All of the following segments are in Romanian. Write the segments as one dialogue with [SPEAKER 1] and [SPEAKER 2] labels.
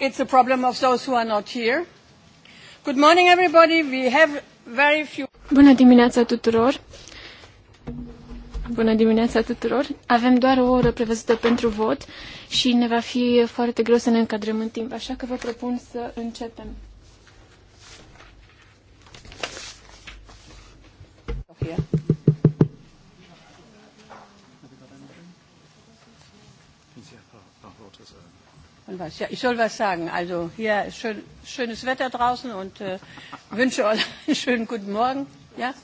[SPEAKER 1] it's a problem of those who are not here. Good morning everybody. We have very few Bună dimineața tuturor. Bună dimineața tuturor. Avem doar o oră prevăzută pentru vot și ne va fi foarte greu să ne încadrăm în timp, așa că vă propun să începem. Und was? Ja, ich soll was sagen. Also hier ist schön, schönes Wetter draußen und äh, wünsche euch einen schönen guten Morgen. Ja?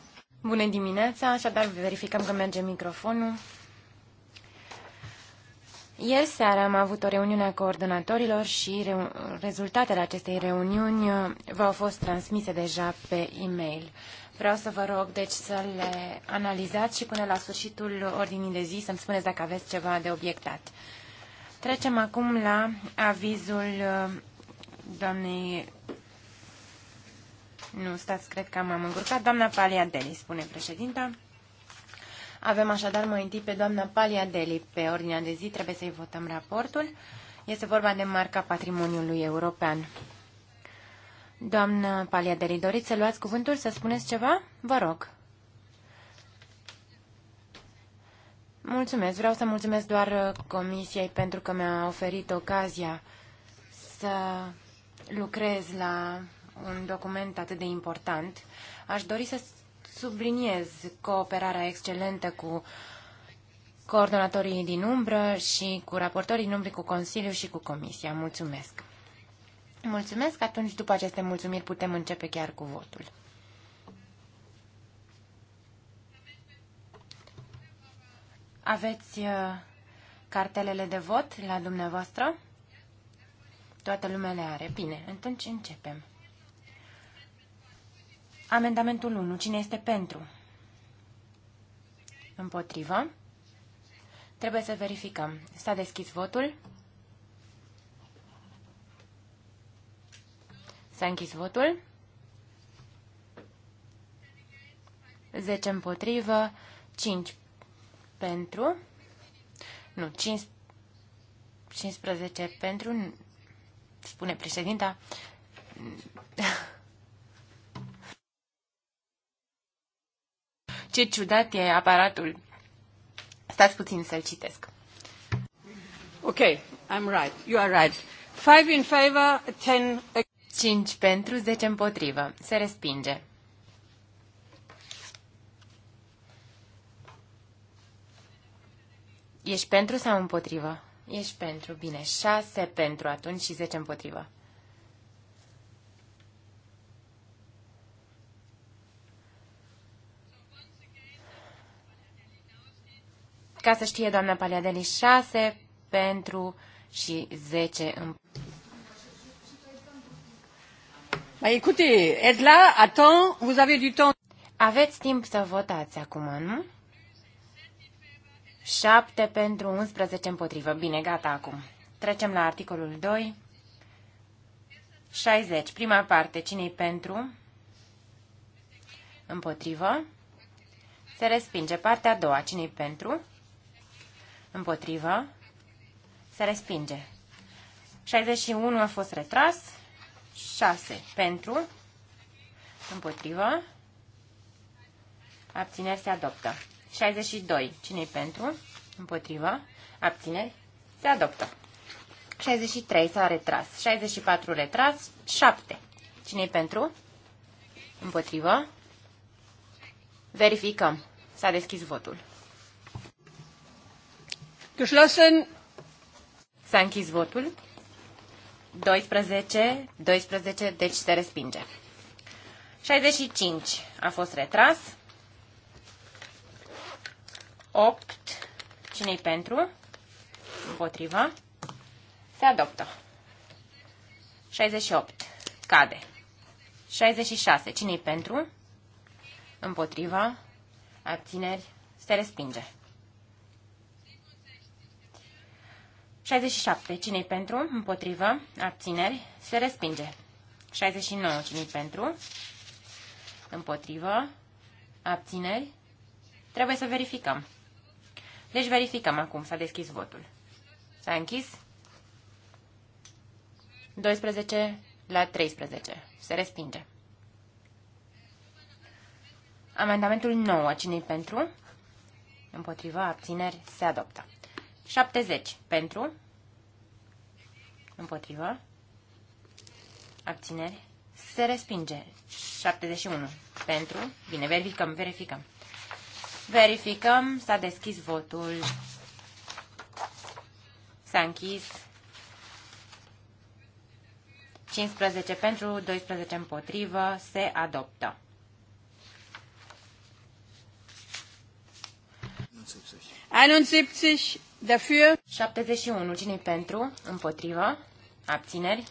[SPEAKER 2] Bună dimineața, așadar verificăm că merge microfonul. Ieri seara am avut o reuniune a coordonatorilor și re- rezultatele acestei reuniuni uh, v-au fost transmise deja pe e-mail. Vreau să vă rog, deci, să le analizați și până la sfârșitul ordinii de zi să-mi spuneți dacă aveți ceva de obiectat. Trecem acum la avizul uh, doamnei... Nu, stați, cred că m-am îngurcat. Doamna Deli, spune președinta. Avem așadar mai întâi pe doamna Deli pe ordinea de zi. Trebuie să-i votăm raportul. Este vorba de marca patrimoniului european. Doamna Deli, doriți să luați cuvântul, să spuneți ceva? Vă rog. Mulțumesc. Vreau să mulțumesc doar uh, Comisiei pentru că mi-a oferit ocazia să lucrez la un document atât de important. Aș dori să subliniez cooperarea excelentă cu coordonatorii din umbră și cu raportorii din umbră, cu Consiliu și cu Comisia. Mulțumesc! Mulțumesc! Atunci, după aceste mulțumiri, putem începe chiar cu votul. Aveți uh, cartelele de vot la dumneavoastră? Toată lumea le are. Bine, atunci începem. Amendamentul 1. Cine este pentru? Împotrivă. Trebuie să verificăm. S-a deschis votul. S-a închis votul. 10 împotrivă, 5 pentru, nu, 5, 15 pentru, spune președinta, ce ciudat e aparatul. Stați puțin să-l citesc. Ok, I'm right. You are right. Five in favor, ten... 5 pentru, 10 împotrivă. Se respinge. Ești pentru sau împotrivă? Ești pentru. Bine, șase pentru atunci și zece împotrivă. Ca să știe doamna Paliadeli, șase pentru și zece împotrivă. Bah, écoutez, êtes là, attends, vous avez du temps. Aveți timp să votați acum, nu? 7 pentru 11 împotrivă. Bine, gata acum. Trecem la articolul 2. 60. Prima parte. Cine-i pentru? Împotrivă. Se respinge. Partea a doua. Cine-i pentru? Împotrivă. Se respinge. 61 a fost retras. 6 pentru. Împotrivă. Abțineri se adoptă. 62. cine pentru? Împotrivă. Abțineri. Se adoptă. 63 s-a retras. 64 retras. 7. cine pentru? Împotrivă. Verificăm. S-a deschis votul. Geschlossen. S-a închis votul. 12, 12, deci se respinge. 65 a fost retras. 8. cine pentru? Împotriva. Se adoptă. 68. Cade. 66. cine pentru? Împotriva. Abțineri. Se respinge. 67. cine pentru? Împotriva. Abțineri. Se respinge. 69. cine pentru? Împotriva. Abțineri. Trebuie să verificăm. Deci verificăm acum. S-a deschis votul. S-a închis. 12 la 13. Se respinge. Amendamentul 9. Cine-i pentru? Împotriva abțineri se adoptă. 70 pentru. Împotriva. Abțineri. Se respinge. 71 pentru. Bine, verificăm, verificăm. Verificăm, s-a deschis votul. S-a închis. 15 pentru, 12 împotrivă, se adoptă. dafür. 71, cine pentru, împotrivă, abțineri,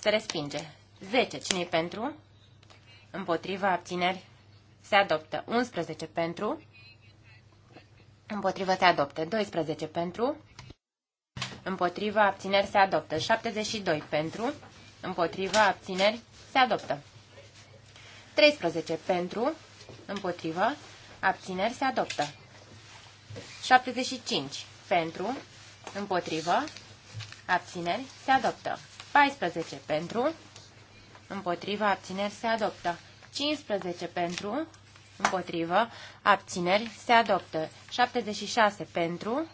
[SPEAKER 2] se respinge. 10, cine pentru, împotrivă, abțineri, se adoptă. 11 pentru, Împotrivă se adoptă. 12 pentru. Împotrivă abțineri se adoptă. 72 pentru. Împotrivă abțineri se adoptă. 13 pentru. Împotrivă abțineri se adoptă. 75 pentru. Împotrivă abțineri se adoptă. 14 pentru. Împotrivă abțineri se adoptă. 15 pentru împotrivă, abțineri, se adoptă. 76 pentru,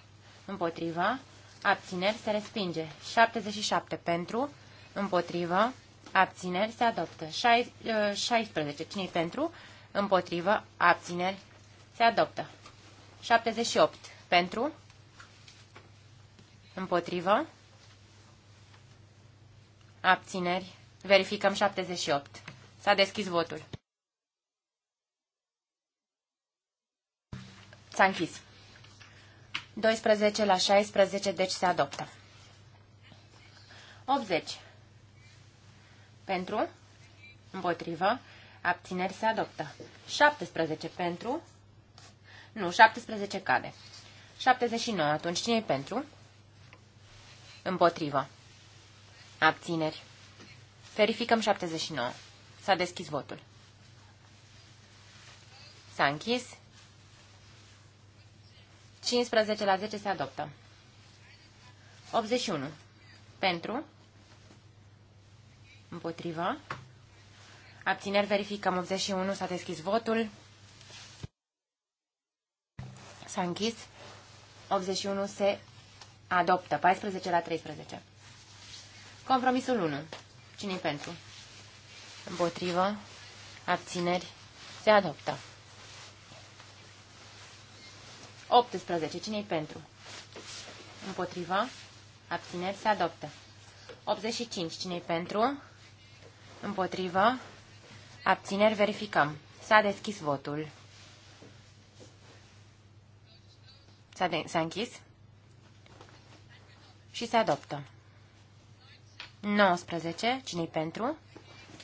[SPEAKER 2] împotrivă, abțineri, se respinge. 77 pentru, împotrivă, abțineri, se adoptă. 16, ă, cine pentru, împotrivă, abțineri, se adoptă. 78 pentru, împotrivă, abțineri, verificăm 78. S-a deschis votul. S-a închis. 12 la 16, deci se adoptă. 80. Pentru, împotrivă, abțineri se adoptă. 17 pentru, nu, 17 cade. 79, atunci cine e pentru? Împotrivă. Abțineri. Verificăm 79. S-a deschis votul. S-a închis. 15 la 10 se adoptă. 81. Pentru. Împotrivă. Abțineri verificăm. 81 s-a deschis votul. S-a închis. 81 se adoptă. 14 la 13. Compromisul 1. Cine-i pentru? Împotrivă. Abțineri. Se adoptă. 18. cine pentru? Împotrivă. Abțineri se adoptă. 85. cine pentru? Împotrivă. Abțineri verificăm. S-a deschis votul. S-a, de- s-a închis. Și se adoptă. 19. Cine-i pentru?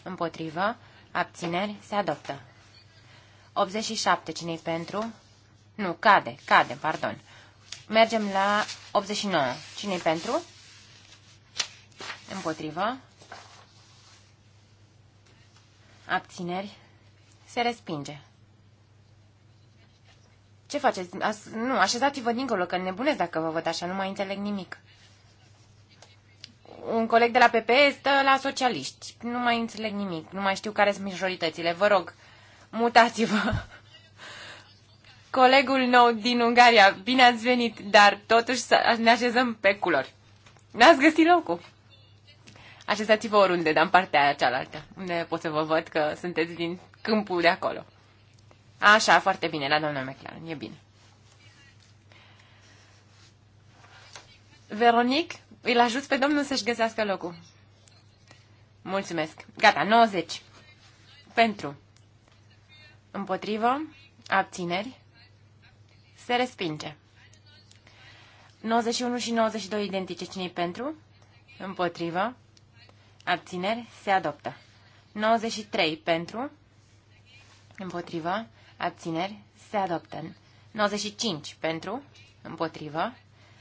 [SPEAKER 2] Împotrivă. Abțineri. Se adoptă. 87. Cine-i pentru? Nu, cade, cade, pardon. Mergem la 89. cine pentru? Împotrivă. Abțineri. Se respinge. Ce faceți? As nu, așezați-vă dincolo, că nebuneți dacă vă văd așa, nu mai înțeleg nimic. Un coleg de la PP stă la socialiști. Nu mai înțeleg nimic, nu mai știu care sunt majoritățile. Vă rog, mutați-vă colegul nou din Ungaria, bine ați venit, dar totuși să ne așezăm pe culori. N-ați găsit locul. Așezați-vă oriunde, dar în partea aia cealaltă, unde pot să vă văd că sunteți din câmpul de acolo. Așa, foarte bine, la doamna McLaren, e bine. Veronic, îl ajut pe domnul să-și găsească locul. Mulțumesc. Gata, 90. Pentru. Împotrivă. Abțineri. Se respinge. 91 și 92 identice. cine pentru? Împotrivă. Abțineri. Se adoptă. 93 pentru. Împotrivă. Abțineri. Se adoptă. 95 pentru. Împotrivă.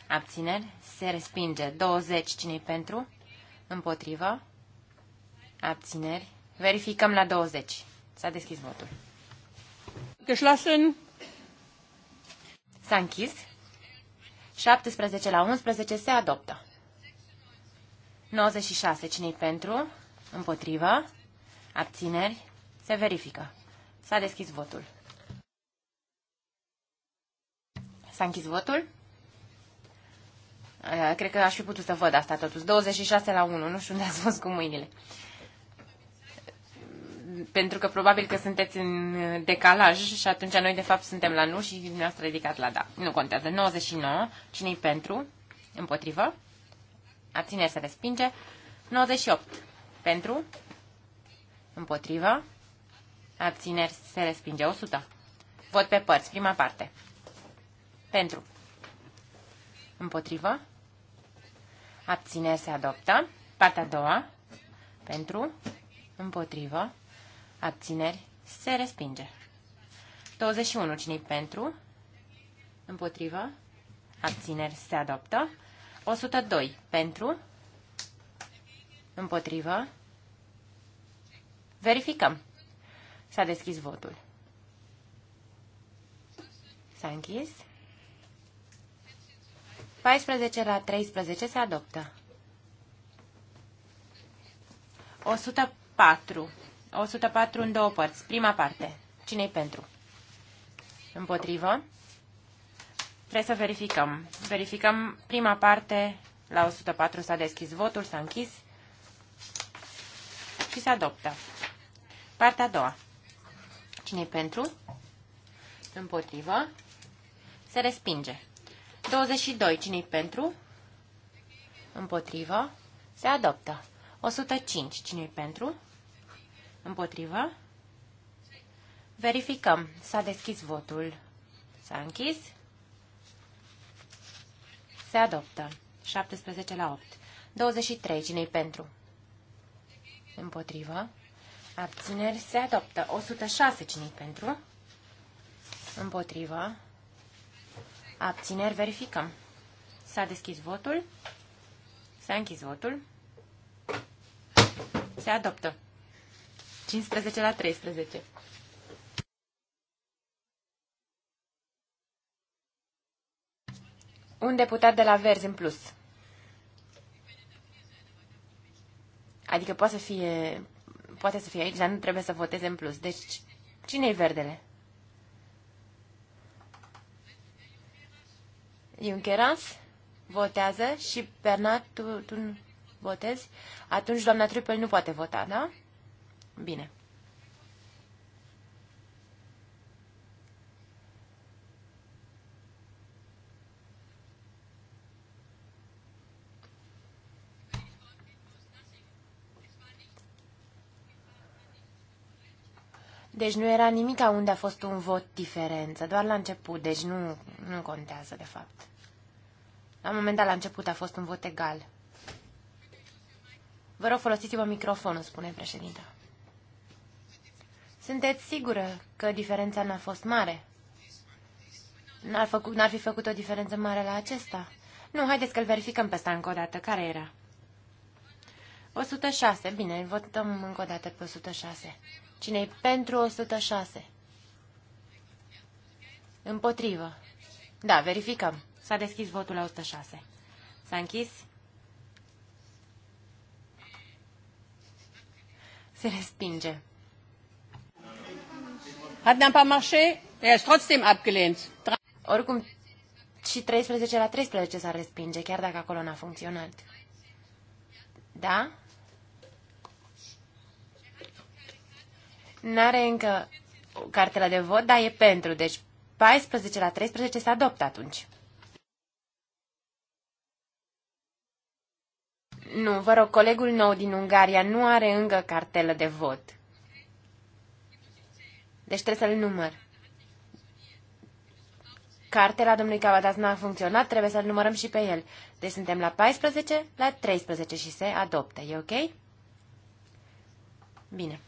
[SPEAKER 2] Abțineri. Se respinge. 20 cine pentru? Împotrivă. Abțineri. Verificăm la 20. S-a deschis votul. Geschlossen. Deci S-a închis. 17 la 11 se adoptă. 96. Cine-i pentru? Împotrivă? Abțineri? Se verifică. S-a deschis votul. S-a închis votul? Cred că aș fi putut să văd asta totuși. 26 la 1. Nu știu unde ați fost cu mâinile pentru că probabil că sunteți în decalaj și atunci noi de fapt suntem la nu și dumneavoastră ridicat la da. Nu contează. 99. Cine-i pentru? Împotrivă? Abține să respinge. 98. Pentru? Împotrivă? Abțineri se respinge. 100. Vot pe părți. Prima parte. Pentru. Împotrivă. Abțineri se adoptă. Partea a doua. Pentru. Împotrivă. Abțineri. Se respinge. 21. cine pentru? Împotrivă. Abțineri. Se adoptă. 102. Pentru? Împotrivă. Verificăm. S-a deschis votul. S-a închis. 14 la 13 se adoptă. 104 104 în două părți. Prima parte. cine pentru? Împotrivă. Trebuie să verificăm. Verificăm prima parte. La 104 s-a deschis votul, s-a închis și se adoptă. Partea a doua. cine pentru? Împotrivă. Se respinge. 22. cine pentru? Împotrivă. Se adoptă. 105. cine pentru? Împotrivă? Verificăm. S-a deschis votul. S-a închis. Se adoptă. 17 la 8. 23. cine pentru? Împotrivă. Abțineri se adoptă. 106. cine pentru? Împotrivă. Abțineri verificăm. S-a deschis votul. S-a închis votul. Se adoptă. 15 la 13. Un deputat de la Verzi în plus. Adică poate să fie, poate să fie aici, dar nu trebuie să voteze în plus. Deci, cine-i verdele? Junqueras votează și Bernat, tu, tu votezi. Atunci doamna Trupel nu poate vota, da? Bine. Deci nu era nimic unde a fost un vot diferență, doar la început, deci nu, nu contează de fapt. La moment dat, la început, a fost un vot egal. Vă rog, folosiți-vă microfonul, spune președinta. Sunteți sigură că diferența n-a fost mare? N-ar, făcut, n-ar fi făcut o diferență mare la acesta? Nu, haideți că-l verificăm pe ăsta încă o dată. Care era? 106. Bine, votăm încă o dată pe 106. Cine-i pentru 106? Împotrivă. Da, verificăm. S-a deschis votul la 106. S-a închis? Se respinge. Hat n-am pas marché? Er ist trotzdem abgelehnt. Oricum, și 13 la 13 s-ar respinge, chiar dacă acolo n-a funcționat. Da? N-are încă cartela de vot, dar e pentru, deci 14 la 13 se adoptă atunci. Nu, vă rog, colegul nou din Ungaria nu are încă cartelă de vot. Deci trebuie să-l număr. Cartela domnului Cavadas nu a funcționat, trebuie să-l numărăm și pe el. Deci suntem la 14, la 13 și se adoptă. E ok? Bine.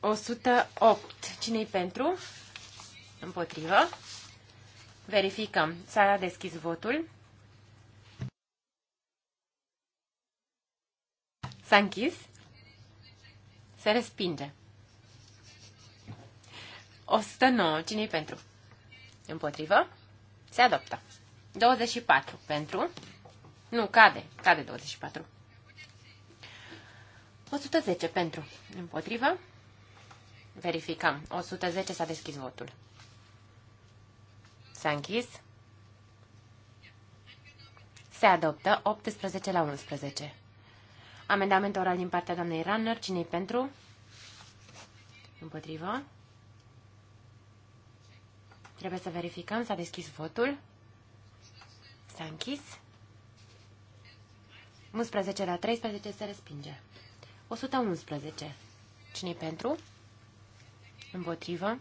[SPEAKER 2] 108. Cine-i pentru? Împotrivă. Verificăm. S-a deschis votul. S-a închis. Se respinge. 109. cine pentru? Împotrivă. Se adoptă. 24. Pentru. Nu, cade. Cade 24. 110 pentru. Împotrivă. Verificăm. 110 s-a deschis votul. S-a închis. Se adoptă 18 la 11. Amendament oral din partea doamnei Runner. Cine-i pentru? Împotrivă. Trebuie să verificăm. S-a deschis votul. S-a închis. 11 la 13 se respinge. 111. Cine-i pentru? Împotrivă.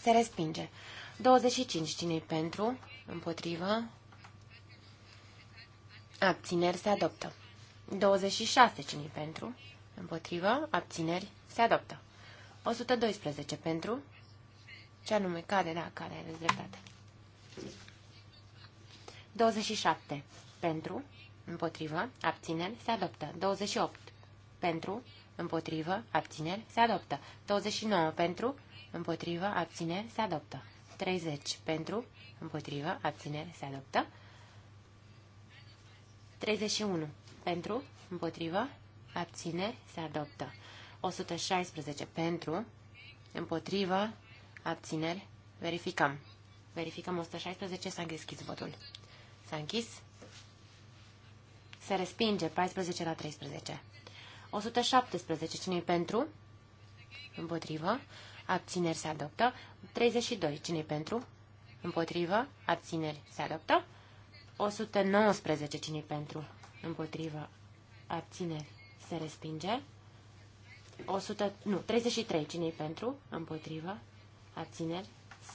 [SPEAKER 2] Se respinge. 25. Cine-i pentru? Împotrivă. Abțineri se adoptă. 26. cine pentru? Împotrivă. Abțineri. Se adoptă. 112 pentru. Ce anume? Cade, da, care are dreptate. 27. Pentru. Împotrivă. Abțineri. Se adoptă. 28. Pentru. Împotrivă. Abțineri. Se adoptă. 29. Pentru. Împotrivă. Abțineri. Se adoptă. 30. Pentru. Împotrivă. Abțineri. Se adoptă. 31 pentru, împotrivă, abțineri, se adoptă. 116 pentru, împotrivă, abțineri, verificăm. Verificăm 116, s-a deschis votul. S-a închis. Se respinge 14 la 13. 117, cine e pentru? Împotrivă. Abțineri se adoptă. 32, cine e pentru? Împotrivă. Abțineri se adoptă. 119, cine e pentru? împotriva abțineri se respinge. 100, nu, 33, cine pentru, împotriva, abțineri,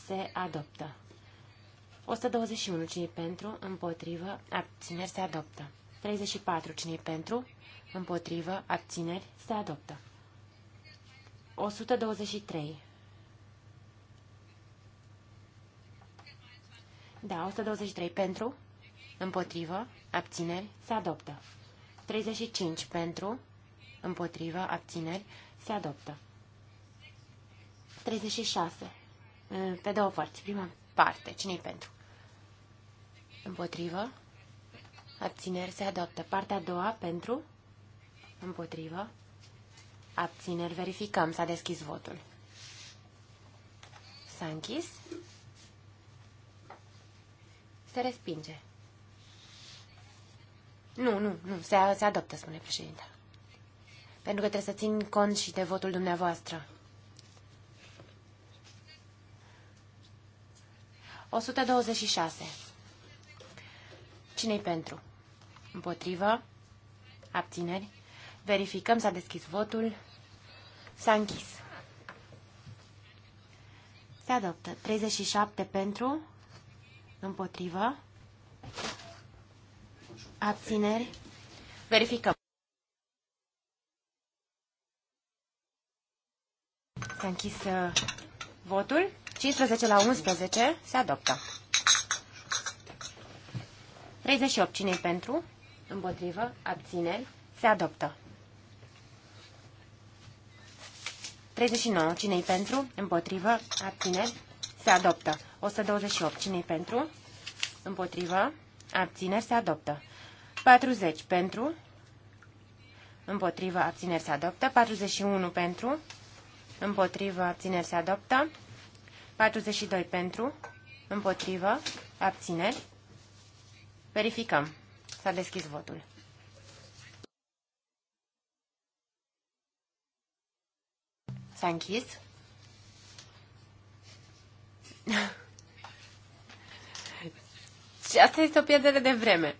[SPEAKER 2] se adoptă. 121, cine pentru, împotrivă, abțineri, se adoptă. 34, cine pentru, împotrivă, abțineri, se adoptă. 123. Da, 123 pentru, Împotrivă. Abțineri. Se adoptă. 35 pentru. Împotrivă. Abțineri. Se adoptă. 36. Pe două părți. Prima parte. Cine-i pentru? Împotrivă. Abțineri. Se adoptă. Partea a doua pentru. Împotrivă. Abțineri. Verificăm. S-a deschis votul. S-a închis. Se respinge. Nu, nu, nu, se, se adoptă, spune președinta. Pentru că trebuie să țin cont și de votul dumneavoastră. 126. Cine-i pentru? Împotrivă? Abțineri? Verificăm, s-a deschis votul. S-a închis. Se adoptă. 37 pentru, împotrivă, Abțineri? Verificăm. S-a închis uh, votul. 15 la 11 se adoptă. 38. cine pentru? Împotrivă. Abțineri. Se adoptă. 39. cine pentru? Împotrivă. Abțineri. Se adoptă. 128. cine pentru? Împotrivă. Abțineri. Se adoptă. 40 pentru, împotrivă, abțineri se adoptă. 41 pentru, împotrivă, abțineri se adoptă. 42 pentru, împotrivă, abțineri. Verificăm. S-a deschis votul. S-a închis. Și asta este o pierdere de vreme.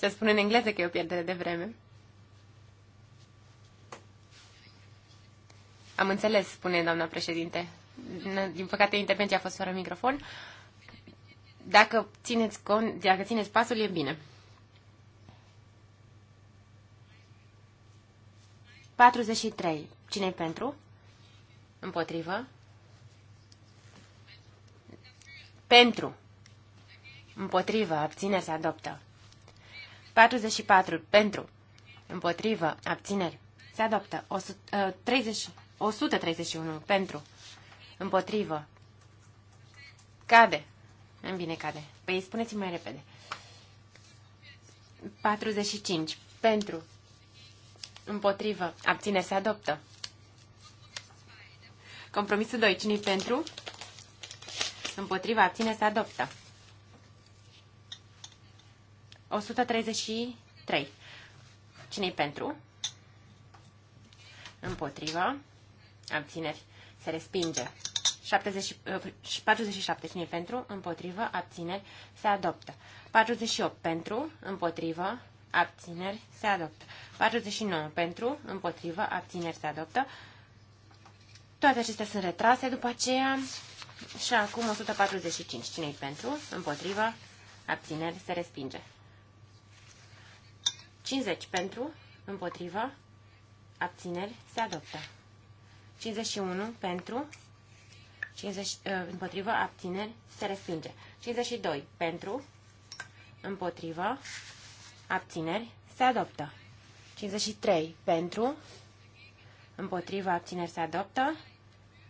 [SPEAKER 2] Se spune în engleză că e o pierdere de vreme. Am înțeles, spune doamna președinte. Din păcate, intervenția a fost fără microfon. Dacă țineți, con, dacă țineți pasul, e bine. 43. cine pentru? Împotrivă. Pentru. Împotrivă. Abține se adoptă. 44 pentru, împotrivă, abțineri, se adoptă. 100, 30, 131 pentru, împotrivă, cade. În bine, cade. Păi spuneți mai repede. 45 pentru, împotrivă, abține, se adoptă. Compromisul 2. cine pentru? Împotriva, abține, se adoptă. 133. Cine-i pentru? Împotriva. Abțineri. Se respinge. 70, 47. Uh, Cine-i pentru? Împotrivă. Abțineri. Se adoptă. 48. Pentru. Împotrivă. Abțineri. Se adoptă. 49. Pentru. Împotrivă. Abțineri. Se adoptă. Toate acestea sunt retrase după aceea. Și acum 145. Cine-i pentru? Împotriva. Abțineri. Se respinge. 50 pentru, împotriva, abțineri, se adoptă. 51 pentru, 50, ă, împotriva, abțineri, se respinge. 52 pentru, împotriva, abțineri, se adoptă. 53 pentru, împotriva, abțineri, se adoptă.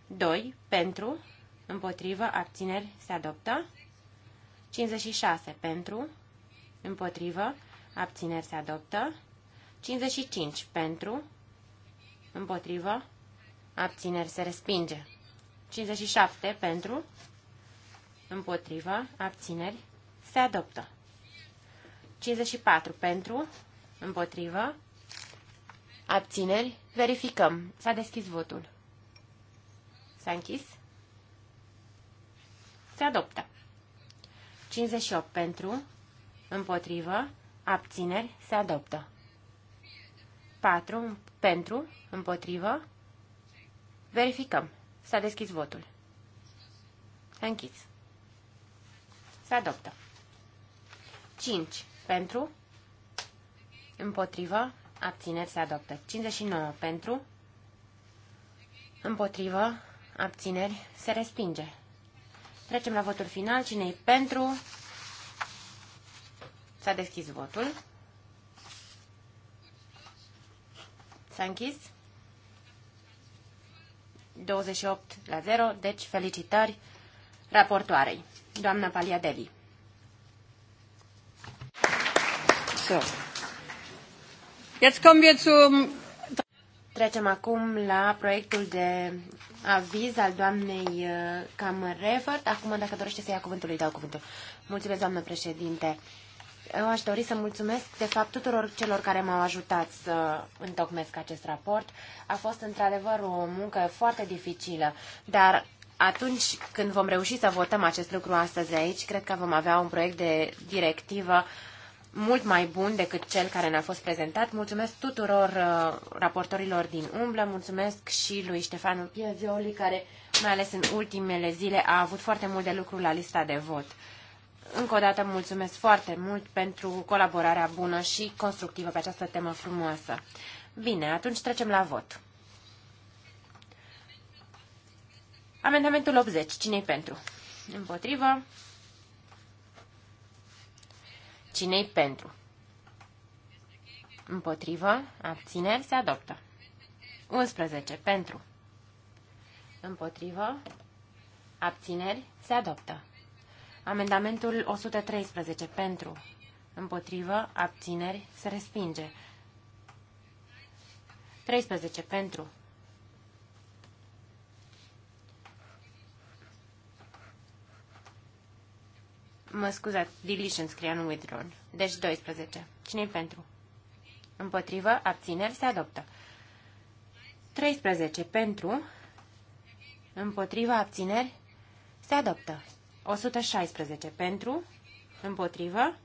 [SPEAKER 2] 2 pentru, împotriva, abțineri, se adoptă. 56 pentru, împotrivă, abțineri se adoptă. 55 pentru, împotrivă, abțineri se respinge. 57 pentru, împotrivă, abțineri se adoptă. 54 pentru, împotrivă, abțineri, verificăm. S-a deschis votul. S-a închis. Se adoptă. 58 pentru, împotrivă, abțineri, se adoptă. 4. Pentru, împotrivă, verificăm. S-a deschis votul. S-a închis. Se adoptă. 5. Pentru, împotrivă, abțineri, se adoptă. 59. Pentru, împotrivă, abțineri, se respinge. Trecem la votul final. Cine e pentru? S-a deschis votul. S-a închis. 28 la 0, deci felicitări raportoarei, doamna Paliadeli. So. Jetzt kommen wir zum Trecem acum la proiectul de aviz al doamnei uh, Cam Refert. Acum, dacă dorește să ia cuvântul, îi dau cuvântul. Mulțumesc, doamnă președinte. Eu aș dori să mulțumesc, de fapt, tuturor celor care m-au ajutat să întocmesc acest raport. A fost, într-adevăr, o muncă foarte dificilă, dar atunci când vom reuși să votăm acest lucru astăzi aici, cred că vom avea un proiect de directivă mult mai bun decât cel care ne-a fost prezentat. Mulțumesc tuturor uh, raportorilor din umblă, mulțumesc și lui Ștefanu Piezioli, care, mai ales în ultimele zile, a avut foarte mult de lucru la lista de vot. Încă o dată mulțumesc foarte mult pentru colaborarea bună și constructivă pe această temă frumoasă. Bine, atunci trecem la vot. Amendamentul 80. Cine-i pentru? Împotrivă. Cine-i pentru? Împotrivă. Abțineri. Se adoptă. 11. Pentru. Împotrivă. Abțineri. Se adoptă. Amendamentul 113 pentru, împotrivă, abțineri, se respinge. 13 pentru. Mă scuzați, deletion scria, nu withdrawn. Deci 12. cine pentru? Împotrivă, abțineri, se adoptă. 13 pentru, împotrivă, abțineri, se adoptă. 116 pentru, împotrivă,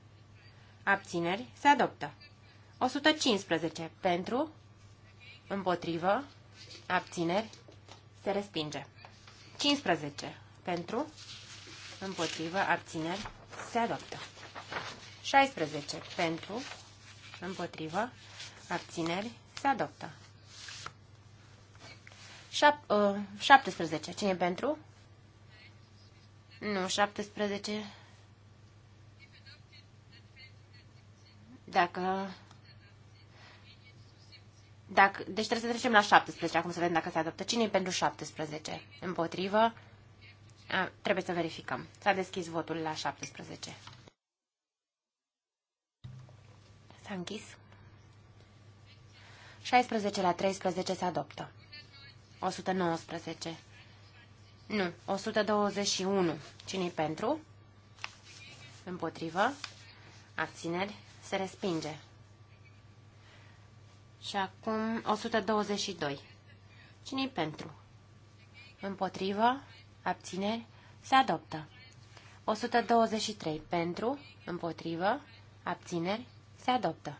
[SPEAKER 2] abțineri, se adoptă. 115 pentru, împotrivă, abțineri, se respinge. 15 pentru, împotrivă, abțineri, se adoptă. 16 pentru, împotrivă, abțineri, se adoptă. 17. Uh, Cine pentru? Nu, 17. Dacă... Dacă, deci trebuie să trecem la 17, acum să vedem dacă se adoptă. Cine e pentru 17? Împotrivă? A, trebuie să verificăm. S-a deschis votul la 17. S-a închis. 16 la 13 se adoptă. 119. Nu. 121. Cine-i pentru? Împotrivă. Abțineri. Se respinge. Și acum 122. Cine-i pentru? Împotrivă. Abțineri. Se adoptă. 123. Pentru. Împotrivă. Abțineri. Se adoptă.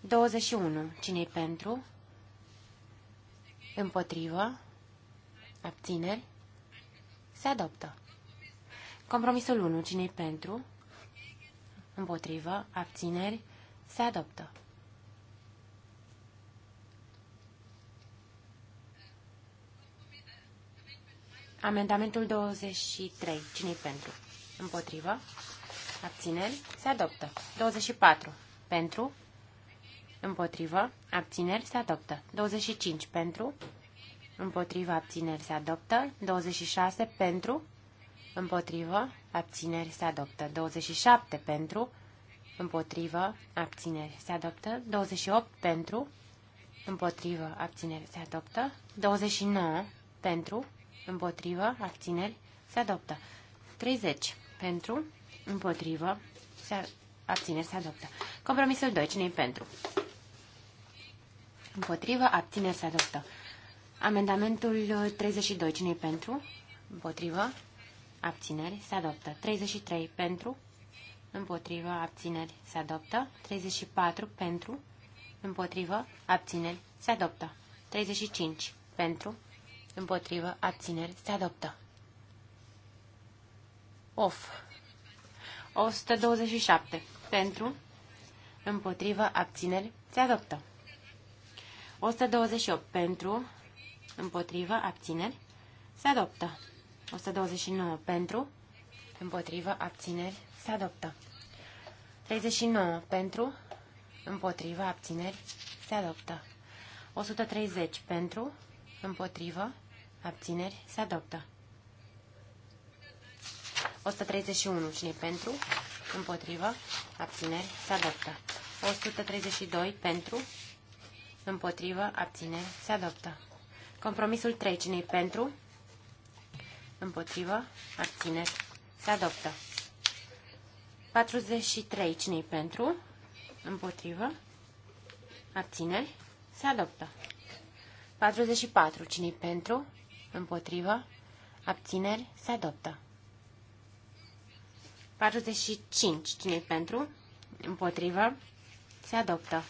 [SPEAKER 2] 21. Cine-i pentru? Împotrivă. Abțineri. Se adoptă. Compromisul 1. cine pentru? Împotrivă. Abțineri. Se adoptă. Amendamentul 23. cine pentru? Împotrivă. Abțineri. Se adoptă. 24. Pentru. Împotrivă. Abțineri. Se adoptă. 25. Pentru împotriva abțineri se adoptă, 26 pentru, împotrivă, abțineri se adoptă, 27 pentru, împotrivă, abțineri se adoptă, 28 pentru, împotrivă, abțineri se adoptă, 29 pentru, împotrivă, abțineri se adoptă, 30 pentru, împotrivă, se abțineri se adoptă. Compromisul 2, cine pentru? Împotrivă, abțineri se adoptă. Amendamentul 32. cine pentru? Împotrivă. Abțineri. Se adoptă. 33. Pentru. Împotrivă. Abțineri. Se adoptă. 34. Pentru. Împotrivă. Abțineri. Se adoptă. 35. Pentru. Împotrivă. Abțineri. Se adoptă. Of. 127. Pentru. Împotrivă. Abțineri. Se adoptă. 128. Pentru împotrivă, abțineri, se adoptă. 129 pentru, împotrivă, abțineri, se adoptă. 39 pentru, împotrivă, abțineri, se adoptă. 130 pentru, împotrivă, abțineri, se adoptă. 131 cine pentru, împotrivă, abțineri, se adoptă. 132 pentru, împotrivă, abțineri, se adoptă. Compromisul 3. cine pentru? Împotrivă. Abțineri. Se adoptă. 43. cine pentru? Împotrivă. Abțineri. Se adoptă. 44. cine pentru? Împotrivă. Abțineri. Se adoptă. 45. cine pentru? Împotrivă. Se adoptă.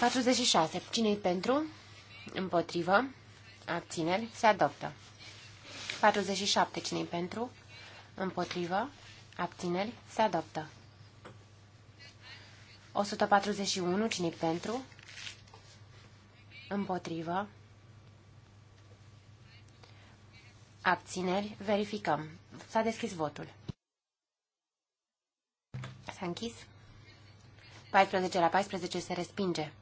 [SPEAKER 2] 46. Cine-i pentru? Împotrivă. Abțineri. Se adoptă. 47. Cine-i pentru? Împotrivă. Abțineri. Se adoptă. 141. Cine-i pentru? Împotrivă. Abțineri. Verificăm. S-a deschis votul. S-a închis. 14 la 14 se respinge.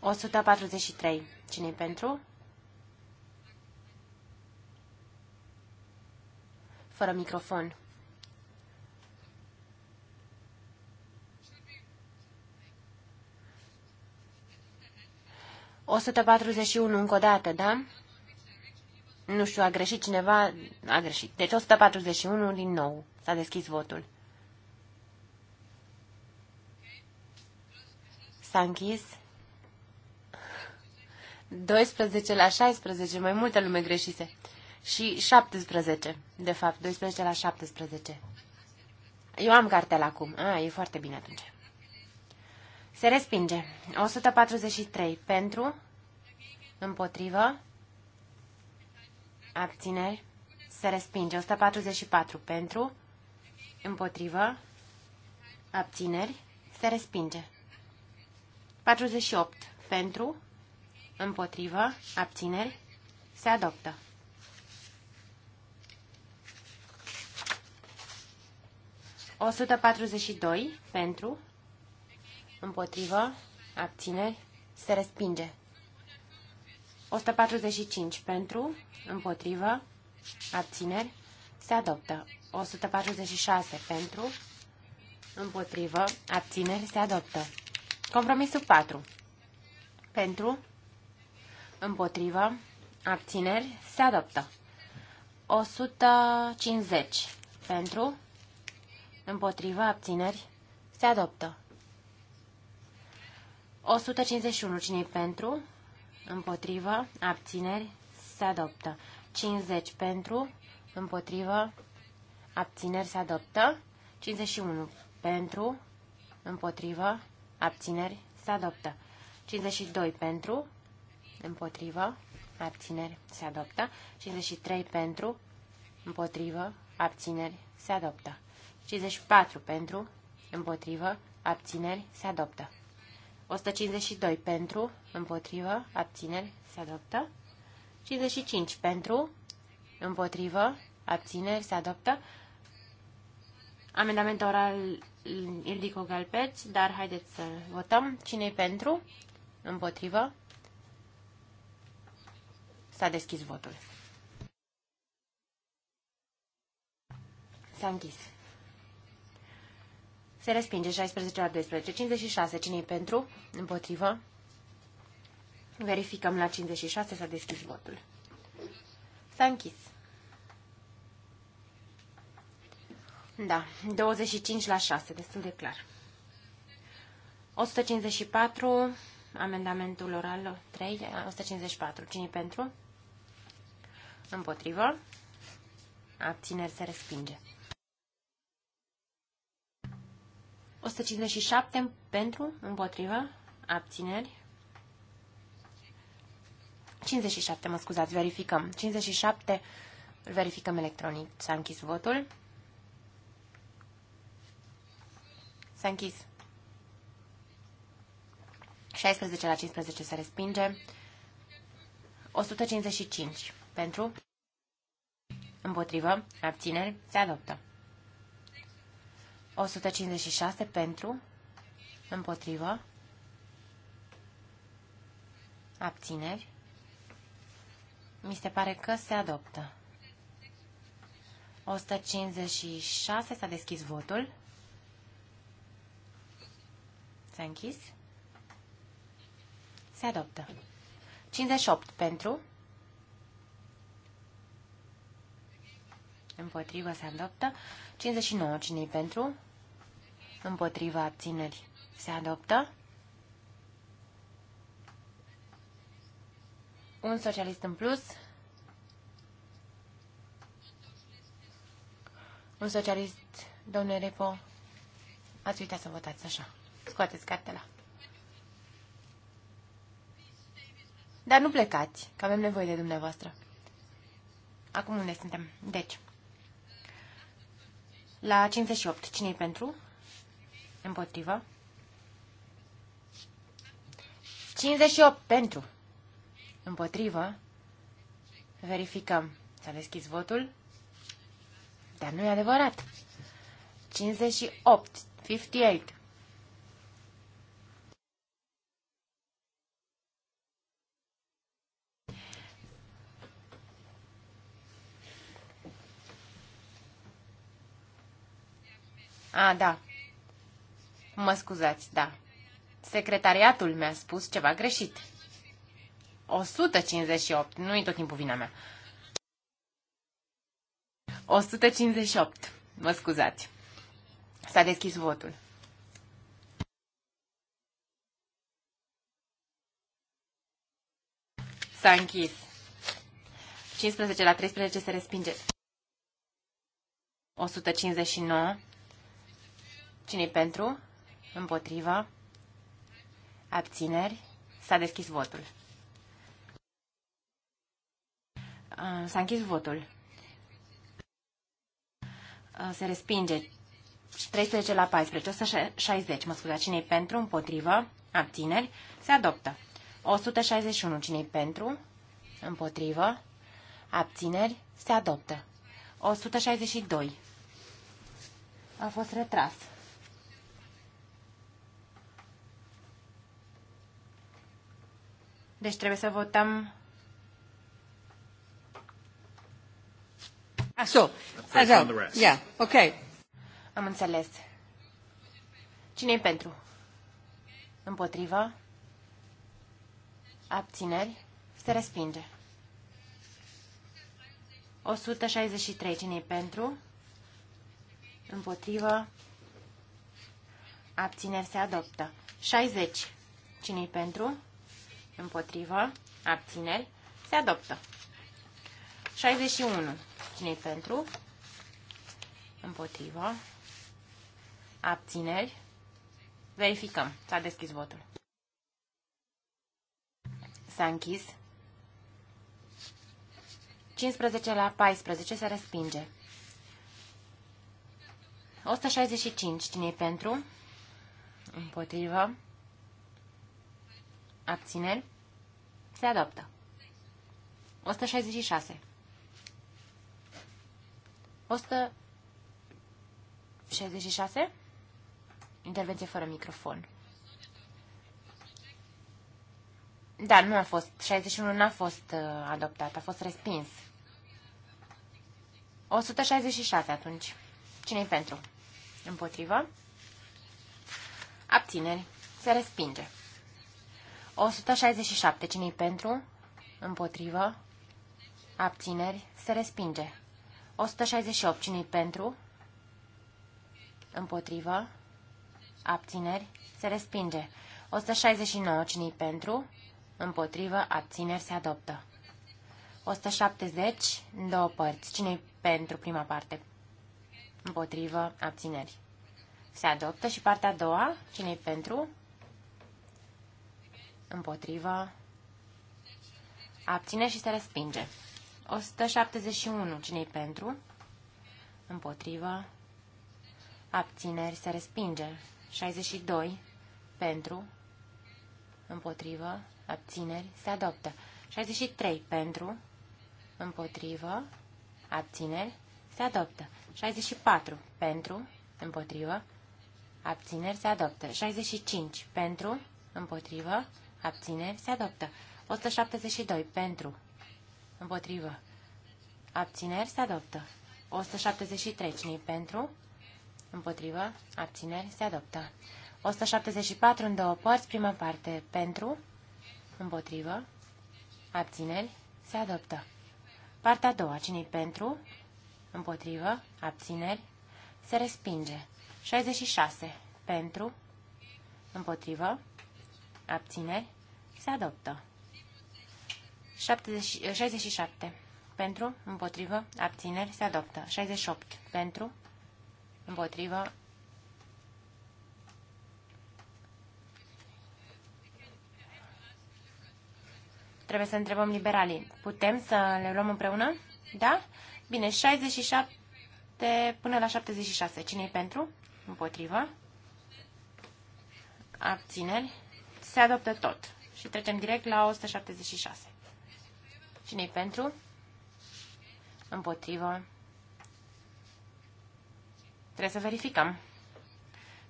[SPEAKER 2] 143. Cine-i pentru? Fără microfon. O 141 încă o dată, da? Nu știu, a greșit cineva? A greșit. Deci 141 din nou. S-a deschis votul. S-a închis. 12 la 16, mai multă lume greșise. Și 17, de fapt, 12 la 17. Eu am cartel acum. A, ah, e foarte bine atunci. Se respinge. 143 pentru, împotrivă, abțineri, se respinge. 144 pentru, împotrivă, abțineri, se respinge. 48 pentru, Împotrivă. Abțineri. Se adoptă. O 142 pentru, împotrivă, abțineri, se respinge. 145 pentru, împotrivă, abțineri, se adoptă. 146 pentru, împotrivă, abțineri, se adoptă. Compromisul 4. Pentru, Împotriva. Abțineri. Se adoptă. 150. Pentru. Împotriva. Abțineri. Se adoptă. 151. cine pentru? Împotrivă. Abțineri. Se adoptă. 50 pentru. Împotrivă. Abțineri. Se adoptă. 51 pentru. Împotrivă. Abțineri. Se adoptă. 52 pentru împotrivă, abțineri, se adoptă. 53 pentru, împotrivă, abțineri, se adoptă. 54 pentru, împotrivă, abțineri, se adoptă. 152 pentru, împotrivă, abțineri, se adoptă. 55 pentru, împotrivă, abțineri, se adoptă. Amendament oral Ildico Galpeț, dar haideți să votăm. cine pentru? Împotrivă? S-a deschis votul. S-a închis. Se respinge 16 la 12. 56. Cine-i pentru? Împotrivă. Verificăm la 56. S-a deschis votul. S-a închis. Da, 25 la 6, destul de clar. 154, amendamentul oral 3, 154. cine pentru? Împotrivă. Abțineri se respinge. 157 pentru, împotrivă, abțineri. 57, mă scuzați, verificăm. 57, îl verificăm electronic. S-a închis votul. S-a închis. 16 la 15 se respinge. 155 pentru, împotrivă, abțineri, se adoptă. 156 pentru, împotrivă, abțineri, mi se pare că se adoptă. 156 s-a deschis votul. S-a închis. Se adoptă. 58 pentru, Împotriva se adoptă. 59. cine pentru? Împotriva abțineri se adoptă. Un socialist în plus. Un socialist, domnule Repo, ați uitat să votați așa. Scoateți cartela. Dar nu plecați, că avem nevoie de dumneavoastră. Acum unde suntem? Deci. La 58. Cine-i pentru? Împotrivă. 58 pentru. Împotrivă. Verificăm. S-a deschis votul? Dar nu e adevărat. 58. 58. A, da. Mă scuzați, da. Secretariatul mi-a spus ceva greșit. 158. Nu-i tot timpul vina mea. 158. Mă scuzați. S-a deschis votul. S-a închis. 15 la 13 se respinge. 159 cine pentru? Împotrivă. Abțineri. S-a deschis votul. Uh, s-a închis votul. Uh, se respinge 13 la 14, 160, mă scuzați, cine pentru, împotrivă, abțineri, se adoptă. 161, cine pentru, împotrivă, abțineri, se adoptă. 162, a fost retras. Deci trebuie să votăm... Ah,
[SPEAKER 1] so. Așa, ah,
[SPEAKER 2] yeah, ok. Am înțeles. cine e pentru? Împotrivă? Abțineri? Se respinge. 163. cine e pentru? Împotrivă? Abțineri se adoptă. 60. cine e pentru? Împotrivă. Abțineri. Se adoptă. 61. cine pentru? Împotrivă. Abțineri. Verificăm. S-a deschis votul. S-a închis. 15 la 14 se respinge. 165. cine pentru? Împotrivă. Abțineri? Se adoptă. 166. 166? Intervenție fără microfon. Da, nu a fost. 61 n-a fost uh, adoptat, a fost respins. 166 atunci. Cine-i pentru? Împotrivă? Abțineri. Se respinge. 167. Cine-i pentru? Împotrivă. Abțineri. Se respinge. 168. Cine-i pentru? Împotrivă. Abțineri. Se respinge. 169. Cine-i pentru? Împotrivă. Abțineri. Se adoptă. 170. În două părți. Cine-i pentru prima parte? Împotrivă. Abțineri. Se adoptă. Și partea a doua? Cine-i pentru? împotriva, abține și se respinge. 171. Cine-i pentru? Împotriva, abțineri, se respinge. 62. Pentru, împotrivă, abțineri, se adoptă. 63. Pentru, împotrivă, abțineri, se adoptă. 64. Pentru, împotrivă, abțineri, se adoptă. 65. Pentru, împotrivă, Abțineri se adoptă. 172 pentru. Împotrivă. Abțineri se adoptă. 173 cine pentru? Împotrivă. Abțineri se adoptă. 174 în două părți, prima parte pentru, împotrivă, abțineri, se adoptă. Partea a doua, cine pentru, împotrivă, abțineri, se respinge. 66, pentru, împotrivă, Abțineri. Se adoptă. 67. Pentru, împotrivă, abțineri, se adoptă. 68. Pentru, împotrivă, Trebuie să întrebăm liberalii. Putem să le luăm împreună? Da? Bine, 67 până la 76. cine e pentru? Împotrivă. Abțineri. Se adoptă tot. Și trecem direct la 176. cine pentru? Împotrivă. Trebuie să verificăm.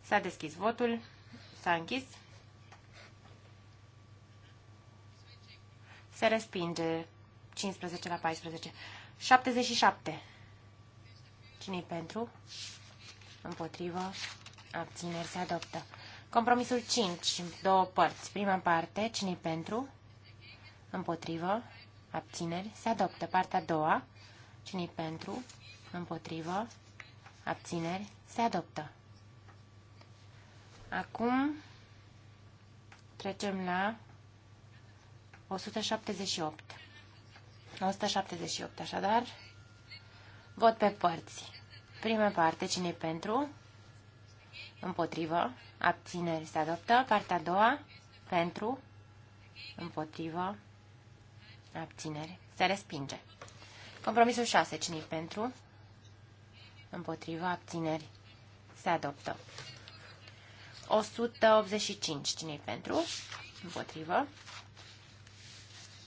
[SPEAKER 2] S-a deschis votul. S-a închis. Se respinge 15 la 14. 77. Cine-i pentru? Împotrivă. Abțineri se adoptă. Compromisul 5, două părți. Prima parte, cine pentru? Împotrivă. Abțineri. Se adoptă. Partea a doua, cine pentru? Împotrivă. Abțineri. Se adoptă. Acum trecem la 178. 178, așadar. Vot pe părți. Prima parte, cine pentru? împotrivă, abțineri se adoptă. Partea a doua, pentru, împotrivă, abțineri se respinge. Compromisul 6, cine pentru, împotrivă, abțineri se adoptă. 185, cine pentru, împotrivă,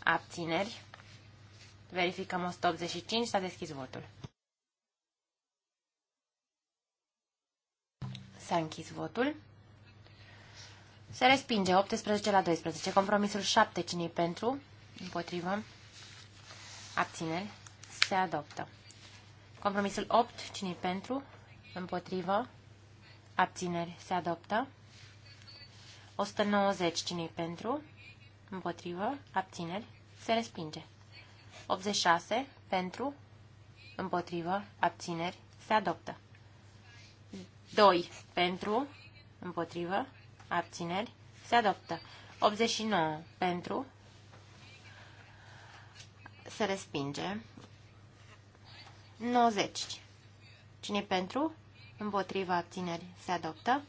[SPEAKER 2] abțineri, verificăm 185, s-a deschis votul. S-a închis votul. Se respinge 18 la 12. Compromisul 7. cine pentru? Împotrivă. Abțineri. Se adoptă. Compromisul 8. cine pentru? Împotrivă. Abțineri. Se adoptă. 190. cine pentru? Împotrivă. Abțineri. Se respinge. 86. Pentru. Împotrivă. Abțineri. Se adoptă. 2 pentru, împotrivă, abțineri, se adoptă. 89 pentru, se respinge. 90. Cine pentru? Împotriva abțineri se adoptă.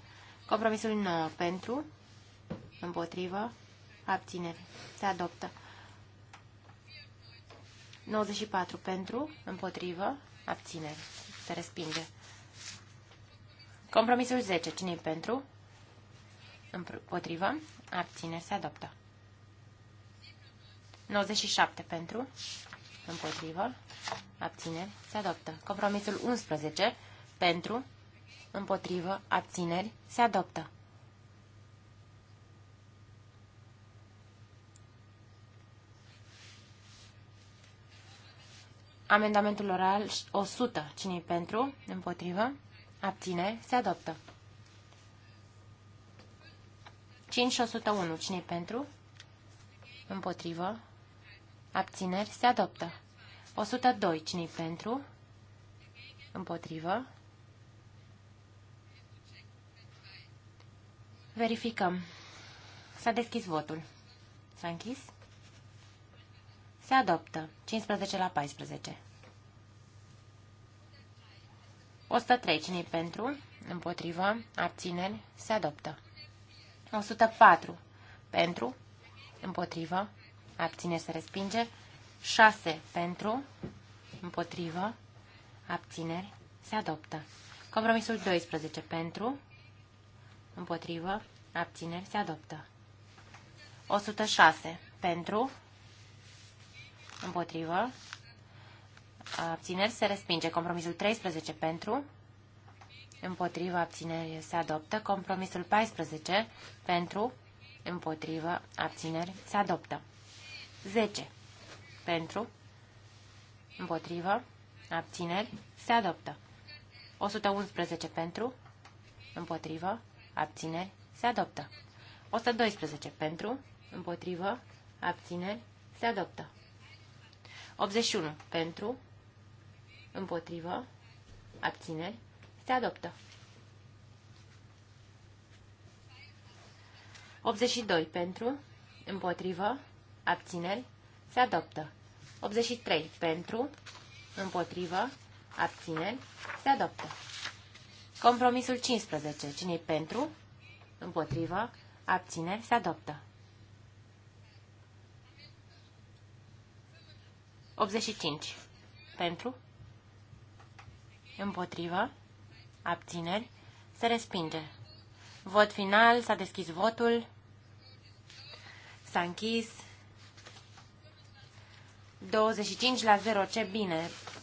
[SPEAKER 2] Compromisul 9 pentru. Împotrivă. Abțineri se adoptă. 94 pentru. Împotrivă. Abțineri se respinge. Compromisul 10. cine e pentru? Împotrivă. Abțineri. Se adoptă. 97 pentru. Împotrivă. Abțineri. Se adoptă. Compromisul 11. Pentru. Împotrivă. Abțineri. Se adoptă. Amendamentul oral 100. cine e pentru? Împotrivă. Abține. Se adoptă. 5101. cine pentru? Împotrivă. Abțineri. Se adoptă. 102. cine pentru? Împotrivă. Verificăm. S-a deschis votul. S-a închis? Se adoptă. 15 la 14. 103. Cine pentru? Împotrivă. Abțineri. Se adoptă. 104. Pentru. Împotrivă. Abțineri. Se respinge. 6. Pentru. Împotrivă. Abțineri. Se adoptă. Compromisul 12. Pentru. Împotrivă. Abțineri. Se adoptă. 106. Pentru. Împotrivă abțineri se respinge. Compromisul 13 pentru, împotrivă, abțineri se adoptă. Compromisul 14 pentru, împotrivă, abțineri se adoptă. 10 pentru, împotrivă, abțineri se adoptă. 111 pentru, împotrivă, abțineri se adoptă. 112 pentru, împotrivă, abțineri se adoptă. 81 pentru, Împotrivă. Abțineri. Se adoptă. 82 pentru. Împotrivă. Abțineri. Se adoptă. 83 pentru. Împotrivă. Abțineri. Se adoptă. Compromisul 15. Cine-i pentru? Împotrivă. Abțineri. Se adoptă. 85. Pentru? Împotrivă. Abțineri. Se respinge. Vot final. S-a deschis votul. S-a închis. 25 la 0. Ce bine.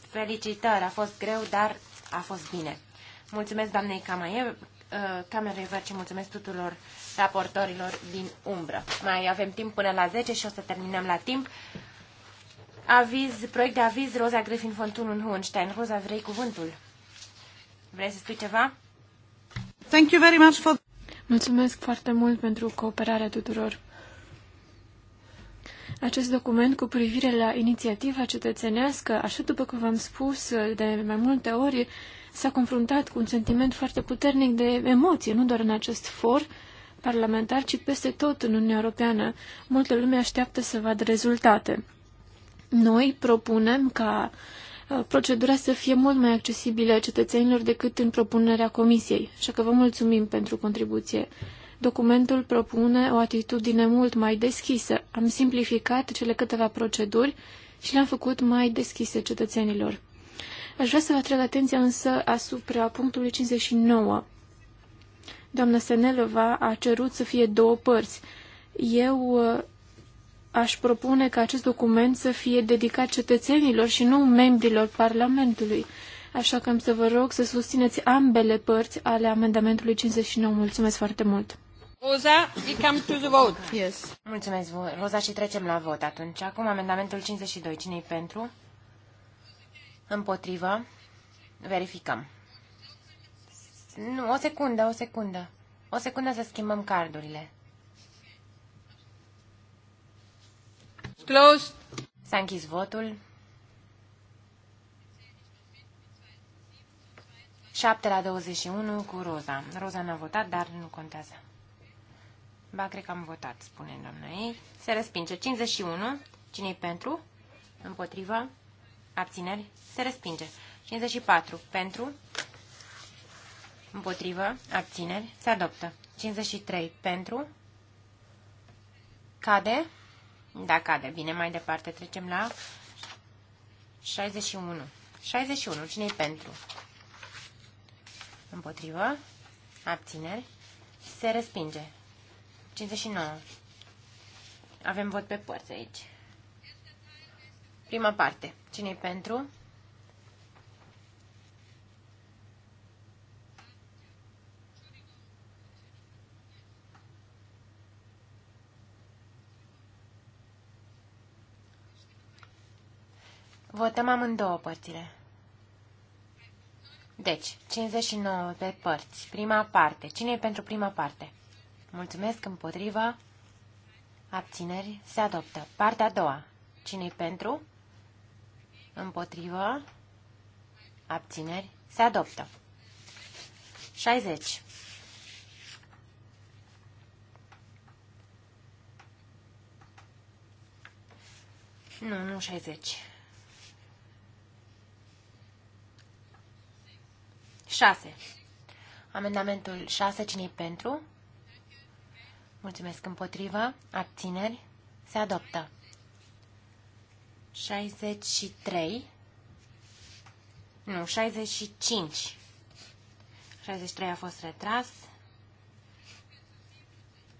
[SPEAKER 2] Felicitări. A fost greu, dar a fost bine. Mulțumesc doamnei Camaie, uh, Camerei și mulțumesc tuturor raportorilor din umbră. Mai avem timp până la 10 și o să terminăm la timp. Aviz, proiect de aviz, Roza Grefin Fontun în Hunstein. Roza, vrei cuvântul? Vrei să spui ceva?
[SPEAKER 1] Thank you very much for... Mulțumesc foarte mult pentru cooperarea tuturor. Acest document cu privire la inițiativa cetățenească, așa după cum v-am spus de mai multe ori, s-a confruntat cu un sentiment foarte puternic de emoție, nu doar în acest for parlamentar, ci peste tot în Uniunea Europeană. Multă lume așteaptă să vadă rezultate. Noi propunem ca Uh, procedura să fie mult mai accesibilă cetățenilor decât în propunerea Comisiei. Așa că vă mulțumim pentru contribuție. Documentul propune o atitudine mult mai deschisă. Am simplificat cele câteva proceduri și le-am făcut mai deschise cetățenilor. Aș vrea să vă atrag atenția însă asupra punctului 59. Doamna Senelova a cerut să fie două părți. Eu uh, aș propune ca acest document să fie dedicat cetățenilor și nu membrilor Parlamentului. Așa că am să vă rog să susțineți ambele părți ale amendamentului 59. Mulțumesc foarte mult!
[SPEAKER 3] Rosa,
[SPEAKER 2] we come to the vote. Yes. Mulțumesc, Rosa, și trecem la vot atunci. Acum amendamentul 52. Cine-i pentru? Împotrivă? Verificăm. Nu, o secundă, o secundă. O secundă să schimbăm cardurile. closed. S-a închis votul. 7 la 21 cu Roza. Roza n-a votat, dar nu contează. Ba, cred că am votat, spune doamna ei. Se respinge. 51. Cine-i pentru? Împotriva? Abțineri? Se respinge. 54. Pentru? Împotrivă? Abțineri? Se adoptă. 53. Pentru? Cade? Da, cade. Bine, mai departe trecem la 61. 61. cine e pentru? Împotrivă. Abțineri. Se respinge. 59. Avem vot pe părți aici. Prima parte. cine e pentru? Votăm amândouă părțile. Deci, 59 de părți. Prima parte. Cine e pentru prima parte? Mulțumesc împotriva. Abțineri. Se adoptă. Partea a doua. cine e pentru? Împotrivă. Abțineri. Se adoptă. 60. Nu, nu 60. 6. Amendamentul 6, cine pentru? Mulțumesc împotrivă. Abțineri. Se adoptă. 63. Nu, 65. 63 a fost retras.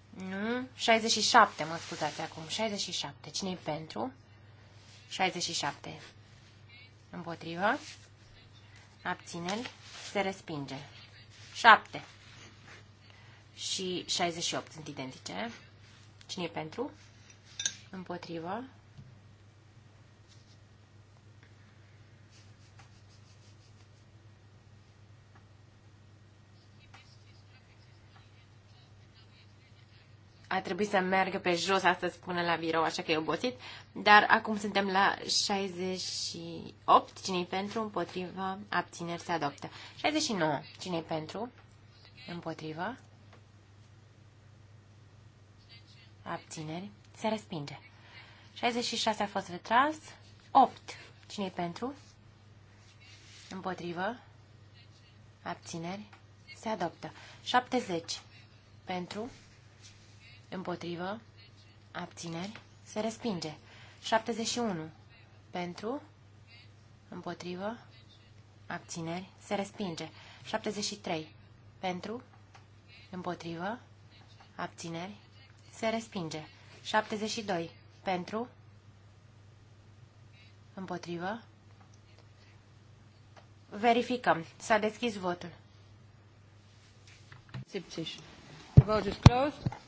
[SPEAKER 2] Nu, 67, mă scuzați acum. 67. Cine-i pentru? 67. Împotrivă abțineri, se respinge. 7 și 68 sunt identice. Cine e pentru? Împotrivă, a trebuit să meargă pe jos astăzi până la birou, așa că e obosit. Dar acum suntem la 68. Cine-i pentru? Împotriva. Abțineri se adoptă. 69. Cine-i pentru? Împotriva. Abțineri. Se respinge. 66 a fost retras. 8. Cine-i pentru? Împotrivă. Abțineri. Se adoptă. 70. Pentru. Împotrivă. Abțineri. Se respinge. 71. Pentru. Împotrivă. Abțineri. Se respinge. 73. Pentru. Împotrivă. Abțineri. Se respinge. 72. Pentru. Împotrivă. Verificăm. S-a deschis votul. 70. The Vote is closed.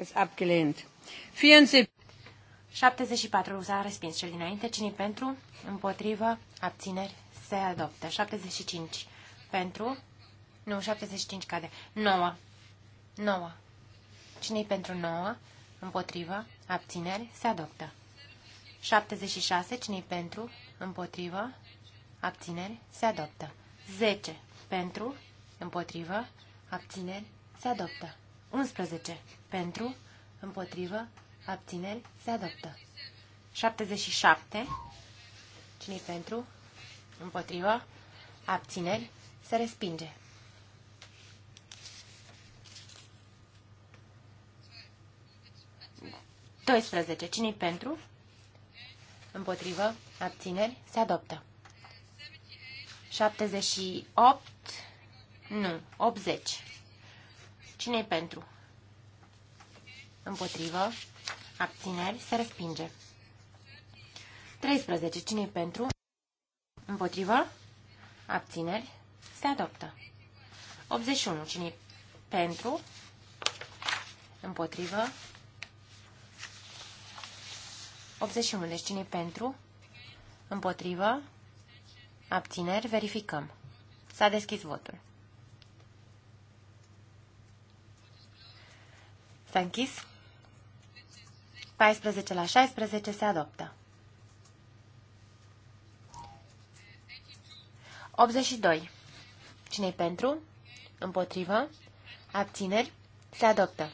[SPEAKER 2] Ist abgelehnt. 74. S-a respins cel dinainte. Cine pentru? Împotrivă. Abțineri. Se adoptă. 75. Pentru? Nu, 75 cade. 9. 9. cine pentru 9? Împotrivă. Abțineri. Se adoptă. 76. cine pentru? Împotrivă. Abțineri. Se adoptă. 10. Pentru? Împotrivă. Abțineri. Se adoptă. 11. Pentru, împotrivă, abțineri, se adoptă. 77. cine pentru? Împotrivă, abțineri, se respinge. 12. cine pentru? Împotrivă, abțineri, se adoptă. 78. Nu, 80. Cine-i pentru? Împotrivă. Abțineri. Se respinge. 13. Cine-i pentru? Împotrivă. Abțineri. Se adoptă. 81. cine pentru? Împotrivă. 81. Deci cine pentru? Împotrivă? Abțineri? Verificăm. S-a deschis votul. S-a închis. 14 la 16 se adoptă. 82. Cine-i pentru? Împotrivă? Abțineri? Se adoptă.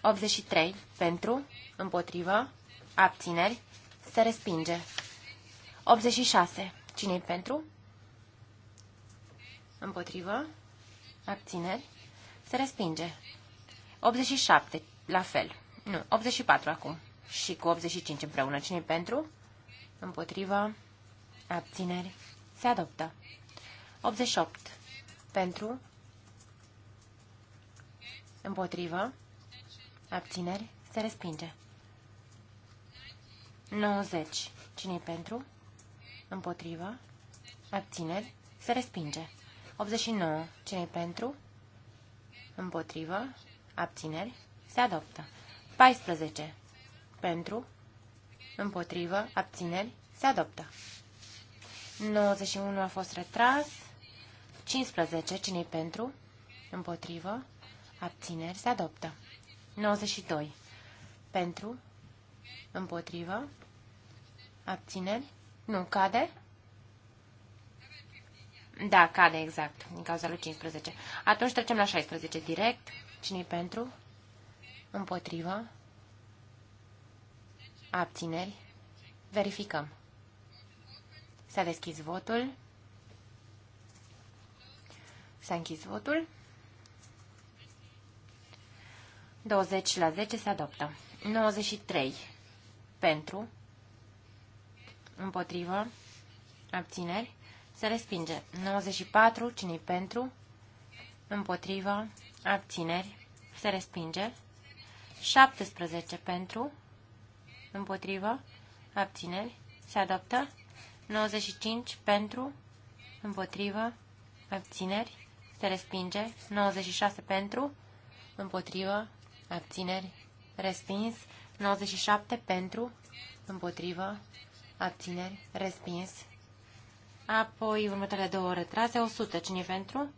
[SPEAKER 2] 83. Pentru? Împotrivă? Abțineri? Se respinge. 86. Cine-i pentru? Împotrivă? Abțineri? Se respinge. 87, la fel. Nu, 84 acum. Și cu 85 împreună. cine pentru? Împotriva. Abțineri. Se adoptă. 88. Pentru. Împotrivă. Abțineri. Se respinge. 90. cine pentru? Împotrivă. Abțineri. Se respinge. 89. cine pentru? Împotrivă abțineri, se adoptă. 14. Pentru, împotrivă, abțineri, se adoptă. 91 a fost retras. 15. Cine-i pentru? Împotrivă. Abțineri. Se adoptă. 92. Pentru. Împotrivă. Abțineri. Nu. Cade? Da, cade exact. Din cauza lui 15. Atunci trecem la 16 direct. Cine-i pentru? Împotrivă? Abțineri? Verificăm. S-a deschis votul. S-a închis votul. 20 la 10 se adoptă. 93 pentru, împotrivă, abțineri, se respinge. 94, cine pentru, împotrivă, abțineri, se respinge. 17 pentru, împotrivă, abțineri, se adoptă. 95 pentru, împotrivă, abțineri, se respinge. 96 pentru, împotrivă, abțineri, respins. 97 pentru, împotrivă, abțineri, respins. Apoi următoarele două retrase, 100, cine pentru,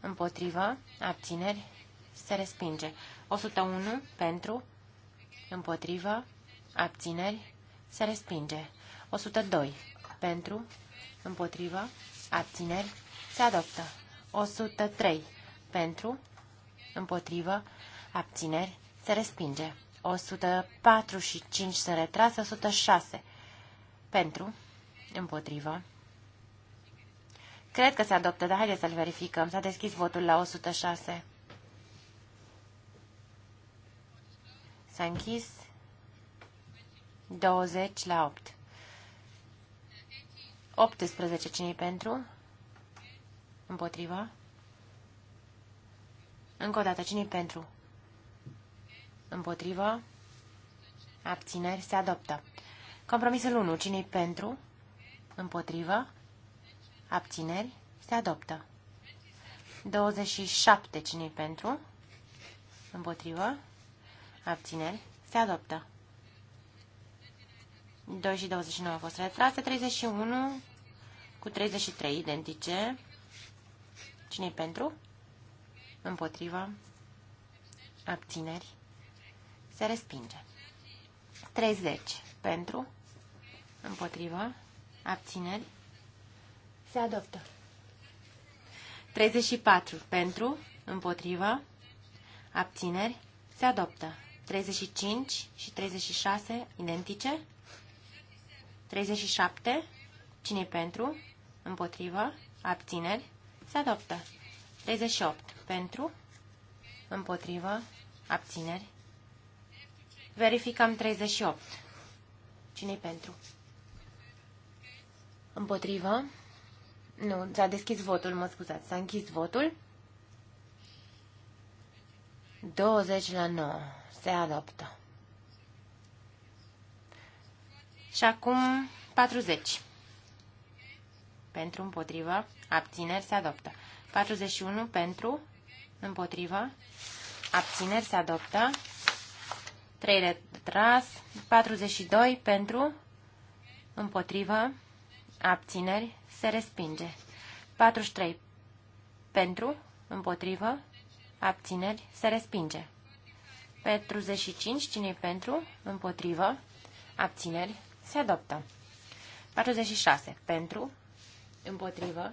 [SPEAKER 2] împotrivă, abțineri, se respinge. 101 pentru, împotrivă, abțineri, se respinge. 102 pentru, împotrivă, abțineri, se adoptă. 103 pentru, împotrivă, abțineri, se respinge. 104 și 5 se retrase, 106 pentru, împotrivă, Cred că se adoptă, dar haideți să-l verificăm. S-a deschis votul la 106. S-a închis 20 la 8. 18 cine pentru? Împotriva? Încă o dată, cine pentru? Împotriva? Abțineri se adoptă. Compromisul 1, cine pentru? Împotriva? Abțineri. Se adoptă. 27. cine pentru? Împotrivă. Abțineri. Se adoptă. 2 și 29 au fost retrase. 31 cu 33 identice. cine pentru? Împotrivă. Abțineri. Se respinge. 30 pentru. Împotrivă. Abțineri. Se adoptă. 34 pentru, împotrivă, abțineri, se adoptă. 35 și 36 identice. 37 cine pentru, împotrivă, abțineri, se adoptă. 38 pentru, împotrivă, abțineri. Verificăm 38. cine pentru? Împotrivă, nu, s-a deschis votul, mă scuzați. S-a închis votul. 20 la 9. Se adoptă. Și acum 40. Pentru, împotrivă, abțineri se adoptă. 41 pentru, împotrivă, abțineri se adoptă. 3 retras. 42 pentru, împotrivă, abțineri se respinge. 43 pentru, împotrivă, abțineri, se respinge. 45, cine pentru, împotrivă, abțineri, se adoptă. 46, pentru, împotrivă,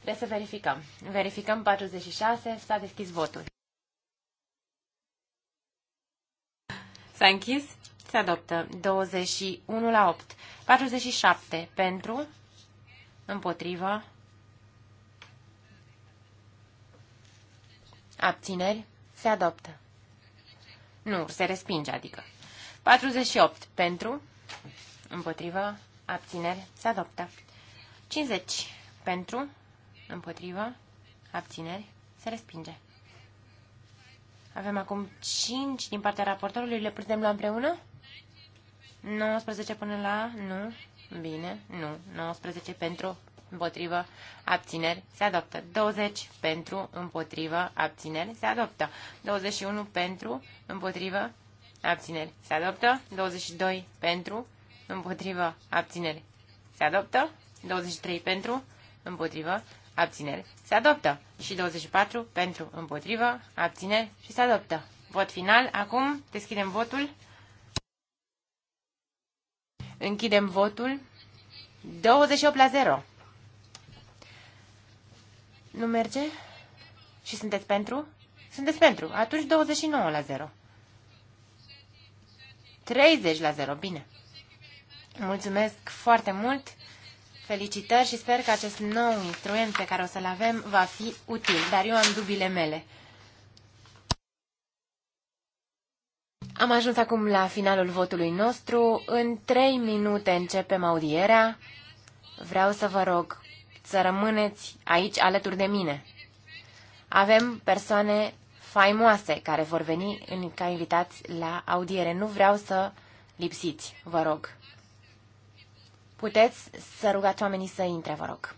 [SPEAKER 2] trebuie să verificăm. Verificăm 46, s-a deschis votul. S-a închis, se adoptă 21 la 8. 47 pentru, Împotrivă. Abțineri. Se adoptă. Nu, se respinge, adică. 48. Pentru. Împotrivă. Abțineri. Se adoptă. 50. Pentru. Împotrivă. Abțineri. Se respinge. Avem acum 5 din partea raportorului. Le putem lua împreună? 19 până la... Nu. Bine, nu. 19 pentru, împotrivă, abțineri, se adoptă. 20 pentru, împotrivă, abțineri, se adoptă. 21 pentru, împotrivă, abțineri, se adoptă. 22 pentru, împotrivă, abțineri, se adoptă. 23 pentru, împotrivă, abțineri, se adoptă. Și 24 pentru, împotrivă, abțineri și se adoptă. Vot final. Acum deschidem votul. Închidem votul. 28 la 0. Nu merge? Și sunteți pentru? Sunteți pentru. Atunci 29 la 0. 30 la 0. Bine. Mulțumesc foarte mult. Felicitări și sper că acest nou instrument pe care o să-l avem va fi util, dar eu am dubile mele. Am ajuns acum la finalul votului nostru. În trei minute începem audierea. Vreau să vă rog să rămâneți aici alături de mine. Avem persoane faimoase care vor veni în, ca invitați la audiere. Nu vreau să lipsiți, vă rog. Puteți să rugați oamenii să intre, vă rog.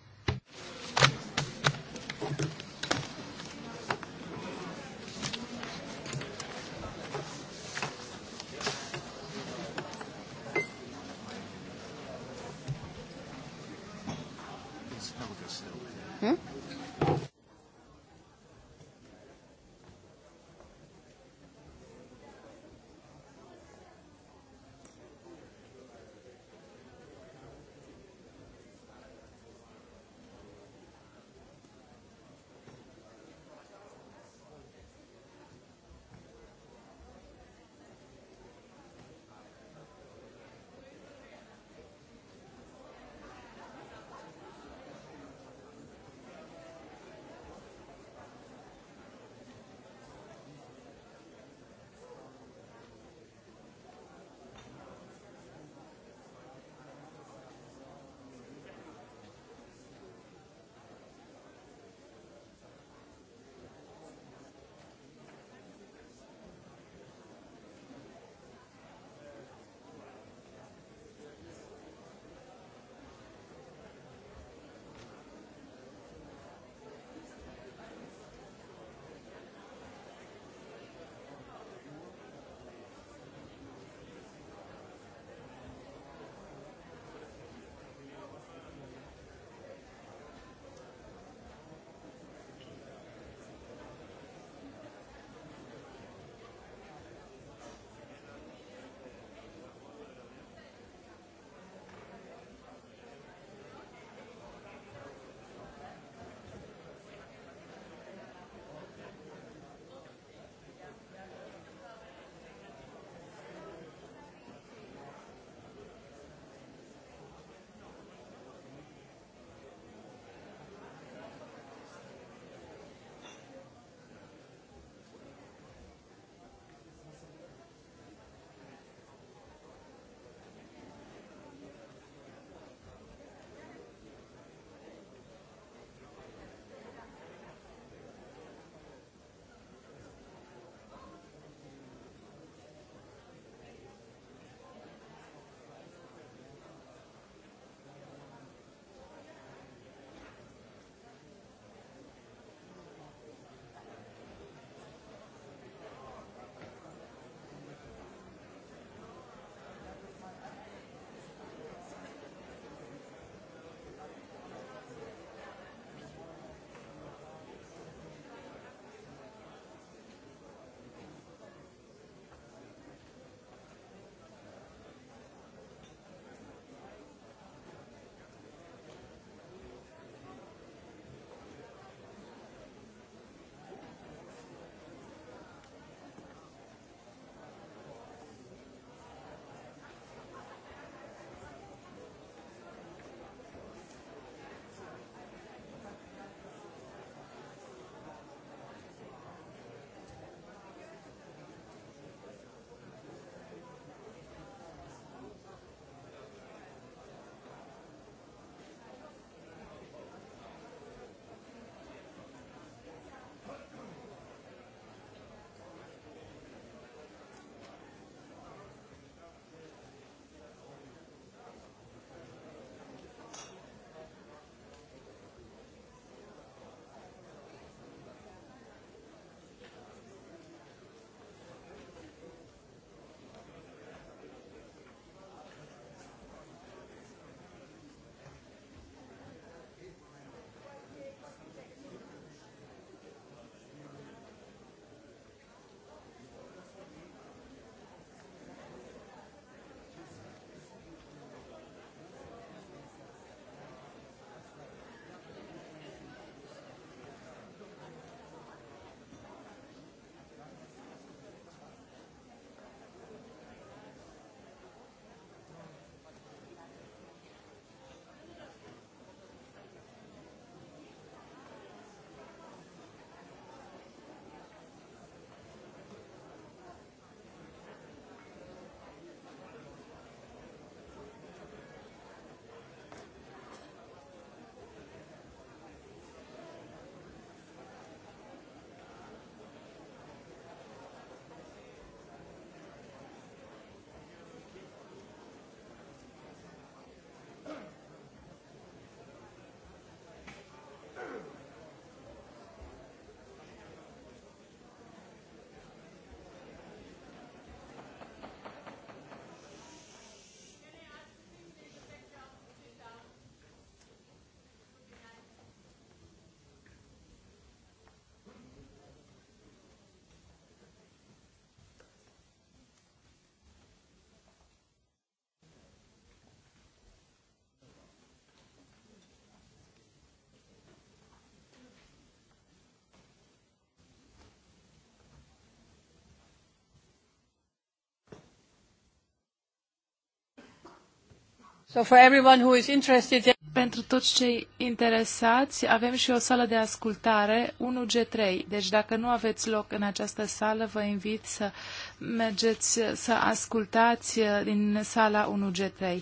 [SPEAKER 3] So for everyone who is interested... Pentru toți cei interesați, avem și o sală de ascultare 1G3. Deci dacă nu aveți loc în această sală, vă invit să mergeți să ascultați uh, din sala 1G3.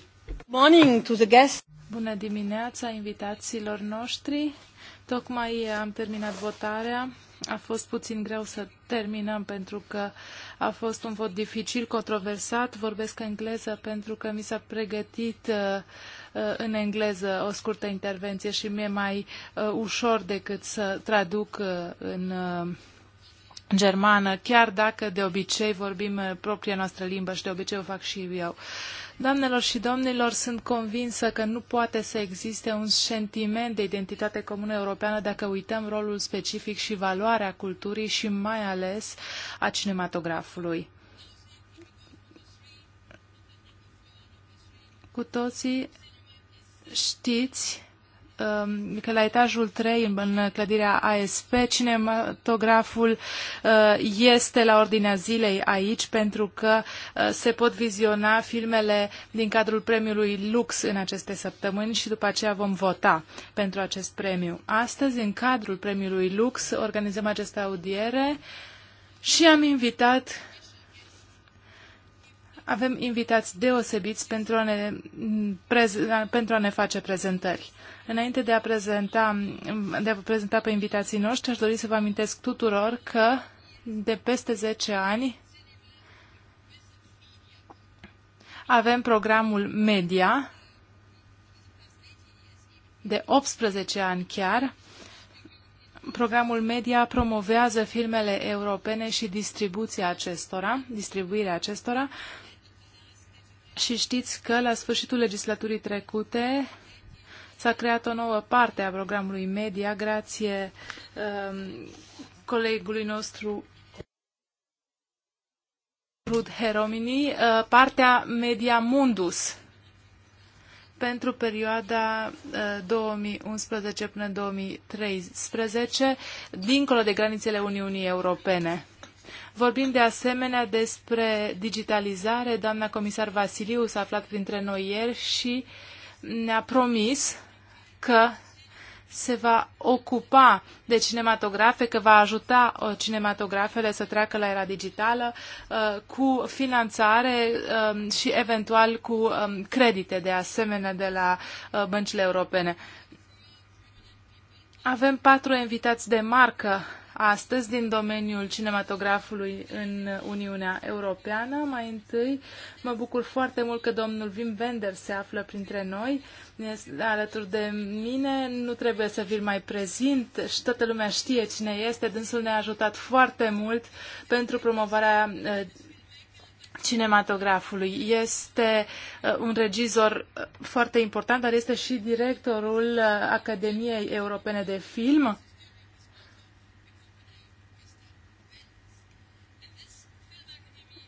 [SPEAKER 3] Morning to the guests. Bună dimineața invitațiilor noștri. Tocmai am terminat votarea. A fost puțin greu să terminăm pentru că a fost un vot dificil, controversat. Vorbesc engleză pentru că mi s-a pregătit uh, uh în engleză o scurtă intervenție și mi-e mai uh, ușor decât să traduc uh, în uh, germană, chiar dacă de obicei vorbim eh, propria noastră limbă și de obicei o fac și eu. Doamnelor și domnilor, sunt convinsă că nu poate să existe un sentiment de identitate comună europeană dacă uităm rolul specific și valoarea culturii și mai ales a cinematografului. Cu toții știți Um, că la etajul 3 în clădirea ASP cinematograful uh, este la ordinea zilei aici pentru că uh, se pot viziona filmele din cadrul premiului Lux în aceste săptămâni și după aceea vom vota pentru acest premiu. Astăzi, în cadrul premiului Lux, organizăm această audiere și am invitat avem invitați deosebiți pentru a ne, pentru a ne face prezentări. Înainte de a, prezenta, de a prezenta pe invitații noștri, aș dori să vă amintesc tuturor că de peste 10 ani avem programul Media, de 18 ani chiar, Programul Media promovează filmele europene și distribuția acestora, distribuirea acestora și știți că la sfârșitul legislaturii trecute s-a creat o nouă parte a programului media, grație um, colegului nostru Rud Heromini, uh, partea Media Mundus pentru perioada 2011 uh, până 2013, dincolo de granițele Uniunii Europene. Vorbim de asemenea despre digitalizare. Doamna comisar Vasiliu s-a aflat printre noi ieri și ne-a promis că se va ocupa de cinematografe, că va ajuta uh, cinematografele să treacă la era digitală uh, cu finanțare um, și eventual cu um, credite de asemenea de la uh, băncile europene. Avem patru invitați de marcă astăzi din domeniul cinematografului în Uniunea Europeană. Mai întâi mă bucur foarte mult că domnul Wim Wender se află printre noi, este alături de mine. Nu trebuie să vi-l mai prezint și toată lumea știe cine este. Dânsul ne-a ajutat foarte mult pentru promovarea eh, cinematografului. Este eh, un regizor eh, foarte important, dar este și directorul Academiei Europene de Film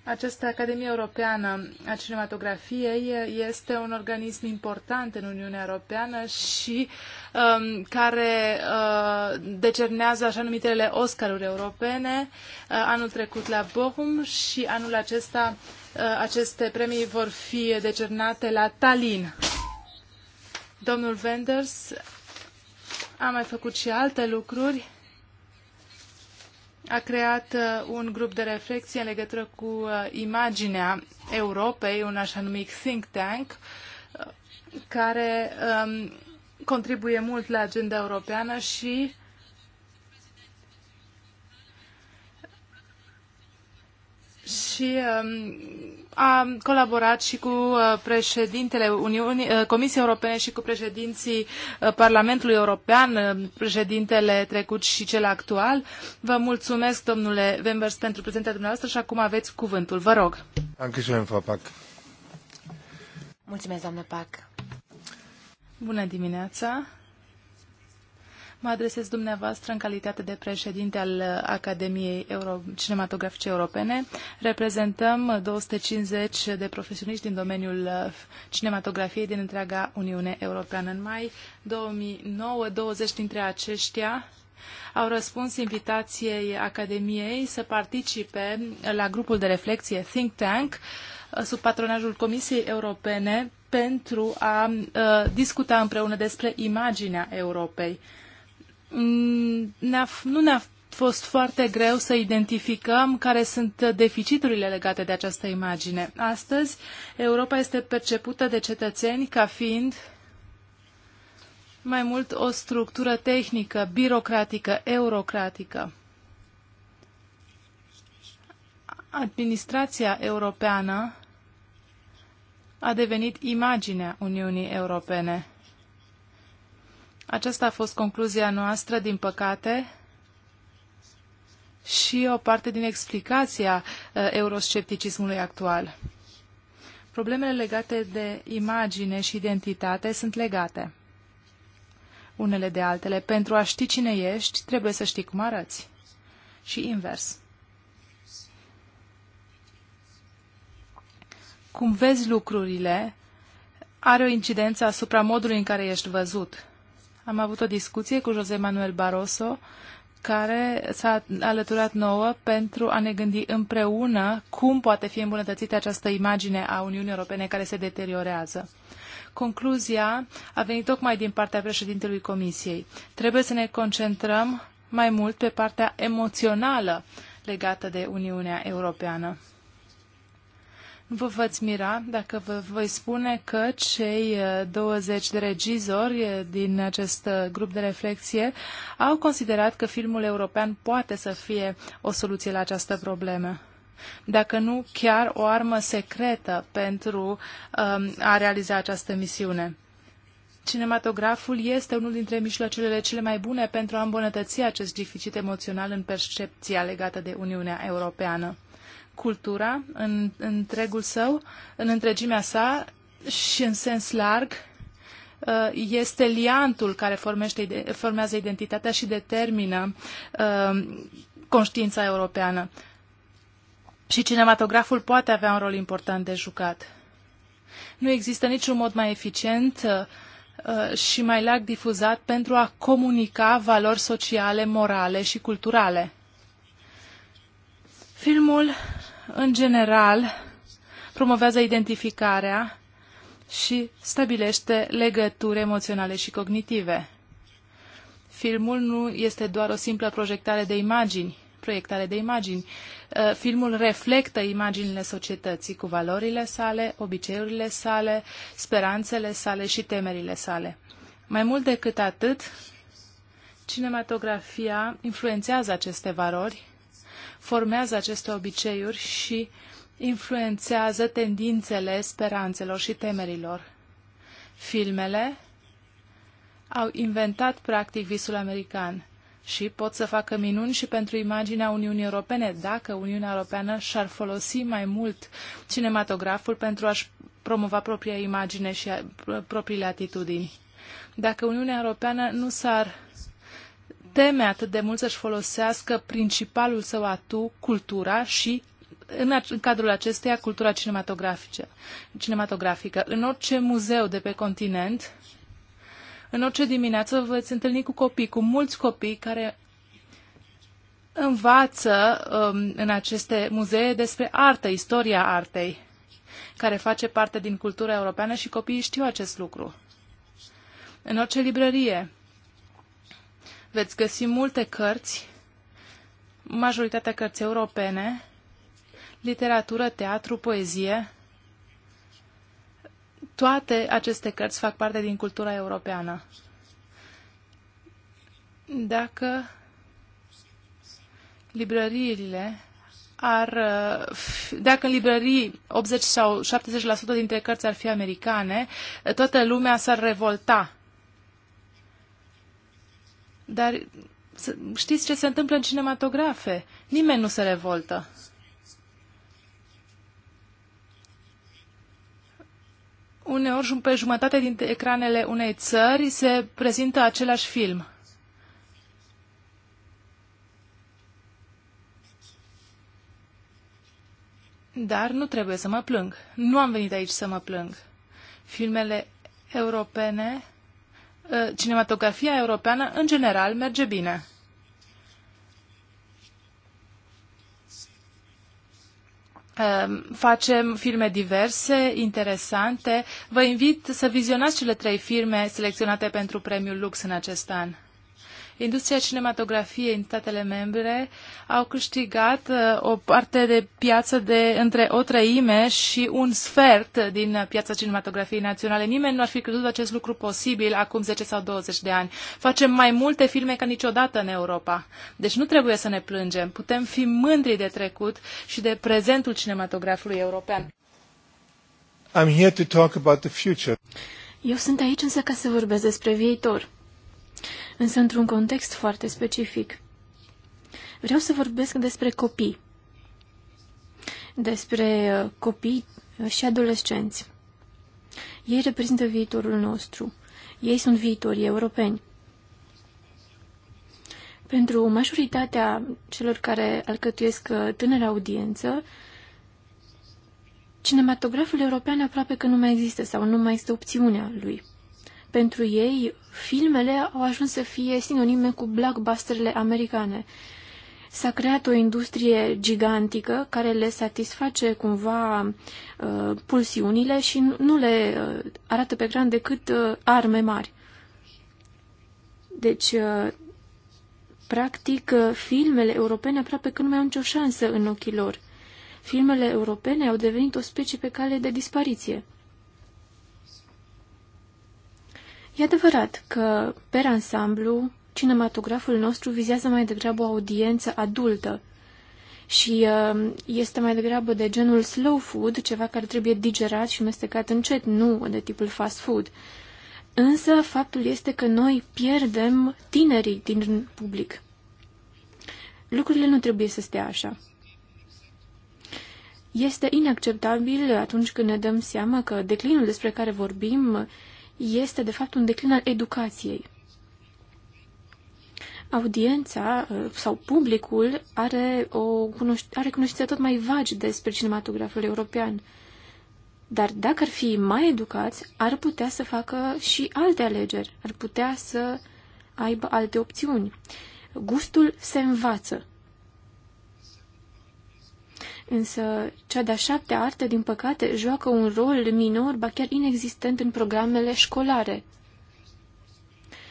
[SPEAKER 3] Această Academie Europeană a Cinematografiei este un organism important în Uniunea Europeană și um, care uh, decernează așa numitele Oscaruri europene uh, anul trecut la Bochum și anul acesta uh, aceste premii vor fi decernate la Tallinn. Domnul Wenders a mai făcut și alte lucruri a creat uh, un grup de reflexie în legătură cu uh, imaginea Europei, un așa numit think tank, uh, care um, contribuie mult la agenda europeană și și um, a colaborat și cu uh, președintele Uniunii, uh, Comisiei Europene și cu președinții uh, Parlamentului European, președintele trecut și cel actual. Vă mulțumesc, domnule Wembers, pentru prezentarea dumneavoastră și acum aveți cuvântul. Vă rog. Mulțumesc, doamnă Pac. Bună dimineața. Mă adresez dumneavoastră în calitate de președinte al Academiei Euro Cinematografice Europene. Reprezentăm 250 de profesioniști din domeniul uh, cinematografiei din întreaga Uniune Europeană. În mai 2009, 20 dintre aceștia au răspuns invitației Academiei să participe la grupul de reflexie Think Tank uh, sub patronajul Comisiei Europene pentru a uh, discuta împreună despre imaginea Europei. Uh, Mm, ne-a, nu ne-a fost foarte greu să identificăm care sunt deficiturile legate de această imagine. Astăzi, Europa este percepută de cetățeni ca fiind mai mult o structură tehnică, birocratică, eurocratică. Administrația europeană a devenit imaginea Uniunii Europene. Aceasta a fost concluzia noastră, din păcate, și o parte din explicația uh, euroscepticismului actual. Problemele legate de imagine și identitate sunt legate unele de altele. Pentru a ști cine ești, trebuie să știi cum arăți. Și invers. Cum vezi lucrurile are o incidență asupra modului în care ești văzut am avut o discuție cu José Manuel Barroso, care s-a alăturat nouă pentru a ne gândi împreună cum poate fi îmbunătățită această imagine a Uniunii Europene care se deteriorează. Concluzia a venit tocmai din partea președintelui Comisiei. Trebuie să ne concentrăm mai mult pe partea emoțională legată de Uniunea Europeană. Vă veți mira dacă vă voi spune că cei 20 uh, de regizori uh, din acest uh, grup de reflexie au considerat că filmul european poate să fie o soluție la această problemă dacă nu chiar o armă secretă pentru um, a realiza această misiune. Cinematograful este unul dintre mijloacele cele mai bune pentru a îmbunătăți acest deficit emoțional în percepția legată de Uniunea Europeană cultura în întregul său, în întregimea sa și în sens larg, uh, este liantul care formează identitatea și determină uh, conștiința europeană. Și cinematograful poate avea un rol important de jucat. Nu există niciun mod mai eficient uh, și mai larg difuzat pentru a comunica valori sociale, morale și culturale. Filmul în general, promovează identificarea și stabilește legături emoționale și cognitive. Filmul nu este doar o simplă proiectare de imagini, proiectare de imagini. Uh, filmul reflectă imaginile societății cu valorile sale, obiceiurile sale, speranțele sale și temerile sale. Mai mult decât atât, cinematografia influențează aceste valori formează aceste obiceiuri și influențează tendințele speranțelor și temerilor. Filmele au inventat practic visul american și pot să facă minuni și pentru imaginea Uniunii Europene, dacă Uniunea Europeană și-ar folosi mai mult cinematograful pentru a-și promova propria imagine și propriile atitudini. Dacă Uniunea Europeană nu s-ar uh, teme atât de mult să-și folosească principalul său atu, cultura și în, în cadrul acesteia cultura cinematografică. cinematografică. În orice muzeu de pe continent, în orice dimineață vă veți întâlni cu copii, cu mulți copii care învață um, în aceste muzee despre artă, istoria artei, care face parte din cultura europeană și copiii știu acest lucru. În orice librărie, veți găsi multe cărți, majoritatea cărți europene, literatură, teatru, poezie. Toate aceste cărți fac parte din cultura europeană. Dacă librăriile ar, uh, dacă în librării 80 sau 70% dintre cărți ar fi americane, toată lumea s-ar revolta dar știți ce se întâmplă în cinematografe? Nimeni nu se revoltă. Uneori, pe jumătate din ecranele unei țări se prezintă același film. Dar nu trebuie să mă plâng. Nu am venit aici să mă plâng. Filmele europene Uh, cinematografia europeană în general merge bine. Uh, facem filme diverse, interesante. Vă invit să vizionați cele trei filme selecționate pentru premiul Lux în acest an. Industria cinematografiei în statele membre au câștigat uh, o parte de piață de între o treime și un sfert din piața cinematografiei naționale. Nimeni nu ar fi crezut acest lucru posibil acum 10 sau 20 de ani. Facem mai multe filme ca niciodată în Europa. Deci nu trebuie să ne plângem. Putem fi mândri de trecut și de
[SPEAKER 1] prezentul cinematografului european.
[SPEAKER 4] I'm here to talk about the future.
[SPEAKER 1] Eu sunt aici însă ca să vorbesc despre viitor însă într-un context foarte specific. Vreau să vorbesc despre copii, despre uh, copii și adolescenți. Ei reprezintă viitorul nostru. Ei sunt viitorii europeni. Pentru majoritatea celor care alcătuiesc uh, tânăra audiență, cinematograful european aproape că nu mai există sau nu mai este opțiunea lui. Pentru ei, filmele au ajuns să fie sinonime cu blockbusterele americane. S-a creat o industrie gigantică care le satisface cumva uh, pulsiunile și nu le uh, arată pe ecran decât uh, arme mari. Deci, uh, practic, uh, filmele europene aproape că nu mai au nicio șansă în ochii lor. Filmele europene au devenit o specie pe cale de dispariție. E adevărat că, pe ansamblu, cinematograful nostru vizează mai degrabă o audiență adultă și uh, este mai degrabă de genul slow food, ceva care trebuie digerat și mestecat încet, nu de tipul fast food. Însă, faptul este că noi pierdem tinerii din public. Lucrurile nu trebuie să stea așa. Este inacceptabil atunci când ne dăm seama că declinul despre care vorbim este de fapt un declin al educației. Audiența uh, sau publicul are, o cunoș- are cunoștințe tot mai vagi despre cinematograful european. Dar dacă ar fi mai educați, ar putea să facă și alte alegeri, ar putea să aibă alte opțiuni. Gustul se învață. Însă, cea de-a șaptea artă, din păcate, joacă un rol minor, ba chiar inexistent în programele școlare.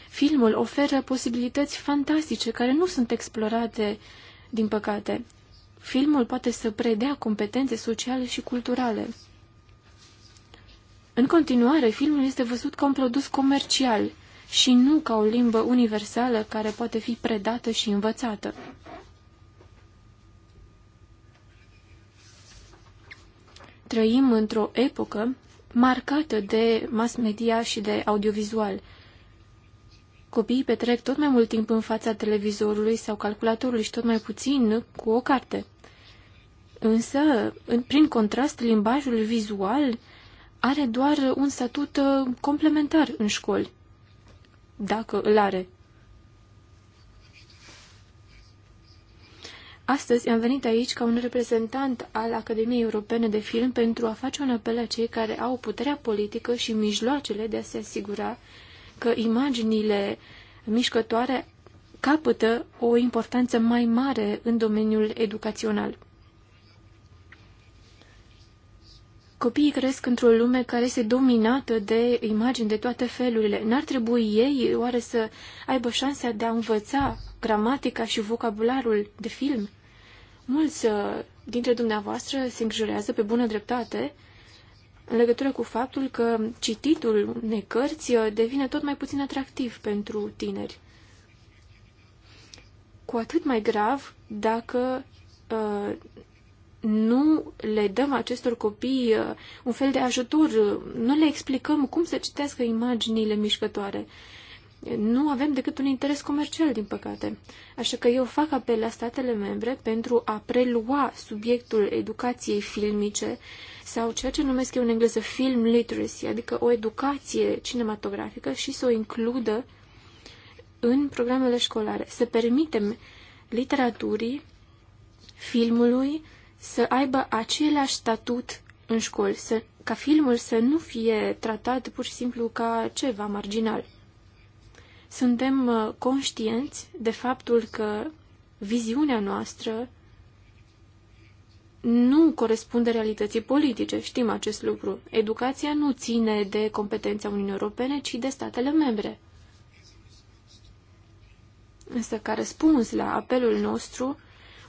[SPEAKER 1] Filmul oferă posibilități fantastice care nu sunt explorate, din păcate. Filmul poate să predea competențe sociale și culturale. În continuare, filmul este văzut ca un produs comercial și nu ca o limbă universală care poate fi predată și învățată. trăim într-o epocă marcată de mass media și de audiovizual. Copiii petrec tot mai mult timp în fața televizorului sau calculatorului și tot mai puțin cu o carte. Însă, în, prin contrast, limbajul vizual are doar un statut uh, complementar în școli, dacă îl are. Astăzi am venit aici ca un reprezentant al Academiei Europene de Film pentru a face un apel la cei care au puterea politică și mijloacele de a se asigura că imaginile mișcătoare capătă o importanță mai mare în domeniul educațional. Copiii cresc într-o lume care este dominată de imagini de toate felurile. N-ar trebui ei oare să aibă șansa de a învăța gramatica și vocabularul de film? Mulți uh, dintre dumneavoastră se îngrijorează pe bună dreptate în legătură cu faptul că cititul unei cărți uh, devine tot mai puțin atractiv pentru tineri. Cu atât mai grav dacă uh, nu le dăm acestor copii uh, un fel de ajutor, uh, nu le explicăm cum să citească imaginile mișcătoare. Nu avem decât un interes comercial, din păcate. Așa că eu fac apel la statele membre pentru a prelua subiectul educației filmice sau ceea ce numesc eu în engleză film literacy, adică o educație cinematografică și să o includă în programele școlare. Să permitem literaturii, filmului, să aibă același statut în școli, să, ca filmul să nu fie tratat pur și simplu ca ceva marginal. Suntem uh, conștienți de faptul că viziunea noastră nu corespunde realității politice, știm acest lucru. Educația nu ține de competența Uniunii Europene, ci de statele membre. Însă, ca răspuns la apelul nostru,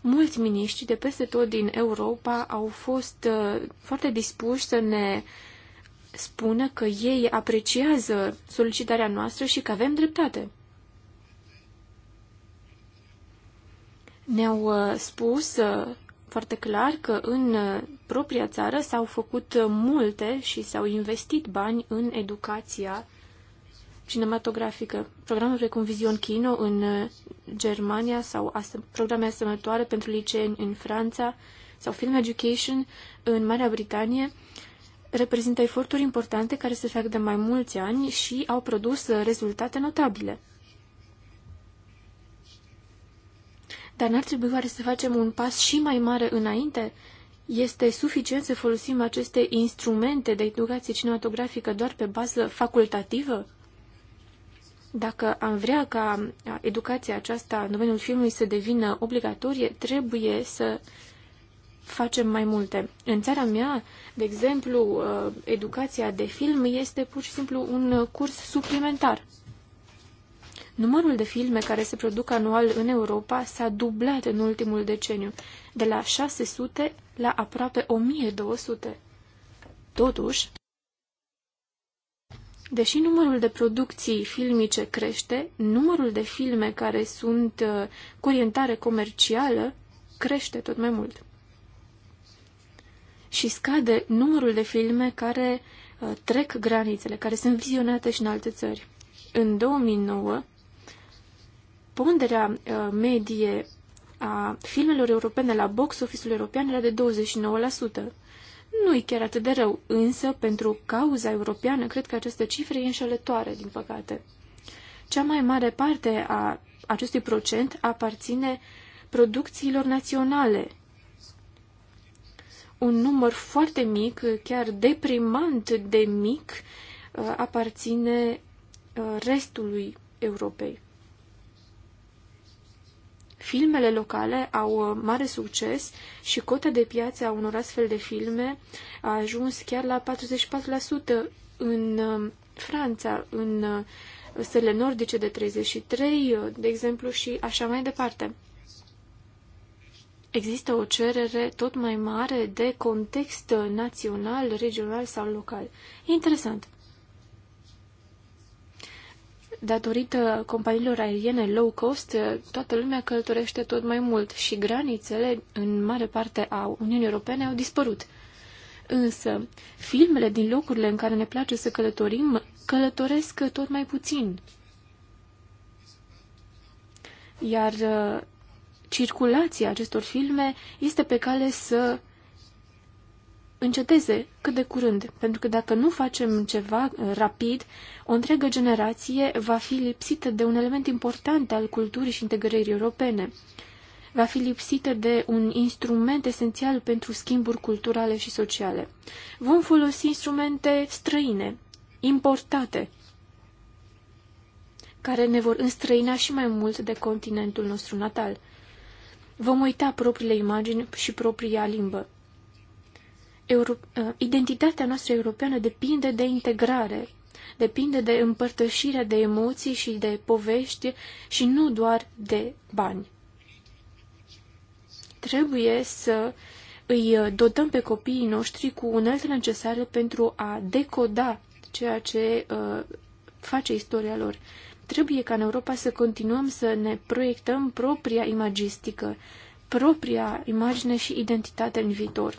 [SPEAKER 1] Mulți miniștri de peste tot din Europa au fost uh, foarte dispuși să ne spună că ei apreciază solicitarea noastră și că avem dreptate. Ne-au uh, spus uh, foarte clar că în propria țară s-au făcut multe și s-au investit bani în educația cinematografică, programe precum Vision Kino în uh, Germania sau programe asemănătoare pentru liceeni în Franța sau Film Education în Marea Britanie, reprezintă eforturi importante care se fac de mai mulți ani și au produs uh, rezultate notabile. Dar n-ar trebui oare să facem un pas și mai mare înainte? Este suficient să folosim aceste instrumente de educație cinematografică doar pe bază facultativă? Dacă am vrea ca educația aceasta în domeniul filmului să devină obligatorie, trebuie să facem mai multe. În țara mea, de exemplu, educația de film este pur și simplu un curs suplimentar. Numărul de filme care se produc anual în Europa s-a dublat în ultimul deceniu, de la 600 la aproape 1200. Totuși, Deși numărul de producții filmice crește, numărul de filme care sunt uh, cu orientare comercială crește tot mai mult. Și scade numărul de filme care uh, trec granițele, care sunt vizionate și în alte țări. În 2009, ponderea uh, medie a filmelor europene la box office-ul european era de 29% nu e chiar atât de rău, însă pentru cauza europeană cred că aceste cifre e înșelătoare, din păcate. Cea mai mare parte a acestui procent aparține producțiilor naționale. Un număr foarte mic, chiar deprimant de mic, uh, aparține uh, restului Europei. Filmele locale au uh, mare succes și cota de piață a unor astfel de filme a ajuns chiar la 44% în uh, Franța, în uh, stele nordice de 33, de exemplu, și așa mai departe. Există o cerere tot mai mare de context național, regional sau local. Interesant datorită companiilor aeriene low cost, toată lumea călătorește tot mai mult și granițele, în mare parte a Uniunii Europene, au dispărut. Însă, filmele din locurile în care ne place să călătorim călătoresc tot mai puțin. Iar uh, circulația acestor filme este pe cale să înceteze cât de curând, pentru că dacă nu facem ceva uh, rapid, o întreagă generație va fi lipsită de un element important al culturii și integrării europene. Va fi lipsită de un instrument esențial pentru schimburi culturale și sociale. Vom folosi instrumente străine, importate, care ne vor înstrăina și mai mult de continentul nostru natal. Vom uita propriile imagini și propria limbă. Euro... Uh, identitatea noastră europeană depinde de integrare, depinde de împărtășirea de emoții și de povești și nu doar de bani. Trebuie să îi uh, dotăm pe copiii noștri cu uneltele necesare pentru a decoda ceea ce uh, face istoria lor. Trebuie ca în Europa să continuăm să ne proiectăm propria imagistică, propria imagine și identitate în viitor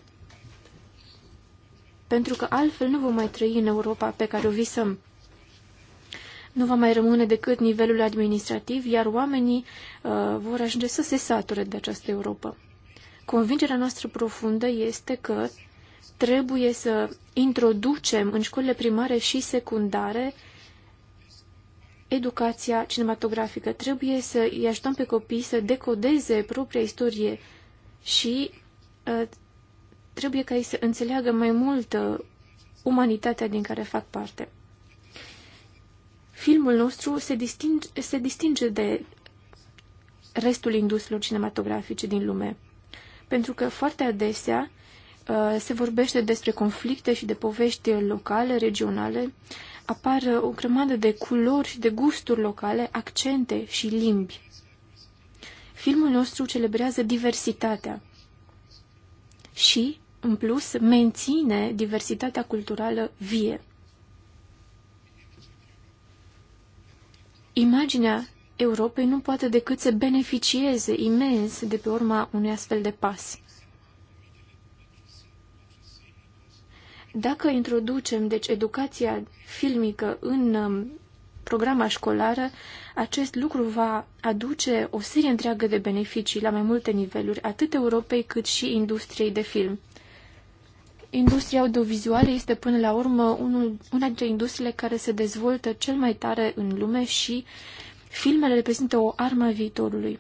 [SPEAKER 1] pentru că altfel nu vom mai trăi în Europa pe care o visăm. Nu va mai rămâne decât nivelul administrativ, iar oamenii uh, vor ajunge să se sature de această Europa. Convingerea noastră profundă este că trebuie să introducem în școlile primare și secundare educația cinematografică. Trebuie să îi ajutăm pe copii să decodeze propria istorie și uh, trebuie ca ei să înțeleagă mai mult uh, umanitatea din care fac parte. Filmul nostru se distinge, se distinge de restul industriilor cinematografice din lume, pentru că foarte adesea uh, se vorbește despre conflicte și de povești locale, regionale, apar uh, o grămadă de culori și de gusturi locale, accente și limbi. Filmul nostru celebrează diversitatea și în plus, menține diversitatea culturală vie. Imaginea Europei nu poate decât să beneficieze imens de pe urma unui astfel de pas. Dacă introducem, deci, educația filmică în um, programa școlară, acest lucru va aduce o serie întreagă de beneficii la mai multe niveluri, atât Europei cât și industriei de film. Industria audiovizuală este până la urmă unul, una dintre industriile care se dezvoltă cel mai tare în lume și filmele reprezintă o armă a viitorului.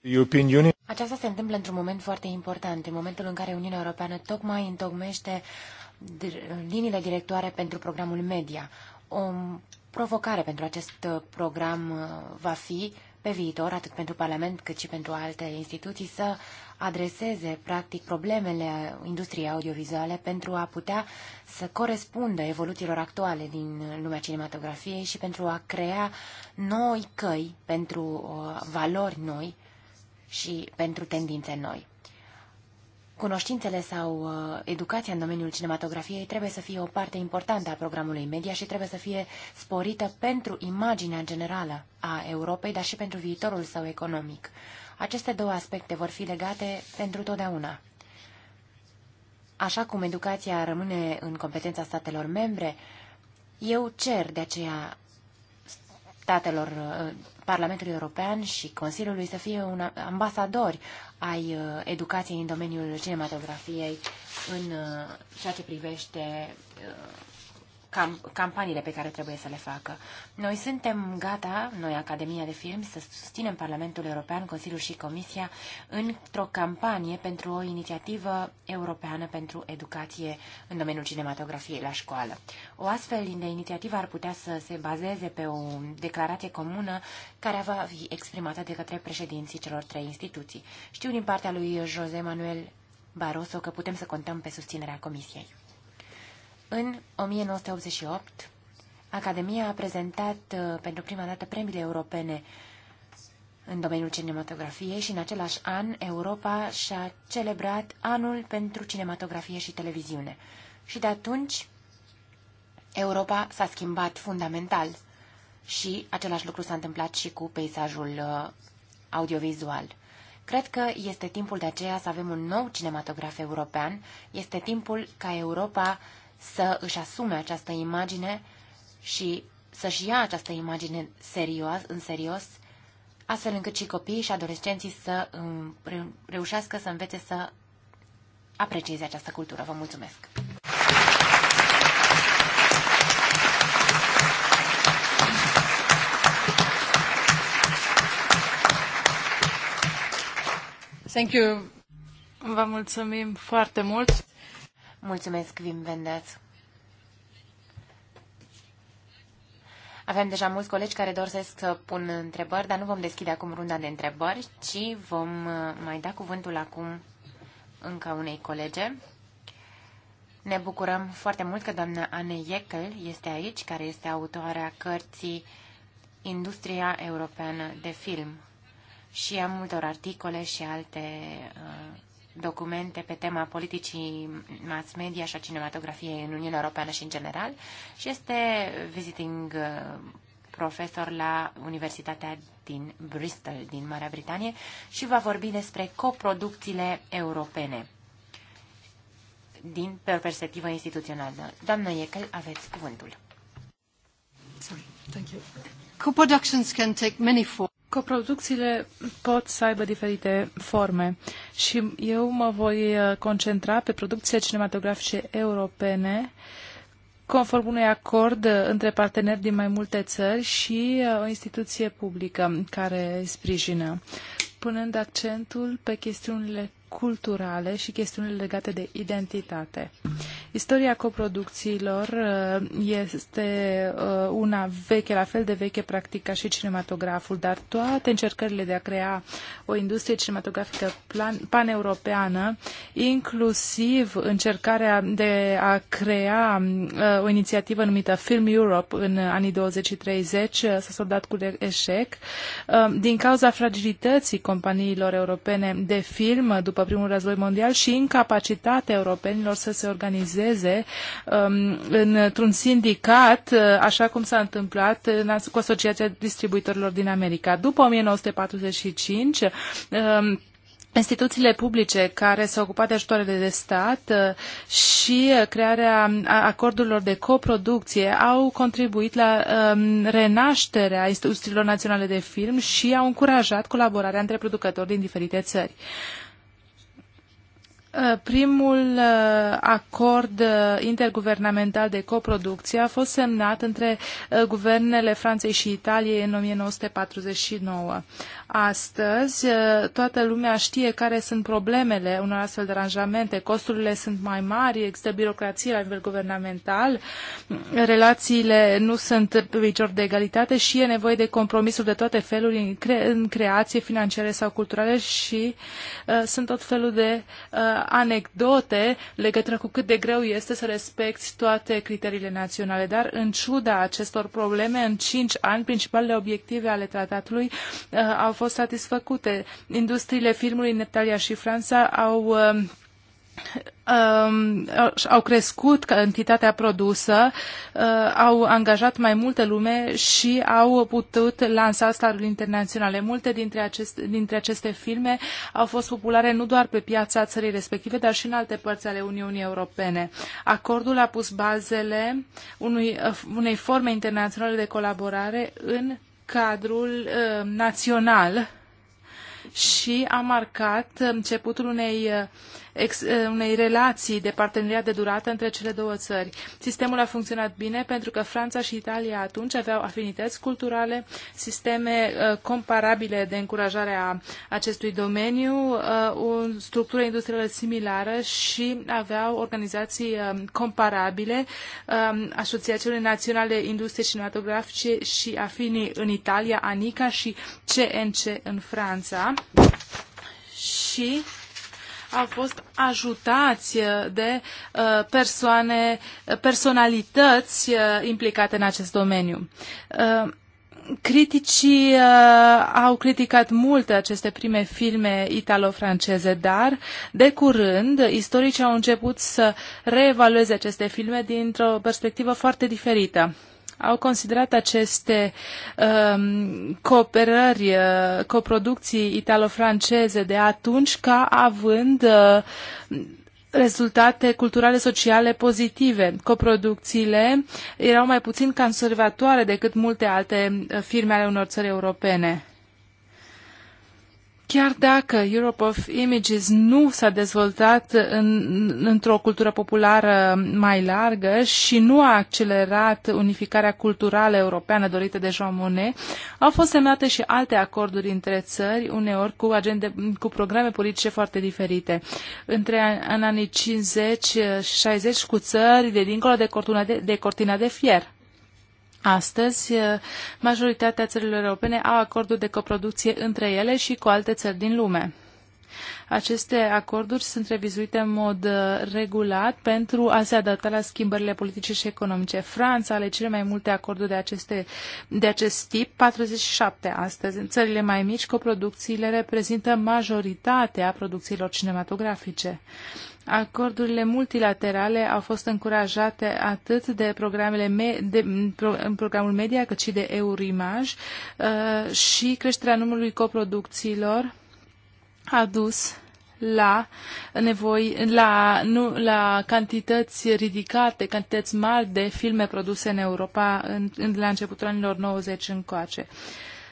[SPEAKER 4] European Union.
[SPEAKER 1] Aceasta se întâmplă într-un moment foarte important, în
[SPEAKER 2] momentul în care Uniunea Europeană tocmai întocmește liniile directoare pentru programul media. O provocare pentru acest uh, program uh, va fi pe viitor, atât pentru Parlament cât și pentru alte instituții, să adreseze, practic, problemele industriei audiovizuale pentru a putea să corespundă evoluțiilor actuale din lumea cinematografiei și pentru a crea noi căi pentru uh, valori noi și pentru tendințe noi. Cunoștințele sau uh, educația în domeniul cinematografiei trebuie să fie o parte importantă a programului media și trebuie să fie sporită pentru imaginea generală a Europei, dar și pentru viitorul său economic. Aceste două aspecte vor fi legate pentru totdeauna. Așa cum educația rămâne în competența statelor membre, eu cer de aceea statelor uh, Parlamentului European și Consiliului să fie un ambasadori ai uh, educației în domeniul cinematografiei în uh, ceea ce privește cam, campaniile pe care trebuie să le facă. Noi suntem gata, noi Academia de Film, să susținem Parlamentul European, Consiliul și Comisia într-o campanie pentru o inițiativă europeană pentru educație în domeniul cinematografiei la școală. O astfel de inițiativă ar putea să se bazeze pe o declarație comună care va fi exprimată de către președinții celor trei instituții. Știu din partea lui José Manuel Barroso că putem să contăm pe susținerea Comisiei. În 1988, Academia a prezentat uh, pentru prima dată premiile europene în domeniul cinematografiei și în același an Europa și-a celebrat anul pentru cinematografie și televiziune. Și de atunci Europa s-a schimbat fundamental și același lucru s-a întâmplat și cu peisajul uh, audiovizual. Cred că este timpul de aceea să avem un nou cinematograf european, este timpul ca Europa să își asume această imagine și să-și ia această imagine serios, în serios, astfel încât și copiii și adolescenții să um, reușească să învețe să aprecieze această cultură. Vă mulțumesc!
[SPEAKER 3] Thank you. Vă mulțumim
[SPEAKER 2] foarte mult. Mulțumesc, Vim Vendeaț. Avem deja mulți colegi care doresc să pun întrebări, dar nu vom deschide acum runda de întrebări, ci vom uh, mai da cuvântul acum încă unei colege. Ne bucurăm foarte mult că doamna Anne Iekel este aici, care este autoarea cărții Industria Europeană de Film și a multor articole și alte uh, documente pe tema politicii mass media și a cinematografiei în Uniunea Europeană și în general și este visiting uh, profesor la Universitatea din Bristol, din Marea Britanie, și va vorbi despre coproducțiile europene din pe o perspectivă instituțională. Doamnă Iekel, aveți cuvântul.
[SPEAKER 4] Sorry, thank you.
[SPEAKER 3] Co-productions can take many forms. Coproducțiile pot să aibă diferite forme și eu mă voi uh, concentra pe producțiile cinematografice europene conform unui acord uh, între parteneri din mai multe țări și uh, o instituție publică care sprijină, punând accentul pe chestiunile culturale și chestiunile legate de identitate. Istoria coproducțiilor uh, este uh, una veche, la fel de veche practic ca și cinematograful, dar toate încercările de a crea o industrie cinematografică paneuropeană, inclusiv încercarea de a crea uh, o inițiativă numită Film Europe în anii 20 30, s-a soldat cu eșec, din cauza fragilității companiilor europene de film după primul război mondial și incapacitatea europenilor să se organizeze um, într-un sindicat, uh, așa cum s-a întâmplat în, cu Asociația Distribuitorilor din America. După 1945, um, instituțiile publice care se ocupat de ajutoarele de stat uh, și crearea acordurilor de coproducție au contribuit la um, renașterea instituțiilor naționale de film și au încurajat colaborarea între producători din diferite țări. Uh, primul uh, acord uh, interguvernamental de coproducție a fost semnat între guvernele Franței și Italiei în 1949. Astăzi, uh, toată lumea știe care sunt problemele unor astfel de aranjamente. Costurile sunt mai mari, există birocrație la nivel guvernamental, relațiile nu sunt pe picior de egalitate și e nevoie de compromisuri de toate feluri în, cre- în creație financiare sau culturale și uh, sunt tot felul de uh, anecdote legătură cu cât de greu este să respecti toate criteriile naționale. Dar, în ciuda acestor probleme, în 5 ani, principalele obiective ale tratatului uh, au fost fost satisfăcute. Industriile firmului în Italia și Franța au Um, um au crescut cantitatea produsă, uh, au angajat mai multă lume și au putut lansa staruri internaționale. Multe dintre, acest, dintre aceste filme au fost populare nu doar pe piața țării respective, dar și în alte părți ale Uniunii Europene. Acordul a pus bazele unui, unei forme internaționale de colaborare în cadrul uh, național și a marcat începutul unei uh, ex, eh, unei relații de parteneriat de durată între cele două țări. Sistemul a funcționat bine pentru că Franța și Italia atunci aveau afinități culturale, sisteme eh, comparabile de încurajare a acestui domeniu, eh, o structură industrială similară și aveau organizații comparabile, asociațiile naționale industrie cinematografice și afini în Italia, ANICA și CNC în Franța. Și au fost ajutați uh, de uh, persoane, uh, personalități implicate în acest domeniu. Criticii uh, au criticat mult aceste prime filme italo-franceze, dar de curând istoricii au început să reevalueze aceste filme dintr-o perspectivă foarte diferită au considerat aceste um, cooperări, uh, coproducții italo-franceze de atunci ca având uh, rezultate culturale sociale pozitive. Coproducțiile erau mai puțin conservatoare decât multe alte uh, firme ale unor țări europene. Chiar dacă Europe of Images nu s-a dezvoltat în, într-o cultură populară mai largă și nu a accelerat unificarea culturală europeană dorită de Jean Monnet, au fost semnate și alte acorduri între țări, uneori cu, agende, cu programe politice foarte diferite. Între în anii 50 și 60 cu țări de dincolo de cortina de, de, cortina de fier. Astăzi, eh, majoritatea țărilor europene au acorduri de coproducție între ele și cu alte țări din lume. Aceste acorduri sunt revizuite în mod eh, regulat pentru a se adapta la schimbările politice și economice. Franța are cele mai multe acorduri de, aceste, de acest tip, 47 astăzi. În țările mai mici, coproducțiile reprezintă majoritatea producțiilor cinematografice. Acordurile multilaterale au fost încurajate atât de, programele me- de pro- programul media cât și de Eurimaj uh, și creșterea numărului coproducțiilor a dus la nevoi, la, nu, la cantități ridicate, cantități mari de filme produse în Europa în, în, la începutul anilor 90 încoace. Uh,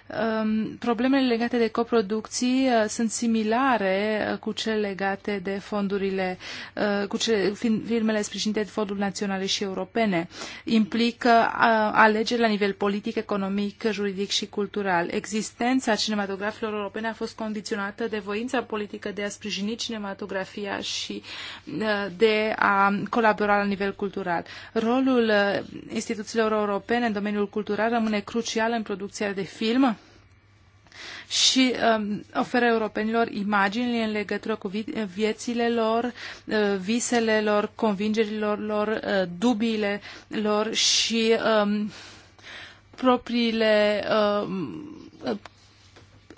[SPEAKER 3] Ehm, problemele legate de coproducții eh, sunt similare eh, cu cele legate de fondurile, eh, cu cele, firmele sprijinite de fonduri naționale și europene. Implică alegeri la nivel politic, economic, juridic și cultural. Existența cinematografilor europene a fost condiționată de voința politică de a sprijini cinematografia și de a colabora la nivel cultural. Rolul instituțiilor europene în domeniul cultural rămâne crucial în producția de film, și um, oferă europenilor imagini în legătură cu viețile lor, uh, visele lor, convingerilor lor, uh, dubiile lor și um, propriile um, uh,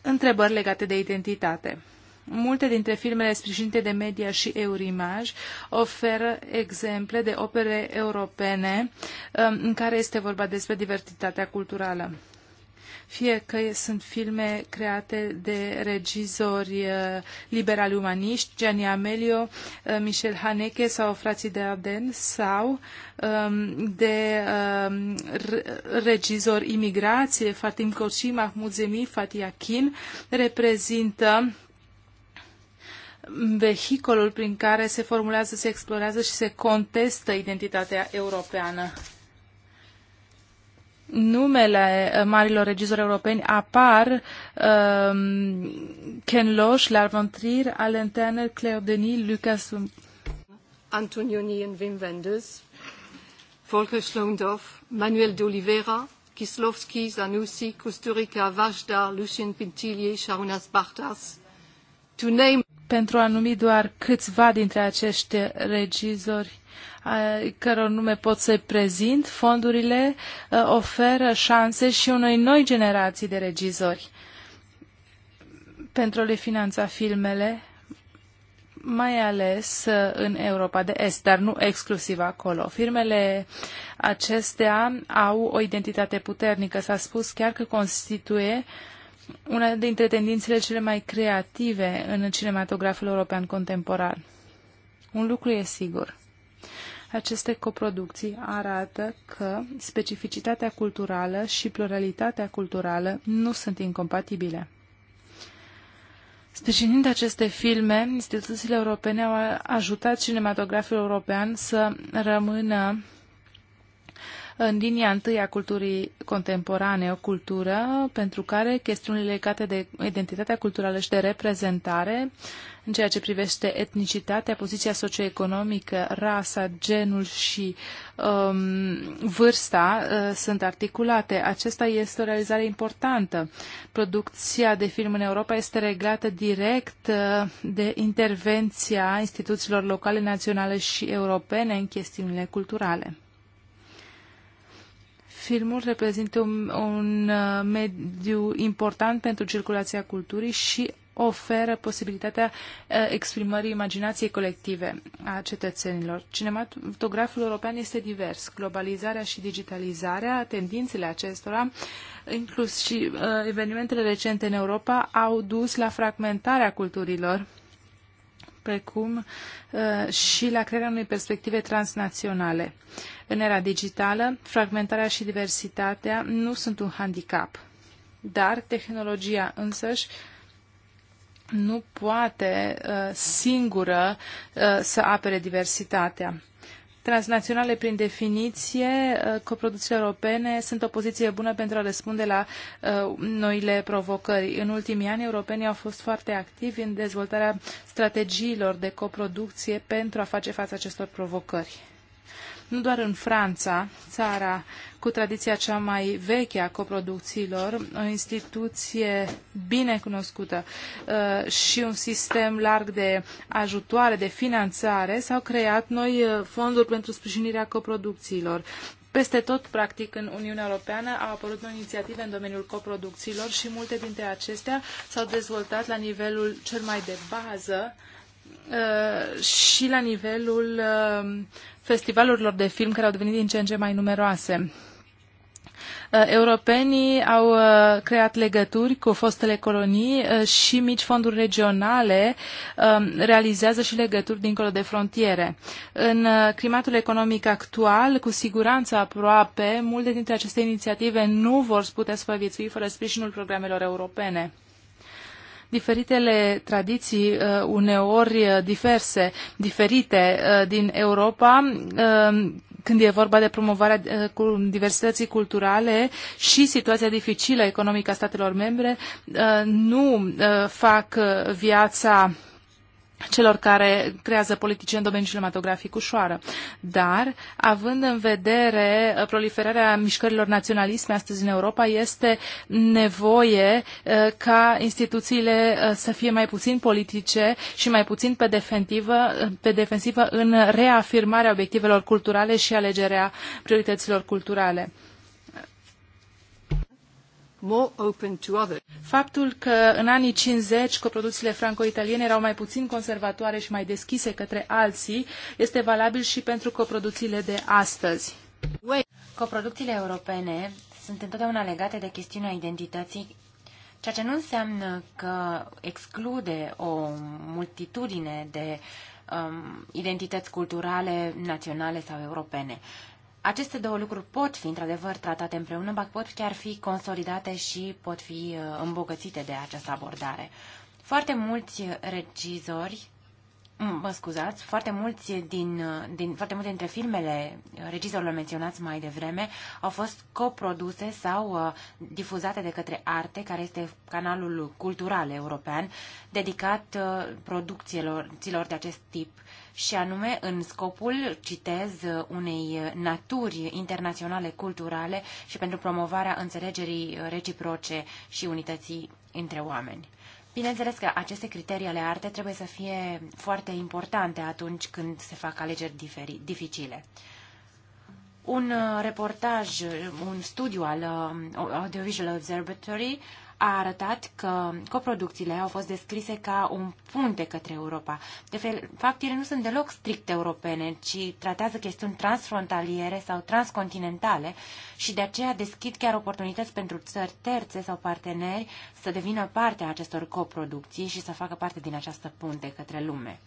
[SPEAKER 3] întrebări legate de identitate. Multe dintre filmele sprijinite de media și Eurimaj oferă exemple de opere europene um, în care este vorba despre diversitatea culturală fie că sunt filme create de regizori uh, liberali umaniști, Gianni Amelio, uh, Michel Haneke sau frații de Aden, sau um, de um, regizori imigrație, Fatim Koshi, Mahmoud Zemi, Fatih Akin, reprezintă vehicolul prin care se formulează, se explorează și se contestă identitatea europeană numele eh, marilor regizori europeni apar um, Ken Loach, Lars Alain Trier, Tanner, Claire Denis, Lucas
[SPEAKER 1] Antonioni and Wim Wenders, Volker Schlondorf, Manuel de Oliveira, Kislovski, Zanussi, Kusturica, Vajdar, Lucien Pintilie, Sharunas Bartas,
[SPEAKER 3] to name... Pentru a numi doar câțiva dintre acești regizori căror nume pot să-i prezint, fondurile oferă șanse și unei noi generații de regizori pentru a le finanța filmele, mai ales în Europa de Est, dar nu exclusiv acolo. Firmele acestea au o identitate puternică. S-a spus chiar că constituie una dintre tendințele cele mai creative în cinematograful european contemporan. Un lucru e sigur. Aceste coproducții arată că specificitatea culturală și pluralitatea culturală nu sunt incompatibile. Sprijinind aceste filme, instituțiile europene au ajutat cinematograful european să rămână în linia întâi a culturii contemporane, o cultură pentru care chestiunile legate de identitatea culturală și de reprezentare, în ceea ce privește etnicitatea, poziția socioeconomică, rasa, genul și um, vârsta uh, sunt articulate. Acesta este o realizare importantă. Producția de film în Europa este reglată direct uh, de intervenția instituțiilor locale, naționale și europene în chestiunile culturale. Filmul reprezintă un, un uh, mediu important pentru circulația culturii și oferă posibilitatea uh, exprimării imaginației colective a cetățenilor. Cinematograful european este divers. Globalizarea și digitalizarea, tendințele acestora, inclus și uh, evenimentele recente în Europa, au dus la fragmentarea culturilor precum uh, și la crearea unei perspective transnaționale. În era digitală, fragmentarea și diversitatea nu sunt un handicap, dar tehnologia însăși nu poate uh, singură uh, să apere diversitatea transnaționale, prin definiție, uh, coproducțiile europene sunt o poziție bună pentru a răspunde la uh, noile provocări. În ultimii ani, europenii au fost foarte activi în dezvoltarea strategiilor de coproducție pentru a face față acestor provocări nu doar în Franța, țara cu tradiția cea mai veche a coproducțiilor, o instituție bine cunoscută uh, și un sistem larg de ajutoare, de finanțare, s-au creat noi uh, fonduri pentru sprijinirea coproducțiilor. Peste tot, practic, în Uniunea Europeană au apărut noi inițiative în domeniul coproducțiilor și multe dintre acestea s-au dezvoltat la nivelul cel mai de bază Uh, și la nivelul uh, festivalurilor de film care au devenit din ce în ce mai numeroase. Uh, europenii au creat legături cu fostele colonii și mici fonduri regionale um, realizează și legături dincolo de frontiere. În climatul economic actual, cu siguranță aproape, multe dintre aceste inițiative nu vor putea supraviețui fără sprijinul programelor europene diferitele tradiții uh, uneori uh, diverse, diferite uh, din Europa, când e vorba de promovarea diversității culturale și situația dificilă economică a statelor membre, nu fac viața celor care creează politici în domeniul cinematografic ușoară. Dar, având în vedere uh, proliferarea mișcărilor naționalisme astăzi în Europa, este nevoie uh, ca instituțiile uh, să fie mai puțin politice și mai puțin pe defensivă, pe defensivă în reafirmarea obiectivelor culturale și alegerea priorităților culturale more open to others. Faptul că în anii 50 coproducțiile franco-italiene erau mai puțin conservatoare și mai deschise către alții este valabil și pentru coproducțiile de astăzi. Coproducțiile
[SPEAKER 2] europene sunt întotdeauna legate de chestiunea identității, ceea ce nu înseamnă că exclude o multitudine de um, identități culturale, naționale sau europene. Aceste două lucruri pot fi într-adevăr tratate împreună, dar pot chiar fi consolidate și pot fi uh, îmbogățite de această abordare. Foarte mulți regizori, mă scuzați, foarte mulți din, uh, din foarte multe dintre filmele regizorilor menționați mai devreme au fost coproduse sau uh, difuzate de către Arte, care este canalul cultural european dedicat producțiilor de acest tip și anume în scopul, citez, unei naturi internaționale culturale și pentru promovarea înțelegerii reciproce și unității între oameni. Bineînțeles că aceste criterii ale arte trebuie să fie foarte importante atunci când se fac alegeri diferi dificile. Un uh, reportaj, un studiu al uh, Audiovisual Observatory a arătat că coproducțiile au fost descrise ca un punte către Europa. De fel, fapt, ele nu sunt deloc strict europene, ci tratează chestiuni transfrontaliere sau transcontinentale și de aceea deschid chiar oportunități pentru țări terțe sau parteneri să devină parte a acestor coproducții și să facă parte din această punte către lume.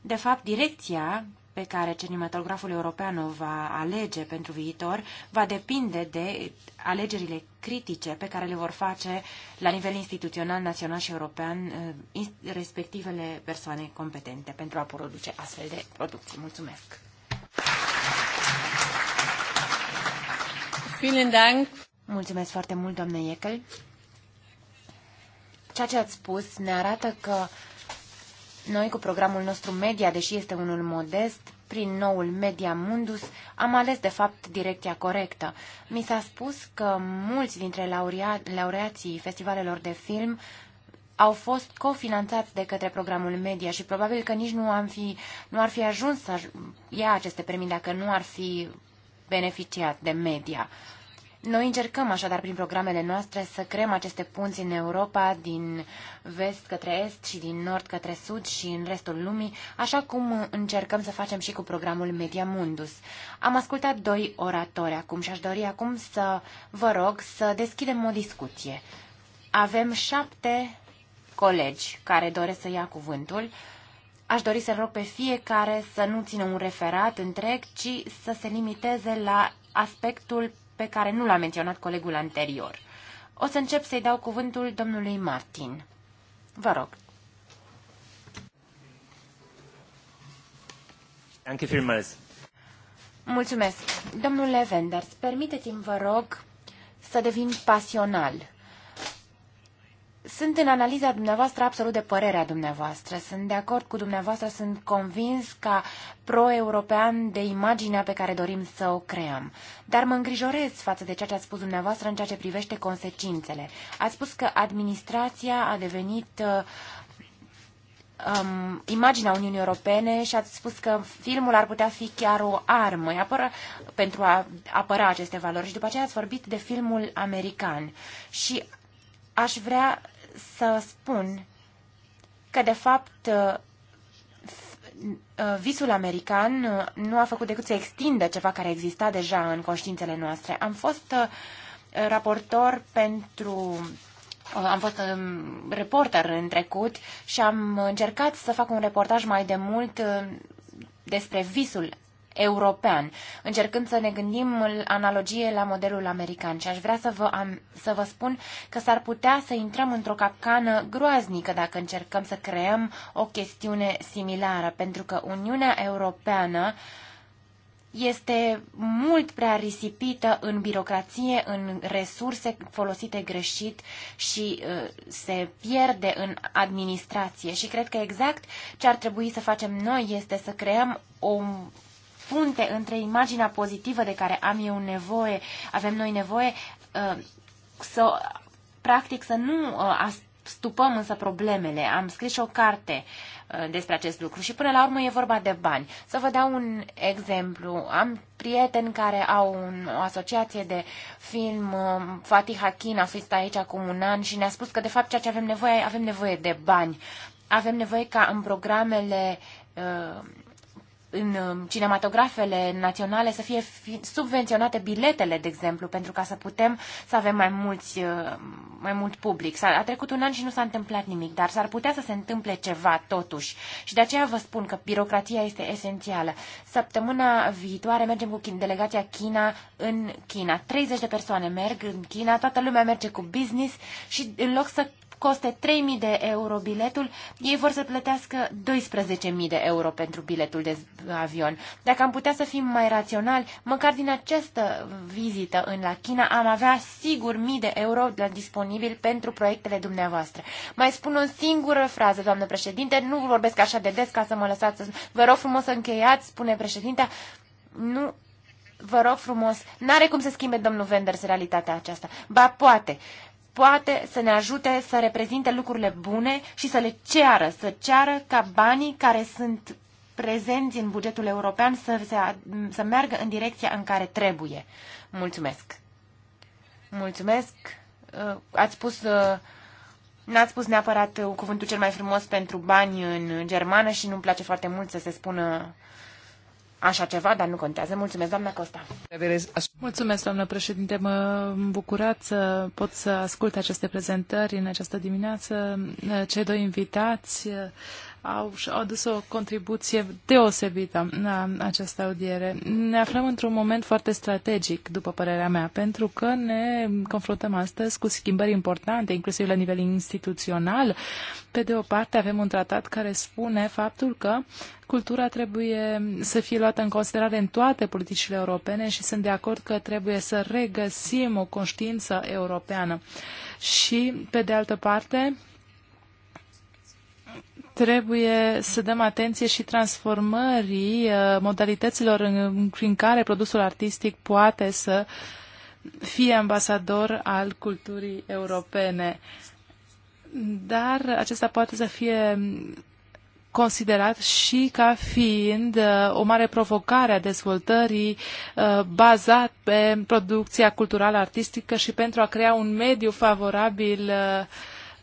[SPEAKER 2] De fapt, direcția pe care cinematograful european o va alege pentru viitor va depinde de alegerile critice pe care le vor face la nivel instituțional, național și european uh, respectivele persoane competente pentru a produce astfel de producții. Mulțumesc! Mulțumesc foarte mult, doamne Iekel. Ceea ce ați spus ne arată că noi, cu programul nostru media, deși este unul modest, prin noul Media Mundus, am ales, de fapt, direcția corectă. Mi s-a spus că mulți dintre laurea laureații festivalelor de film au fost cofinanțați de către programul media și probabil că nici nu, am fi, nu ar fi ajuns să ia aceste premii dacă nu ar fi beneficiat de media. Uh, noi încercăm așadar prin programele noastre să creăm aceste punți în Europa, din vest către est și din nord către sud și în restul lumii, așa cum încercăm să facem și cu programul Media Mundus. Am ascultat doi oratori acum și aș dori acum să vă rog să deschidem o discuție. Avem șapte colegi care doresc să ia cuvântul. Aș dori să rog pe fiecare să nu țină un referat întreg, ci să se limiteze la aspectul pe care nu l-a menționat colegul anterior. O să încep să-i dau cuvântul domnului Martin. Vă rog. Mulțumesc. Domnule Wenders, permiteți-mi, vă rog, să devin pasional sunt în analiza dumneavoastră absolut de părerea dumneavoastră. Sunt de acord cu dumneavoastră, sunt convins ca pro-european de imaginea pe care dorim să o creăm. Dar mă îngrijorez față de ceea ce ați spus dumneavoastră în ceea ce privește consecințele. Ați spus că administrația a devenit uh, um, imaginea Uniunii Europene și ați spus că filmul ar putea fi chiar o armă apără, pentru a apăra aceste valori. Și după aceea ați vorbit de filmul american. Și aș vrea să spun că, de fapt, uh, uh, visul american uh, nu a făcut decât să extindă ceva care exista deja în conștiințele noastre. Am fost raportor pentru am fost um, reporter în trecut și am încercat să fac un reportaj mai de mult despre visul european, încercând să ne gândim analogie la modelul american. Și aș vrea să vă, am, să vă spun că s-ar putea să intrăm într-o capcană groaznică dacă încercăm să creăm o chestiune similară, pentru că Uniunea Europeană este mult prea risipită în birocrație, în resurse folosite greșit și uh, se pierde în administrație. Și cred că exact ce ar trebui să facem noi este să creăm o punte între imaginea pozitivă de care am eu nevoie, avem noi nevoie uh, să, practic, să nu uh, stupăm însă problemele. Am scris și o carte uh, despre acest lucru și până la urmă e vorba de bani. Să vă dau un exemplu. Am prieteni care au un, o asociație de film. Fatih Hakin a fost aici acum un an și ne-a spus că de fapt ceea ce avem nevoie, avem nevoie de bani. Avem nevoie ca în programele în um, cinematografele naționale să fie subvenționate biletele, de exemplu, pentru ca să putem să avem mai, mulți, uh, mai mult public. S-a, a trecut un an și nu s-a întâmplat nimic, dar s-ar putea să se întâmple ceva totuși. Și de aceea vă spun că birocratia este esențială. Săptămâna viitoare mergem cu delegația China în China. 30 de persoane merg în China, toată lumea merge cu business și în loc să coste 3.000 de euro biletul, ei vor să plătească 12.000 de euro pentru biletul de avion. Dacă am putea să fim mai raționali, măcar din această vizită în la China am avea sigur mii de euro disponibil pentru proiectele dumneavoastră. Mai spun o singură frază, doamnă președinte, nu vorbesc așa de des ca să mă lăsați. Vă rog frumos să încheiați, spune președintea, Nu vă rog frumos, n-are cum să schimbe domnul Wenders realitatea aceasta. Ba poate, poate să ne ajute să reprezinte lucrurile bune și să le ceară, să ceară ca banii care sunt prezenți în bugetul european să, se, să meargă în direcția în care trebuie. Mulțumesc! Mulțumesc! Uh, ați spus, uh, n-ați spus neapărat uh, cuvântul cel mai frumos pentru bani în germană și nu-mi place foarte mult să se spună așa ceva, dar nu contează. Mulțumesc, doamna Costa.
[SPEAKER 3] Mulțumesc, doamnă președinte. Mă bucurat să pot să ascult aceste prezentări în această dimineață. Cei doi invitați au, adus o contribuție deosebită la această audiere. Ne aflăm într-un moment foarte strategic, după părerea mea, pentru că ne confruntăm astăzi cu schimbări importante, inclusiv la nivel instituțional. Pe de o parte, avem un tratat care spune faptul că cultura trebuie să fie luată în considerare în toate politicile europene și sunt de acord că trebuie să regăsim o conștiință europeană. Și, pe de altă parte, trebuie să dăm atenție și transformării uh, modalităților în, prin care produsul artistic poate să fie ambasador al culturii europene. Dar acesta poate să fie considerat și ca fiind uh, o mare provocare a dezvoltării uh, bazat pe producția culturală artistică și pentru a crea un mediu favorabil uh,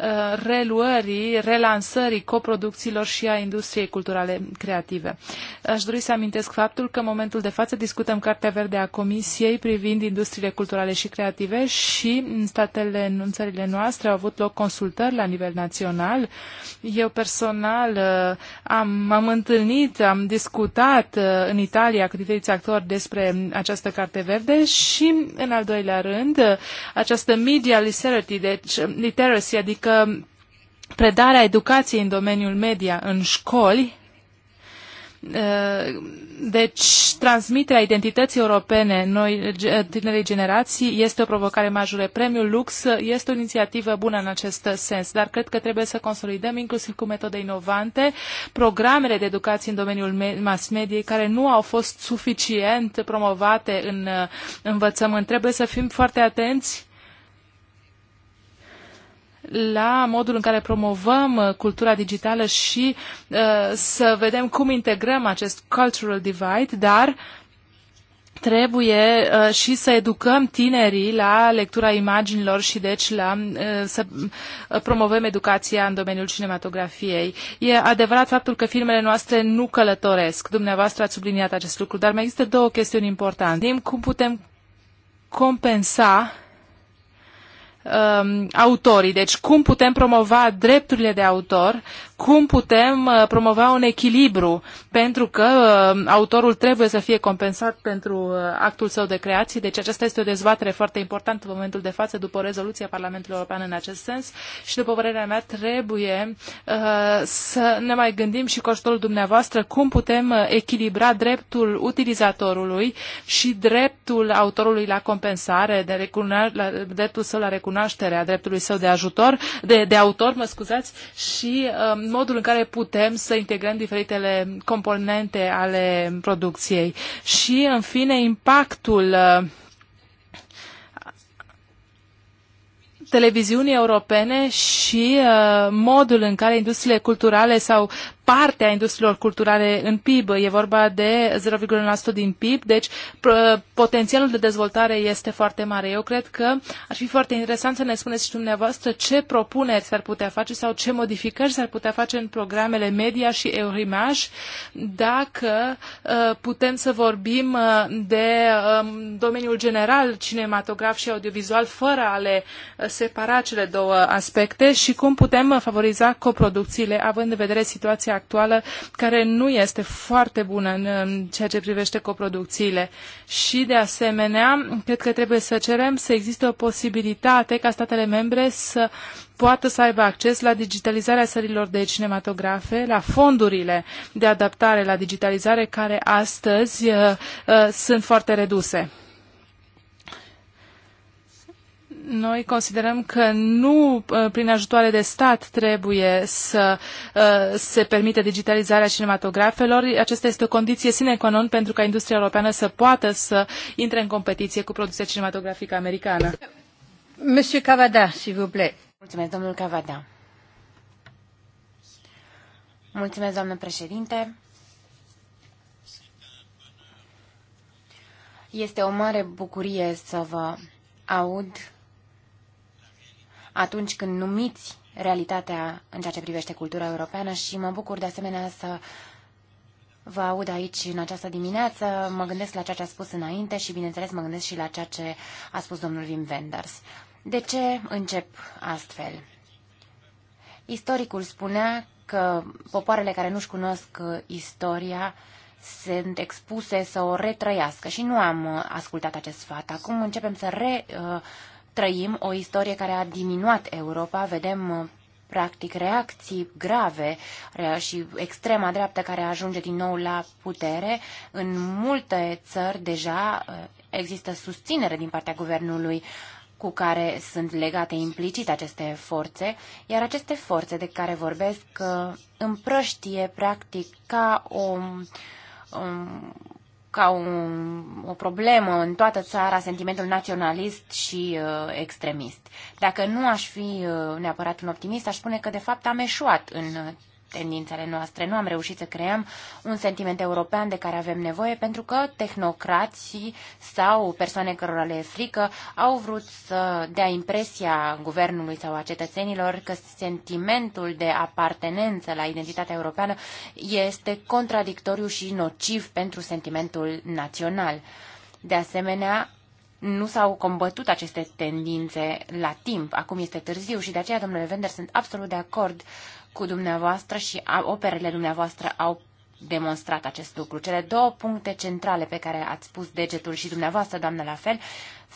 [SPEAKER 3] Uh, reluării, relansării coproducțiilor și a industriei culturale creative. Aș dori să amintesc faptul că în momentul de față discutăm Cartea Verde a Comisiei privind industriile culturale și creative și în statele, în țările noastre au avut loc consultări la nivel național. Eu personal uh, am, am întâlnit, am discutat uh, în Italia cu diferiți actori despre această Carte Verde și, în al doilea rând, această media literacy, deci literacy, adică că predarea educației în domeniul media în școli deci, transmiterea identității europene noi, tinerii generații este o provocare majoră. Premiul Lux este o inițiativă bună în acest sens, dar cred că trebuie să consolidăm inclusiv cu metode inovante programele de educație în domeniul mass media care nu au fost suficient promovate în învățământ. Trebuie să fim foarte atenți la modul în care promovăm uh, cultura digitală și uh, să vedem cum integrăm acest cultural divide, dar trebuie uh, și să educăm tinerii la lectura imaginilor și deci la uh, să uh, promovăm educația în domeniul cinematografiei. E adevărat faptul că filmele noastre nu călătoresc. Dumneavoastră ați subliniat acest lucru, dar mai există două chestiuni importante. Cum putem compensa Um, autorii. Deci cum putem promova drepturile de autor cum putem uh, promova un echilibru, pentru că uh, autorul trebuie să fie compensat pentru uh, actul său de creație, deci aceasta este o dezbatere foarte importantă în momentul de față, după rezoluția Parlamentului European în acest sens și, după părerea mea, trebuie să ne mai gândim și cu ajutorul dumneavoastră cum putem echilibra dreptul utilizatorului și dreptul autorului la compensare, de recuna- la, dreptul său la recunoaștere a dreptului său de ajutor, de, de autor, mă scuzați, și um, modul în care putem să integrăm diferitele componente ale producției și, în fine, impactul uh, televiziunii europene și uh, modul în care industriile culturale sau parte a industriilor culturale în PIB. E vorba de 0,1% din PIB, deci potențialul de dezvoltare este foarte mare. Eu cred că ar fi foarte interesant să ne spuneți și dumneavoastră ce propuneri s-ar putea face sau ce modificări s-ar putea face în programele media și Eurimaj dacă uh, putem să vorbim uh, de um, domeniul general cinematograf și audiovizual fără a le uh, separa cele două aspecte și cum putem favoriza coproducțiile având în vedere situația actuală care nu este foarte bună în ceea ce privește coproducțiile. Și, de asemenea, cred că trebuie să cerem să existe o posibilitate ca statele membre să poată să aibă acces la digitalizarea sărilor de cinematografe, la fondurile de adaptare la digitalizare care astăzi uh, uh, sunt foarte reduse. Noi considerăm că nu uh, prin ajutoare de stat trebuie să uh, se permite digitalizarea cinematografelor. Aceasta este o condiție sine qua non pentru ca industria europeană să poată să intre în competiție cu producția cinematografică americană. Monsieur Cavada, s'il vous
[SPEAKER 2] plaît. Mulțumesc, domnul Cavada. Mulțumesc, doamnă președinte. Este o mare bucurie să vă aud atunci când numiți realitatea în ceea ce privește cultura europeană și mă bucur de asemenea să vă aud aici în această dimineață. Mă gândesc la ceea ce a spus înainte și, bineînțeles, mă gândesc și la ceea ce a spus domnul Wim Wenders. De ce încep astfel? Istoricul spunea că popoarele care nu-și cunosc istoria sunt expuse să o retrăiască și nu am ascultat acest sfat. Acum începem să re, uh, trăim o istorie care a diminuat Europa, vedem uh, practic reacții grave și extrema dreaptă care ajunge din nou la putere. În multe țări deja uh, există susținere din partea guvernului cu care sunt legate implicit aceste forțe, iar aceste forțe de care vorbesc uh, împrăștie practic ca o, um, ca un, o problemă în toată țara sentimentul naționalist și uh, extremist. Dacă nu aș fi uh, neapărat un optimist, aș spune că de fapt am eșuat în uh, tendințele noastre. Nu am reușit să creăm un sentiment european de care avem nevoie pentru că tehnocrații sau persoane cărora le e frică au vrut să dea impresia guvernului sau a cetățenilor că sentimentul de apartenență la identitatea europeană este contradictoriu și nociv pentru sentimentul național. De asemenea, nu s-au combătut aceste tendințe la timp. Acum este târziu și de aceea, domnule Vender, sunt absolut de acord cu dumneavoastră și operele dumneavoastră au demonstrat acest lucru. Cele două puncte centrale pe care ați pus degetul și dumneavoastră, doamnă, la fel,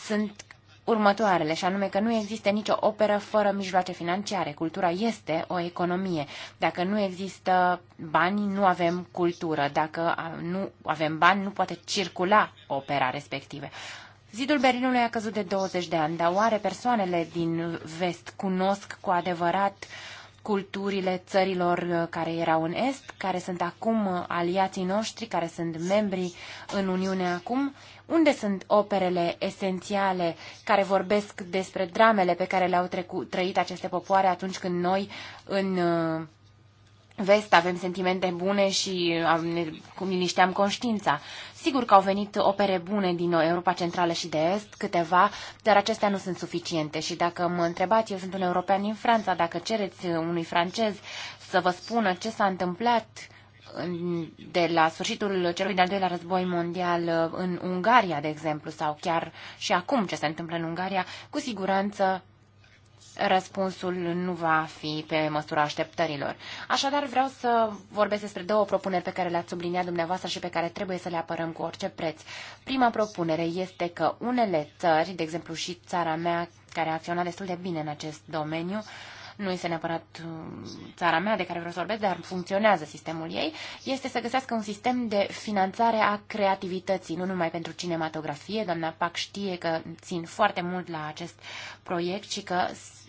[SPEAKER 2] sunt următoarele, și anume că nu există nicio operă fără mijloace financiare. Cultura este o economie. Dacă nu există bani, nu avem cultură. Dacă nu avem bani, nu poate circula opera respectivă. Zidul Berlinului a căzut de 20 de ani, dar oare persoanele din vest cunosc cu adevărat uh, culturile țărilor uh, care erau în Est, care sunt acum uh, aliații noștri, care sunt membri în Uniune acum, unde sunt operele esențiale care vorbesc despre dramele pe care le-au trăit aceste popoare atunci când noi în uh, vest avem sentimente bune și ne linișteam conștiința. Sigur că au venit opere bune din Europa Centrală și de Est, câteva, dar acestea nu sunt suficiente. Și dacă mă întrebați, eu sunt un european din Franța, dacă cereți unui francez să vă spună ce s-a întâmplat de la sfârșitul celui de-al doilea război mondial uh, în Ungaria, de exemplu, sau chiar și acum ce se întâmplă în Ungaria, cu siguranță răspunsul nu va fi pe măsura așteptărilor. Așadar, vreau să vorbesc despre două propuneri pe care le-ați subliniat dumneavoastră și pe care trebuie să le apărăm cu orice preț. Prima propunere este că unele țări, de exemplu și țara mea, care a acționat destul de bine în acest domeniu, uh, nu este neapărat uh, țara mea de care vreau să vorbesc, dar funcționează sistemul ei, este să găsească un sistem de finanțare a creativității, nu numai pentru cinematografie. Doamna Pac știe că țin foarte mult la acest proiect și că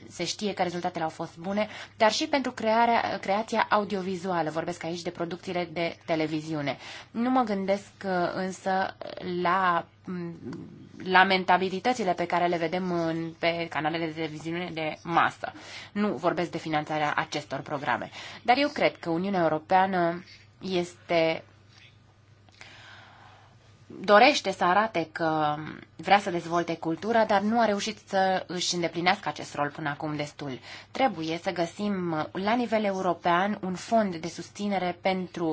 [SPEAKER 2] se știe că rezultatele au fost bune, dar și pentru crearea, creația audiovizuală. Vorbesc aici de producțiile de televiziune. Nu mă gândesc uh, însă la lamentabilitățile pe care le vedem în, pe canalele de televiziune de masă. Nu vorbesc de finanțarea acestor programe. Dar eu cred că Uniunea Europeană este dorește să arate că vrea să dezvolte cultura, dar nu a reușit să își îndeplinească acest rol până acum destul. Trebuie să găsim la nivel european un fond de susținere pentru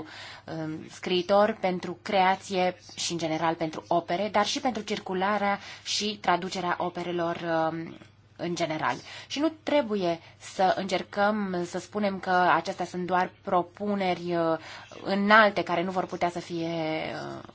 [SPEAKER 2] um, scriitori, pentru creație și în general pentru opere, dar și pentru circularea și traducerea operelor um, în general. Și nu trebuie să încercăm să spunem că acestea sunt doar propuneri uh, înalte care nu vor putea să fie uh,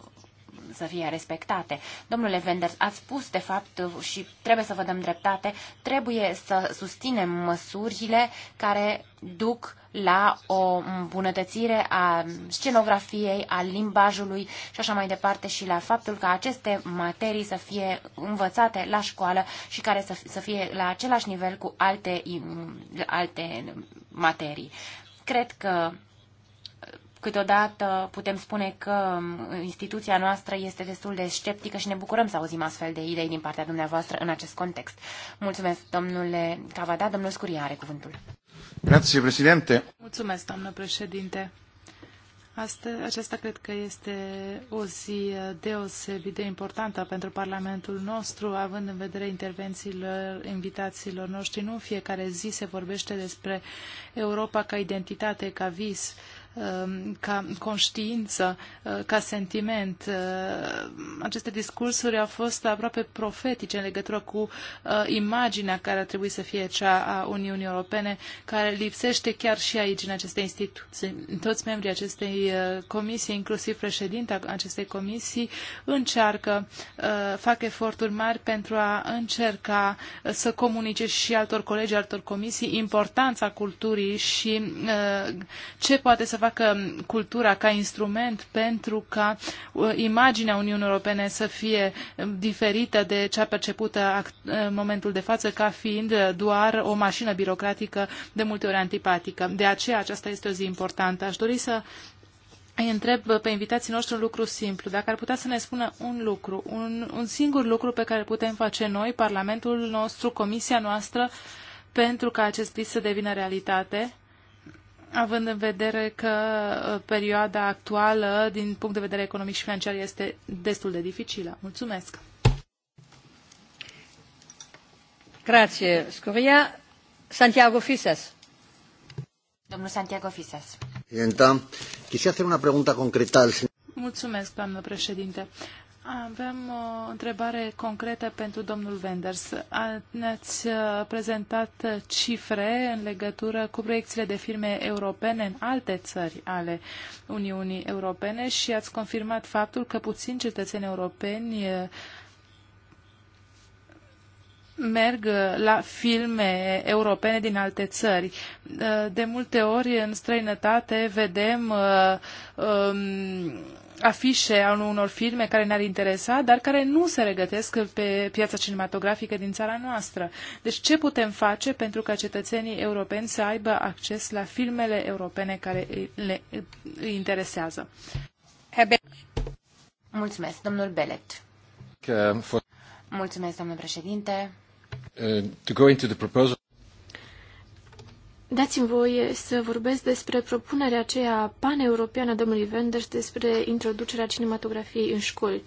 [SPEAKER 2] să fie respectate. Domnule Wenders, ați spus de fapt și trebuie să vă dăm dreptate, trebuie să susținem măsurile care duc la o îmbunătățire a scenografiei, a limbajului și așa mai departe și la faptul că aceste materii să fie învățate la școală și care să, să fie la același nivel cu alte, alte materii. Cred că Câteodată putem spune că instituția noastră este destul de sceptică și ne bucurăm să auzim astfel de idei din partea dumneavoastră în acest context. Mulțumesc, domnule Cavada. Domnul Scuria are cuvântul.
[SPEAKER 4] Grazie, președinte.
[SPEAKER 3] Mulțumesc, doamnă președinte. Asta, aceasta cred că este o zi deosebit de importantă pentru Parlamentul nostru, având în vedere intervențiilor invitațiilor noștri. Nu în fiecare zi se vorbește despre Europa ca identitate, ca vis. Uh, Um, ca conștiință, uh, ca sentiment. Uh, aceste discursuri au fost aproape profetice în legătură cu uh, imaginea care ar trebui să fie cea a Uniunii Europene, care lipsește chiar și aici, în aceste instituții. Toți membrii acestei comisii, inclusiv președinta acestei comisii, încearcă, fac eforturi mari pentru a încerca să comunice și altor colegi, altor comisii, importanța culturii și ce poate să facă facă cultura ca instrument pentru ca uh, imaginea Uniunii Europene să fie um, diferită de cea percepută uh, în momentul de față ca fiind uh, doar o mașină birocratică de multe ori antipatică. De aceea aceasta este o zi importantă. Aș dori să îi întreb pe invitații noștri un lucru simplu. Dacă ar putea să ne spună un lucru, un, un singur lucru pe care putem face noi, Parlamentul nostru, Comisia noastră, pentru ca acest vis să devină realitate, având în vedere că uh, perioada actuală, din punct de vedere economic și financiar, este destul de dificilă. Mulțumesc! Grazie, Scoria. Santiago Fisas. Domnul Santiago Fisas.
[SPEAKER 4] Presidenta, quisiera hacer una pregunta concreta al señor.
[SPEAKER 3] Mulțumesc, doamnă președinte. Avem o uh, întrebare concretă pentru domnul Wenders. Ne-ați uh, prezentat uh, cifre în legătură cu proiecțiile de firme europene în alte țări ale Uniunii Europene și ați confirmat faptul că puțini cetățeni europeni merg la filme europene din alte țări. De multe ori în străinătate vedem um, afișe al unor filme care ne-ar interesa, dar care nu se regătesc pe piața cinematografică din țara noastră. Deci ce putem face pentru ca cetățenii europeni să aibă acces la filmele europene care le, îi interesează?
[SPEAKER 2] Mulțumesc, domnul Belet. Mulțumesc, domnule președinte.
[SPEAKER 4] Uh, to go into the proposal.
[SPEAKER 1] Dați-mi voie să vorbesc despre propunerea aceea paneuropeană a domnului Wenders despre introducerea cinematografiei în școli.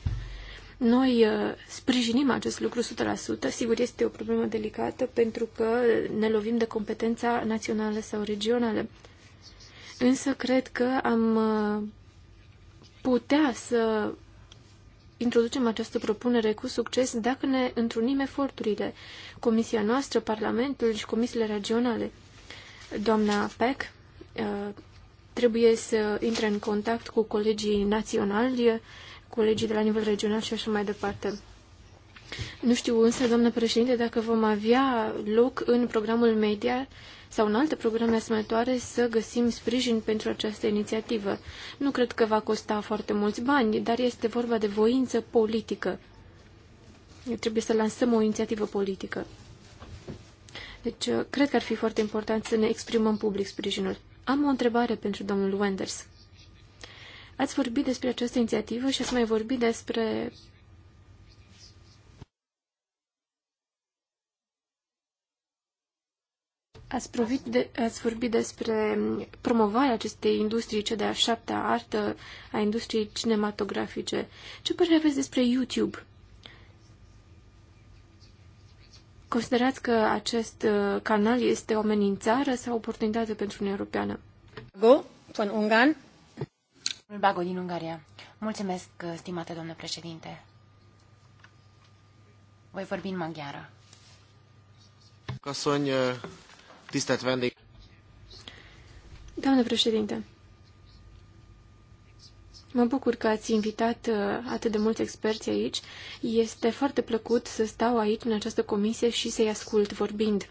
[SPEAKER 1] Noi uh, sprijinim acest lucru 100%. Sigur, este o problemă delicată pentru că ne lovim de competența națională sau regională. Însă cred că am uh, putea să introducem această propunere cu succes dacă ne întrunim eforturile, Comisia noastră, Parlamentul și comisiile regionale doamna Peck uh, trebuie să intre în contact cu colegii naționali, colegii de la nivel regional și așa mai departe. Nu știu însă, doamnă președinte, dacă vom avea loc în programul media sau în alte programe asemănătoare să găsim sprijin pentru această inițiativă. Nu cred că va costa foarte mulți bani, dar este vorba de voință politică. Trebuie să lansăm o inițiativă politică. Deci, uh, cred că ar fi foarte important să ne exprimăm public sprijinul. Am o întrebare pentru domnul Wenders. Ați vorbit despre această inițiativă și ați mai vorbit despre Ați, provit de, ați vorbit despre promovarea acestei industrii, cea de-a șaptea artă, a industriei cinematografice. Ce părere aveți despre YouTube? Considerați că acest uh, canal este o amenințare sau o oportunitate pentru Uniunea Europeană? Go, sunt Ungan. Bago din Ungaria.
[SPEAKER 2] Mulțumesc, uh, stimate domnule președinte. Voi vorbi în maghiară.
[SPEAKER 4] Casoń, tisztelt vendég.
[SPEAKER 1] Doamne președinte, Mă bucur că ați invitat uh, atât de mulți experți aici. Este foarte plăcut să stau aici în această comisie și să-i ascult vorbind.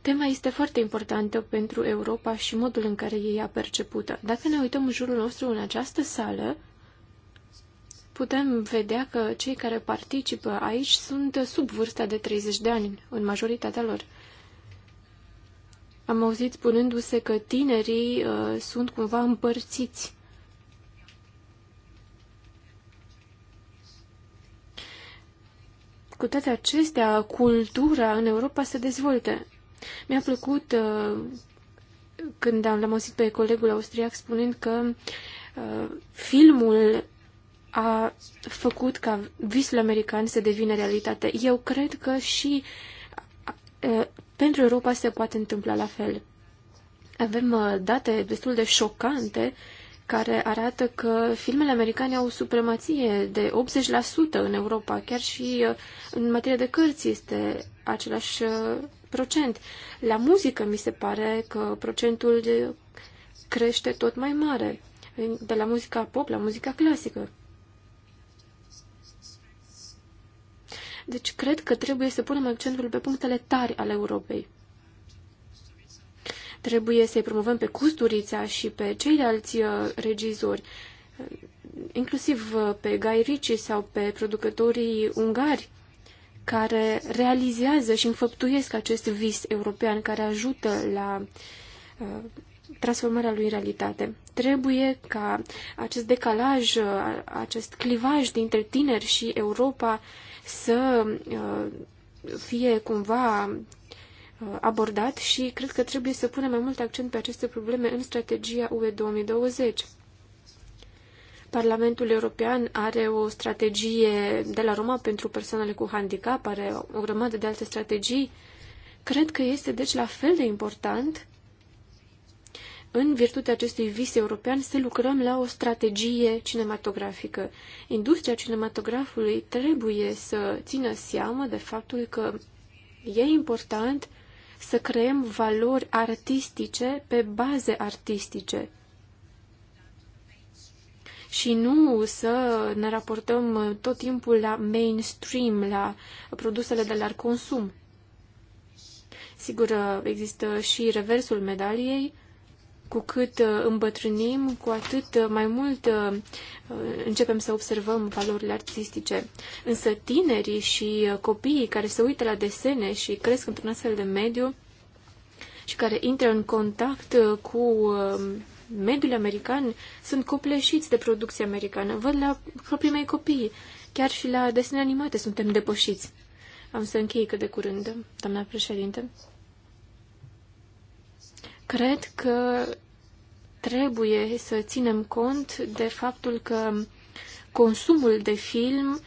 [SPEAKER 1] Tema este foarte importantă pentru Europa și modul în care e ea percepută. Dacă ne uităm în jurul nostru în această sală, putem vedea că cei care participă aici sunt sub vârsta de 30 de ani, în majoritatea lor. Am auzit spunându-se că tinerii uh, sunt cumva împărțiți. Cu toate acestea, cultura în Europa se dezvoltă. Mi-a plăcut uh, când am l-am auzit pe colegul austriac spunând că uh, filmul a făcut ca visul american să devină realitate. Eu cred că și uh, pentru Europa se poate întâmpla la fel. Avem uh, date destul de șocante care arată că filmele americane au supremație de 80% în Europa. Chiar și uh, în materie de cărți este același uh, procent. La muzică mi se pare că procentul crește tot mai mare, de la muzica pop la muzica clasică. Deci cred că trebuie să punem accentul pe punctele tari ale Europei. Trebuie să-i promovăm pe Custurița și pe ceilalți uh, regizori, inclusiv uh, pe Guy Ritchie sau pe producătorii ungari care realizează și înfăptuiesc acest vis european care ajută la uh, transformarea lui în realitate. Trebuie ca acest decalaj, acest clivaj dintre tineri și Europa să uh, fie cumva uh, abordat și cred că trebuie să punem mai mult accent pe aceste probleme în strategia UE 2020. Parlamentul European are o strategie de la Roma pentru persoanele cu handicap, are o grămadă de alte strategii. Cred că este deci la fel de important în virtutea acestui vis european, să lucrăm la o strategie cinematografică. Industria cinematografului trebuie să țină seamă de faptul că e important să creăm valori artistice pe baze artistice și nu să ne raportăm tot timpul la mainstream, la produsele de la consum. Sigur, există și reversul medaliei, cu cât uh, îmbătrânim, cu atât uh, mai mult uh, începem să observăm valorile artistice. Însă tinerii și copiii care se uită la desene și cresc într-un astfel de mediu și care intră în contact cu um, mediul american sunt copleșiți de producție americană. Văd la proprii mei copii, chiar și la desene animate suntem depășiți. Am să închei cât de curând, doamna președinte. Cred că trebuie să ținem cont de faptul că consumul de film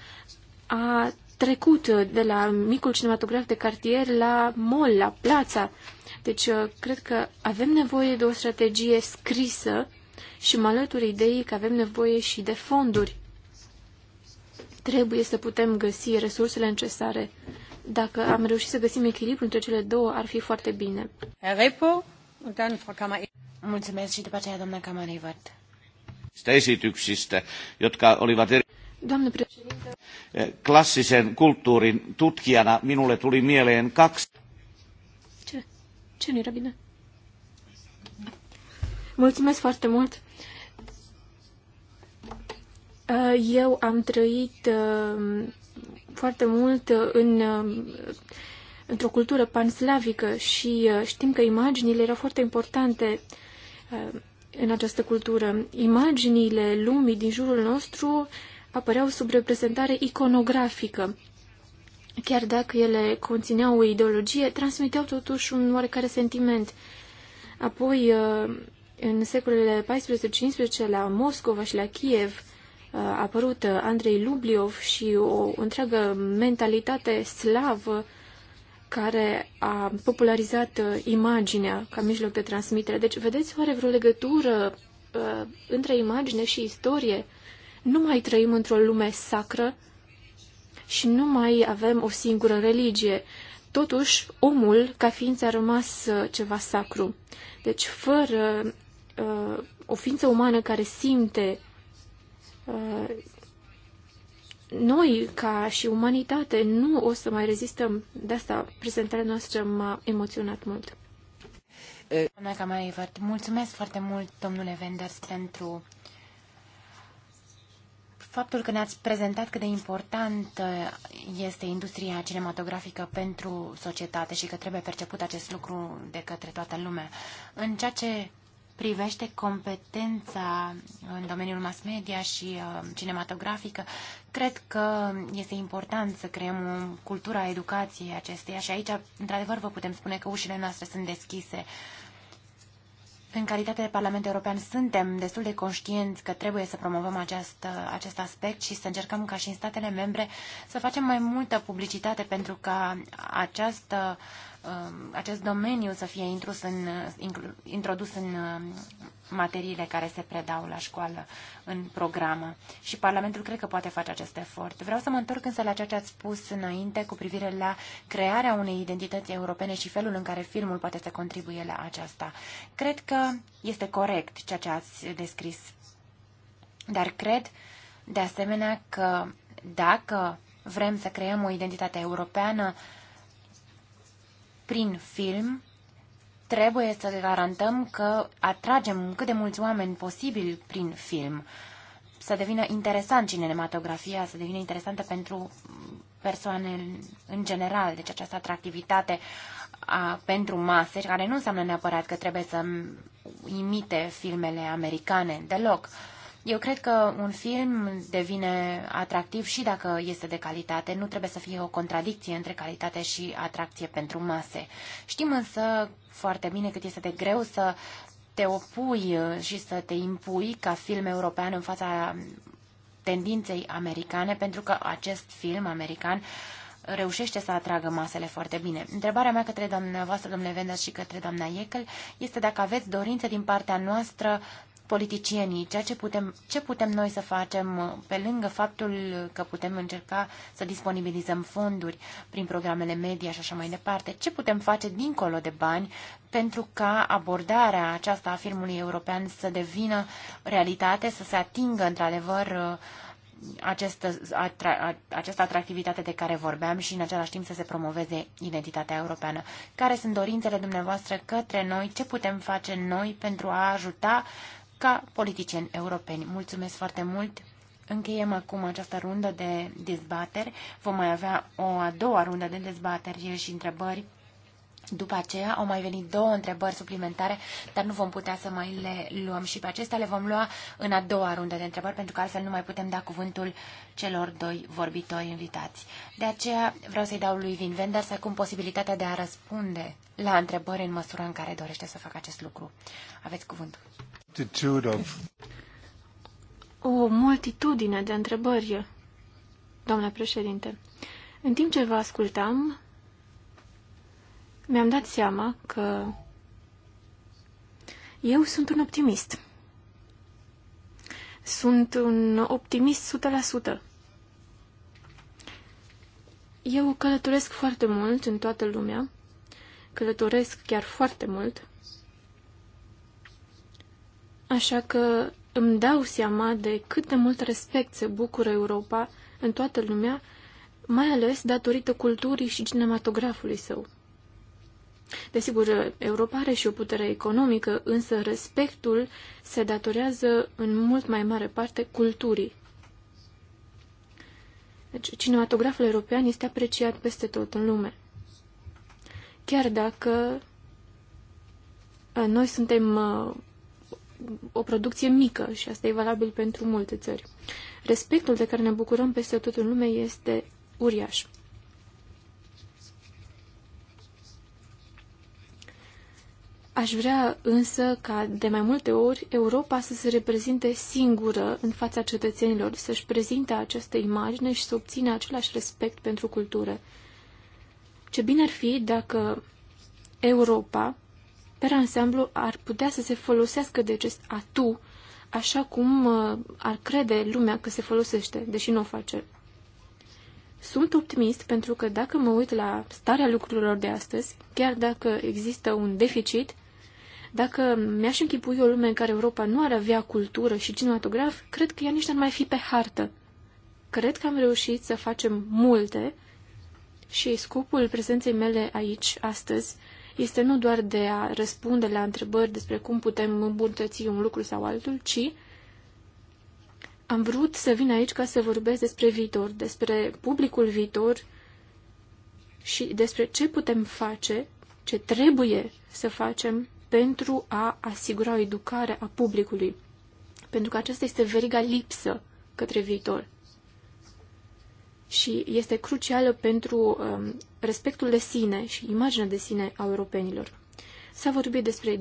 [SPEAKER 1] a trecut de la micul cinematograf de cartier la mall, la plața. Deci, uh, cred că avem nevoie de o strategie scrisă și mă alătur ideii că avem nevoie și de fonduri. Trebuie să putem găsi resursele necesare. Dacă am reușit să găsim echilibru între cele două, ar fi foarte bine.
[SPEAKER 2] Repo? Mulțumesc și după aceea, doamna Camarivart.
[SPEAKER 4] Esityksistä, jotka olivat eri... Doamnă
[SPEAKER 1] președinte.
[SPEAKER 4] Eh, klassisen kulttuurin tutkijana minulle tuli mieleen kaksi...
[SPEAKER 1] Ce? Ce bine? Mulțumesc foarte mult. Eh, eu am trăit eh, foarte mult în într-o cultură panslavică și uh, știm că imaginile erau foarte importante uh, în această cultură. Imaginile lumii din jurul nostru apăreau sub reprezentare iconografică. Chiar dacă ele conțineau o ideologie, transmiteau totuși un oarecare sentiment. Apoi, uh, în secolele 14-15, la Moscova și la Kiev, a apărut Andrei Lubliov și o întreagă mentalitate slavă care a popularizat uh, imaginea ca mijloc de transmitere. Deci, vedeți oare vreo legătură uh, între imagine și istorie? Nu mai trăim într-o lume sacră și nu mai avem o singură religie. Totuși, omul, ca ființă, a rămas uh, ceva sacru. Deci, fără uh, o ființă umană care simte uh, noi, ca și umanitate, nu o să mai rezistăm. De asta prezentarea noastră m-a emoționat mult.
[SPEAKER 2] Doamna Camarivert, mulțumesc foarte mult, domnule Wenders, pentru faptul că ne-ați prezentat cât de important este industria cinematografică pentru societate și că trebuie perceput acest lucru de către toată lumea. În ceea ce privește competența în domeniul mass media și uh, cinematografică, cred că este important să creăm o cultură a educației acesteia și aici, într-adevăr, vă putem spune că ușile noastre sunt deschise. În calitate de Parlament European suntem destul de conștienți că trebuie să promovăm acest, acest aspect și să încercăm ca și în statele membre să facem mai multă publicitate pentru ca această uh, Um, acest domeniu să fie intrus în, introdus în um, materiile care se predau la școală în programă. Și Parlamentul cred că poate face acest efort. Vreau să mă întorc însă la ceea ce ați spus înainte cu privire la crearea unei identități europene și felul în care filmul poate să contribuie la aceasta. Cred că este corect ceea ce ați descris. Dar cred, de asemenea, că dacă vrem să creăm o identitate europeană, uh, prin film trebuie să garantăm că atragem cât de mulți oameni posibil prin film, să devină interesant cinematografia, să devină interesantă pentru persoane în general, deci această atractivitate a, pentru mase, care nu înseamnă neapărat că trebuie să imite filmele americane deloc. Uh, eu cred că un film devine atractiv și dacă este de calitate. Nu trebuie să fie o contradicție între calitate și atracție pentru mase. Știm însă foarte bine cât este de greu să te opui și să te impui ca film european în fața tendinței americane, pentru că acest film american reușește să atragă masele foarte bine. Întrebarea mea către dumneavoastră, domnule Vendas, și către doamna Iekel este dacă aveți dorințe din partea noastră politicienii, ceea ce putem, ce putem noi să facem uh, pe lângă faptul că putem încerca să disponibilizăm fonduri prin programele media și așa mai departe, ce putem face dincolo de bani pentru ca abordarea aceasta a filmului european să devină realitate, să se atingă într-adevăr uh, această, atra, această atractivitate de care vorbeam și în același timp să se promoveze identitatea europeană. Care sunt dorințele dumneavoastră către noi? Ce putem face noi pentru a ajuta ca politicieni europeni. Mulțumesc foarte mult! Încheiem acum această rundă de dezbateri. Vom mai avea o a doua rundă de dezbateri și întrebări. După aceea au mai venit două întrebări suplimentare, dar nu vom putea să mai le luăm și pe acestea le vom lua în a doua rundă de întrebări, pentru că altfel nu mai putem da cuvântul celor doi vorbitori invitați. De aceea vreau să-i dau lui Vin Wenders acum posibilitatea de a răspunde la întrebări în măsura în care dorește să facă acest lucru. Aveți cuvântul.
[SPEAKER 1] O multitudine de întrebări, domnule președinte. În timp ce vă ascultam, mi-am dat seama că eu sunt un optimist. Sunt un optimist 100%. Eu călătoresc foarte mult în toată lumea, călătoresc chiar foarte mult Așa că îmi dau seama de cât de mult respect se bucură Europa în toată lumea, mai ales datorită culturii și cinematografului său. Desigur, Europa are și o putere economică, însă respectul se datorează în mult mai mare parte culturii. Deci, cinematograful european este apreciat peste tot în lume. Chiar dacă uh, noi suntem uh, o producție mică și asta e valabil pentru multe țări. Respectul de care ne bucurăm peste tot în lume este uriaș. Aș vrea însă ca de mai multe ori Europa să se reprezinte singură în fața cetățenilor, să-și prezinte această imagine și să obțină același respect pentru cultură. Ce bine ar fi dacă Europa per ansamblu ar putea să se folosească de acest atu așa cum uh, ar crede lumea că se folosește, deși nu o face. Sunt optimist pentru că dacă mă uit la starea lucrurilor de astăzi, chiar dacă există un deficit, dacă mi-aș închipui o lume în care Europa nu ar avea cultură și cinematograf, cred că ea nici n-ar mai fi pe hartă. Cred că am reușit să facem multe și scopul prezenței mele aici, astăzi, este nu doar de a răspunde la întrebări despre cum putem îmbunătăți un lucru sau altul, ci am vrut să vin aici ca să vorbesc despre viitor, despre publicul viitor și despre ce putem face, ce trebuie să facem pentru a asigura o educare a publicului. Pentru că aceasta este veriga lipsă către viitor și este crucială pentru um, respectul de sine și imaginea de sine a europenilor. S-a vorbit despre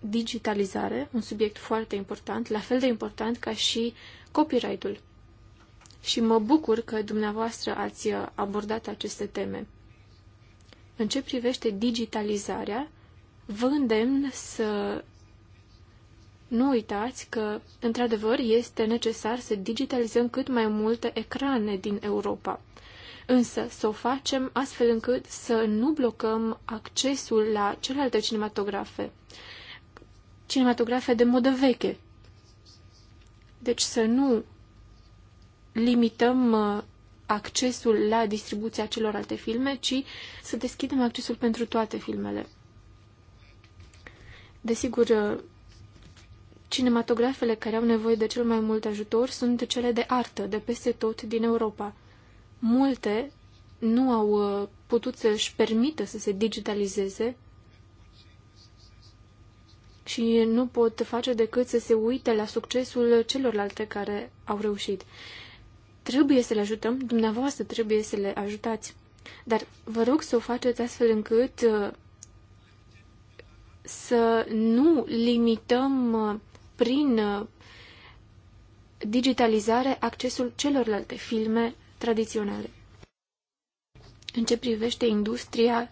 [SPEAKER 1] digitalizare, un subiect foarte important, la fel de important ca și copyright-ul. Și mă bucur că dumneavoastră ați uh, abordat aceste teme. În ce privește digitalizarea, vă îndemn să nu uitați că, într-adevăr, este necesar să digitalizăm cât mai multe ecrane din Europa. Însă, să o facem astfel încât să nu blocăm accesul la celelalte cinematografe, cinematografe de modă veche. Deci să nu limităm uh, accesul la distribuția celor alte filme, ci să deschidem accesul pentru toate filmele. Desigur, uh, Cinematografele care au nevoie de cel mai mult ajutor sunt cele de artă, de peste tot din Europa. Multe nu au uh, putut să-și permită să se digitalizeze și nu pot face decât să se uite la succesul celorlalte care au reușit. Trebuie să le ajutăm, dumneavoastră trebuie să le ajutați, dar vă rog să o faceți astfel încât uh, să nu limităm uh, prin uh, digitalizare accesul celorlalte filme tradiționale. În ce privește industria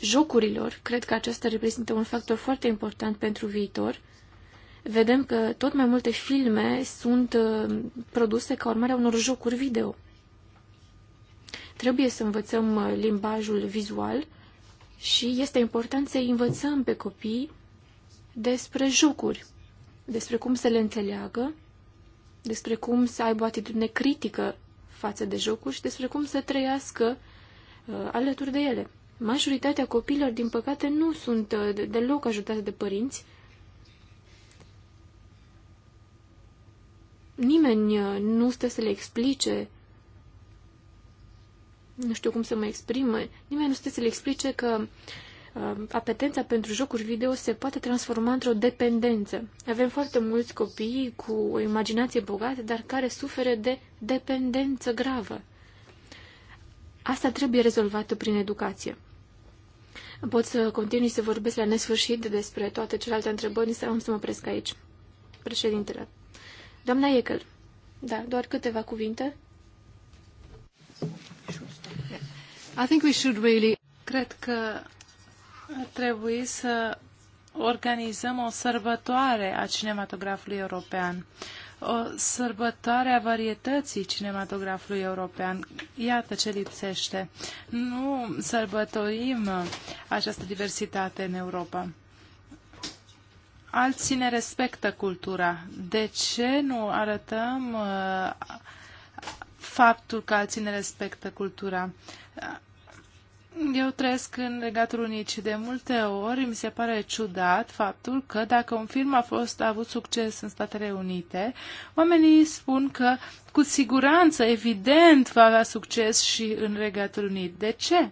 [SPEAKER 1] jocurilor, cred că aceasta reprezintă un factor foarte important pentru viitor. Vedem că tot mai multe filme sunt uh, produse ca urmare a unor jocuri video. Trebuie să învățăm uh, limbajul vizual și este important să învățăm pe copii despre jocuri despre cum să le înțeleagă, despre cum să aibă o atitudine critică față de jocuri și despre cum să trăiască uh, alături de ele. Majoritatea copiilor, din păcate, nu sunt uh, deloc ajutate de părinți. Nimeni uh, nu stă să le explice nu știu cum să mă exprim, uh, nimeni nu stă să le explice că Um, apetența pentru jocuri video se poate transforma într-o dependență. Avem foarte mulți copii cu o imaginație bogată, dar care suferă de dependență gravă. Asta trebuie rezolvată prin educație. Pot să continui să vorbesc la nesfârșit despre toate celelalte întrebări, însă am să mă opresc aici. Președintele. Doamna Iekel. Da, doar câteva cuvinte. I think we should really... Cred că
[SPEAKER 3] trebui să organizăm o sărbătoare a cinematografului european, o sărbătoare a varietății cinematografului european. Iată ce lipsește. Nu sărbătorim această diversitate în Europa. Alții ne respectă cultura. De ce nu arătăm uh, faptul că alții ne respectă cultura? Eu trăiesc în Regatul Unit și de multe ori mi se pare ciudat faptul că dacă un film a fost a avut succes în Statele Unite, oamenii spun că cu siguranță, evident, va avea succes și în Regatul Unit. De ce?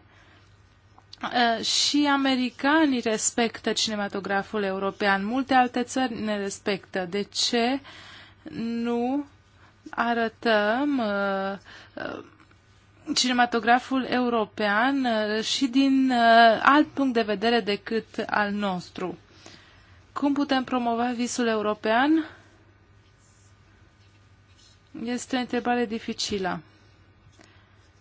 [SPEAKER 3] Uh, și americanii respectă cinematograful european. Multe alte țări ne respectă. De ce nu arătăm uh, uh, cinematograful european uh, și din uh, alt punct de vedere decât al nostru. Cum putem promova visul european? Este o întrebare dificilă,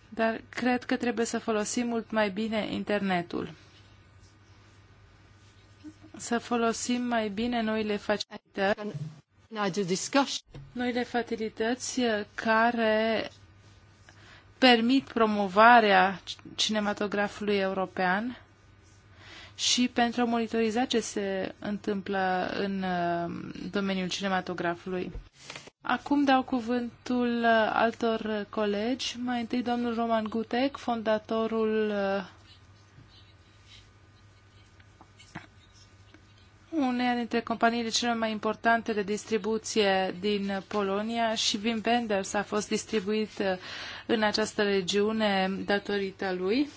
[SPEAKER 3] dar cred că trebuie să folosim mult mai bine internetul. Să folosim mai bine noile facilități, noile facilități uh, care permit promovarea cinematografului european și pentru a monitoriza ce se întâmplă în uh, domeniul cinematografului. Acum dau cuvântul uh, altor colegi. Mai întâi domnul Roman Gutec, fondatorul uh, uneia dintre companiile cele mai importante de distribuție din Polonia și Wim Wenders a fost distribuit uh, în această regiune datorită lui.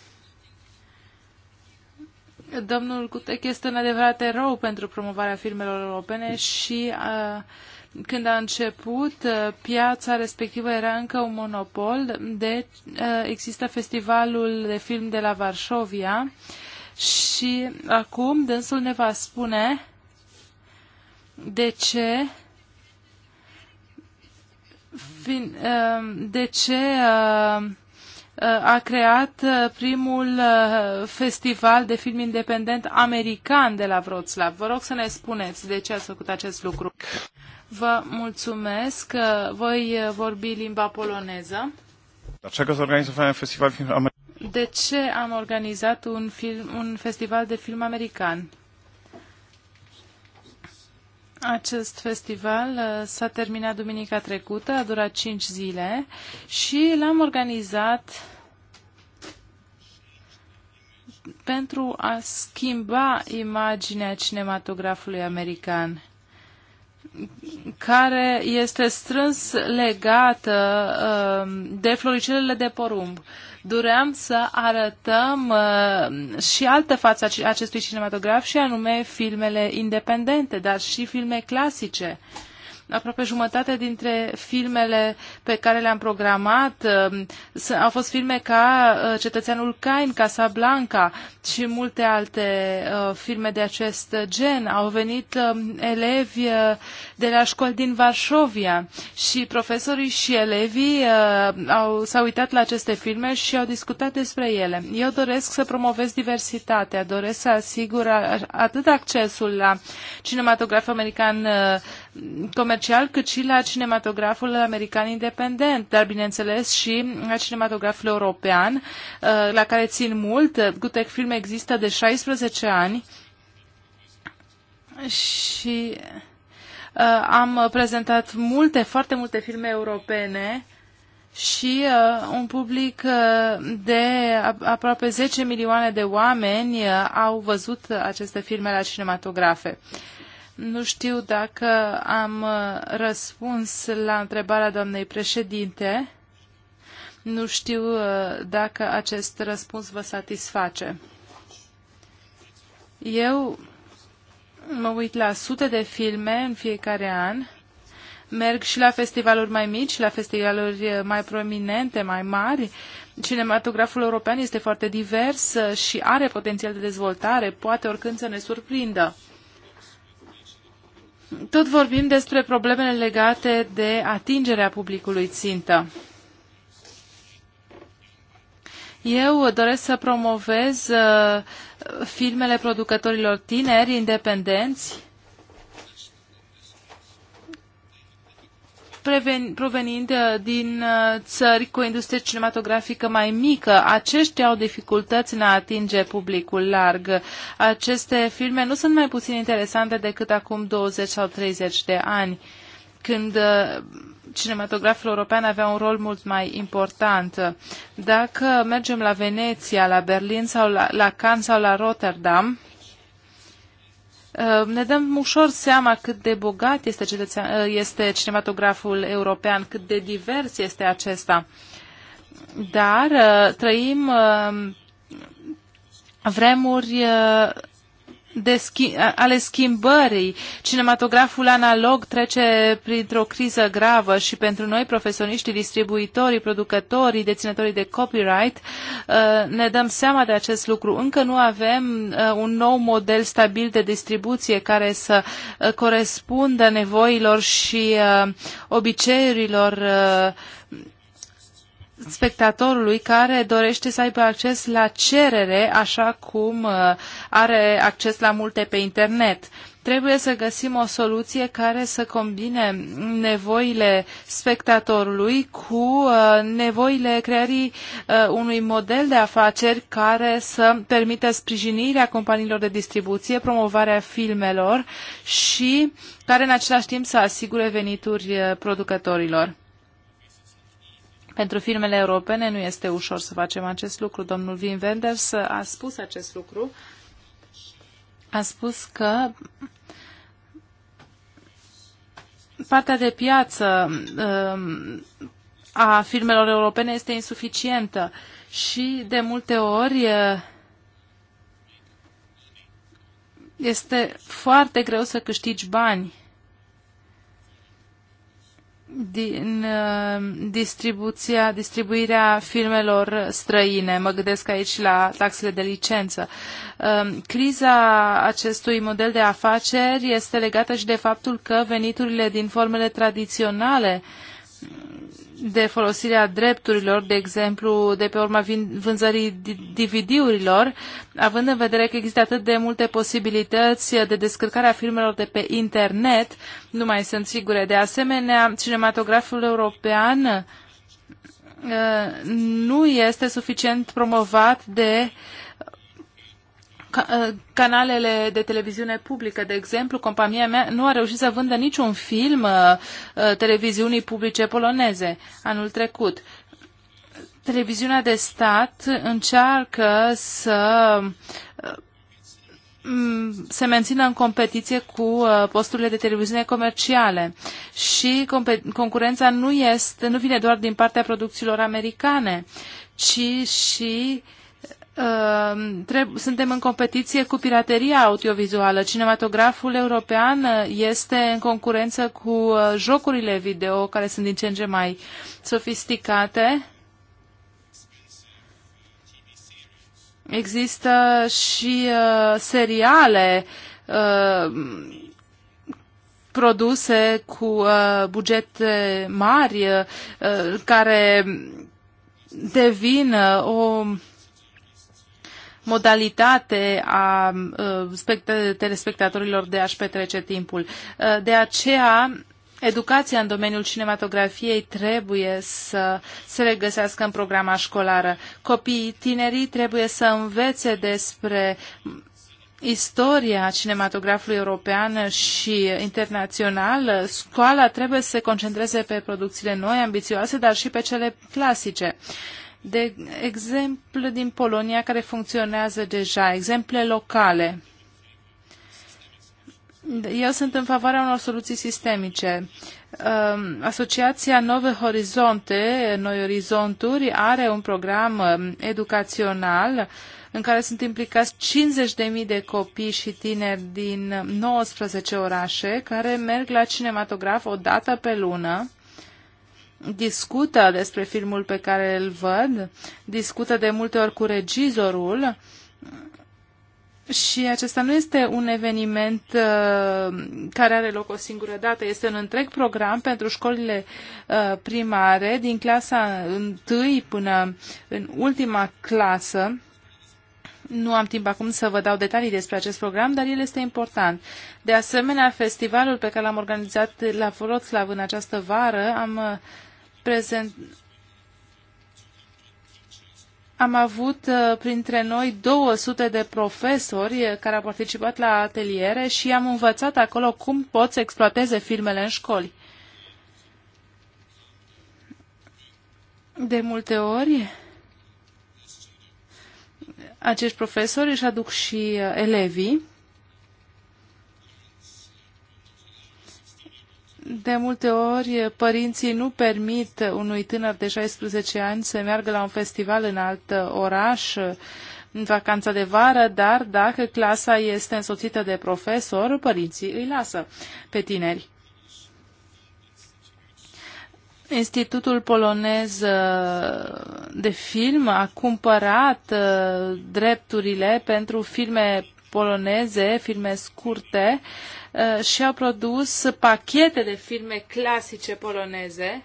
[SPEAKER 3] Domnul Cutec este un adevărat erou pentru promovarea firmelor europene și uh, când a început, uh, piața respectivă era încă un monopol, deci uh, există festivalul de film de la Varșovia, și acum dânsul ne va spune de ce uh, de ce uh, uh, a creat primul festival de film independent american de la Wroclaw. Vă rog să ne spuneți de ce ați făcut acest lucru. Vă mulțumesc. Voi vorbi limba poloneză.
[SPEAKER 4] Dlaczego zorganizowałem festiwal film
[SPEAKER 3] de ce am organizat un, film, un festival de film american. Acest festival uh, s-a terminat duminica trecută, a durat 5 zile și l-am organizat pentru a schimba imaginea cinematografului american care este strâns legată uh, de floricelele de porumb. Doream să arătăm uh, și altă față acestui cinematograf și anume filmele independente, dar și filme clasice. Uh, Aproape jumătate dintre filmele pe care le-am programat um, au fost filme ca uh, Cetățeanul Cain, Casablanca și multe alte uh, filme de acest gen. Au venit um, elevi uh, de la școli din Varșovia și profesorii și elevii au, s-au uitat la aceste filme și au discutat despre ele. Eu doresc să promovez diversitatea, doresc să asigur atât accesul la cinematograf american comercial, cât și la cinematograful american independent, dar bineînțeles și la cinematograful european, uh, la care țin mult. Gutec Film există de 16 ani și uh, am prezentat multe, foarte multe filme europene și uh, un public uh, de aproape 10 milioane de oameni uh, au văzut aceste filme la cinematografe. Uh, nu știu dacă am uh, răspuns la întrebarea doamnei președinte. Nu știu uh, dacă acest răspuns vă satisface. Eu mă uit la sute de filme în fiecare an. Merg și la festivaluri mai mici, la festivaluri uh, mai prominente, mai mari. Cinematograful european este foarte divers și are potențial de dezvoltare, poate oricând să ne surprindă. Tot vorbim despre problemele legate de atingerea publicului țintă. Eu doresc să promovez uh, filmele producătorilor tineri, independenți, provenind uh, din uh, țări cu o industrie cinematografică mai mică. Aceștia au dificultăți în a atinge publicul larg. Aceste filme nu sunt mai puțin interesante decât acum 20 sau 30 de ani, când uh, cinematograful european avea un rol mult mai important. Dacă mergem la Veneția, la Berlin sau la, la Cannes sau la Rotterdam, Uh, ne dăm ușor seama cât de bogat este, cetățean, uh, este cinematograful european, cât de divers este acesta. Dar uh, trăim vremuri de schi- ale schimbării. Cinematograful analog trece printr-o criză gravă și pentru noi, profesioniștii, distribuitorii, producătorii, deținătorii de copyright, uh, ne dăm seama de acest lucru. Încă nu avem uh, un nou model stabil de distribuție care să uh, corespundă nevoilor și obiceiurilor spectatorului care dorește să aibă acces la cerere, așa cum uh, are acces la multe pe internet. Trebuie să găsim o soluție care să combine nevoile spectatorului cu uh, nevoile creării uh, unui model de afaceri care să permită sprijinirea companiilor de distribuție, promovarea filmelor și care în același timp să asigure venituri producătorilor. Pentru firmele europene nu este ușor să facem acest lucru. Domnul Wim Wenders a spus acest lucru. A spus că partea de piață um, a firmelor europene este insuficientă și de multe ori este foarte greu să câștigi bani din uh, distribuția, distribuirea filmelor străine. Mă gândesc aici la taxele de licență. Um, criza acestui model de afaceri este legată și de faptul că veniturile din formele tradiționale uh, de folosirea drepturilor, de exemplu, de pe urma vânzării DVD-urilor, având în vedere că există atât de multe posibilități de descărcare a filmelor de pe internet, nu mai sunt sigure. De asemenea, cinematograful european uh, nu este suficient promovat de uh, Uh, canalele de televiziune publică, de exemplu, compania mea nu a reușit să vândă niciun film uh, uh, televiziunii publice poloneze anul trecut. Televiziunea de stat încearcă să se mențină în competiție cu posturile de televiziune comerciale și concurența nu, este, nu vine doar din partea producțiilor americane, ci și uh, Ehm, suntem în competiție cu pirateria audiovizuală. Cinematograful european eh, este în concurență cu eh, jocurile video, care sunt din ce în ce mai sofisticate. Există și uh, seriale uh, produse cu uh, bugete mari uh, care devin uh, o modalitate a ă, telespectatorilor de a-și petrece timpul. Ă, de aceea, Educația în domeniul cinematografiei trebuie să se regăsească în programa școlară. Copiii tinerii trebuie să învețe despre istoria cinematografului european și internațional, școala trebuie să se concentreze pe producțiile noi, ambițioase, dar și pe cele clasice de exemplu din Polonia care funcționează deja, exemple locale. Eu sunt în favoarea unor soluții sistemice. Um, Asociația Nove Horizonte, Noi Orizonturi, are un program um, educațional în care sunt implicați 50.000 de copii și tineri din 19 orașe care merg la cinematograf o dată pe lună discută despre filmul pe care îl văd, discută de multe ori cu regizorul și acesta nu este un eveniment uh, care are loc o singură dată, este un întreg program pentru școlile uh, primare din clasa 1 până în ultima clasă. Nu am timp acum să vă dau detalii despre acest program, dar el este important. De asemenea, festivalul pe care l-am organizat la Wroclaw în această vară, am uh, prezent... Am avut uh, printre noi 200 de profesori uh, care au participat la ateliere și am învățat acolo cum pot să exploateze filmele în școli. De multe ori, acești profesori își aduc și uh, elevii De multe ori, părinții nu permit unui tânăr de 16 ani să meargă la un festival în alt oraș, în vacanța de vară, dar dacă clasa este însoțită de profesor, părinții îi lasă pe tineri. Institutul polonez uh, de film a cumpărat uh, drepturile pentru filme poloneze, filme scurte, Uh, și au produs pachete de filme clasice poloneze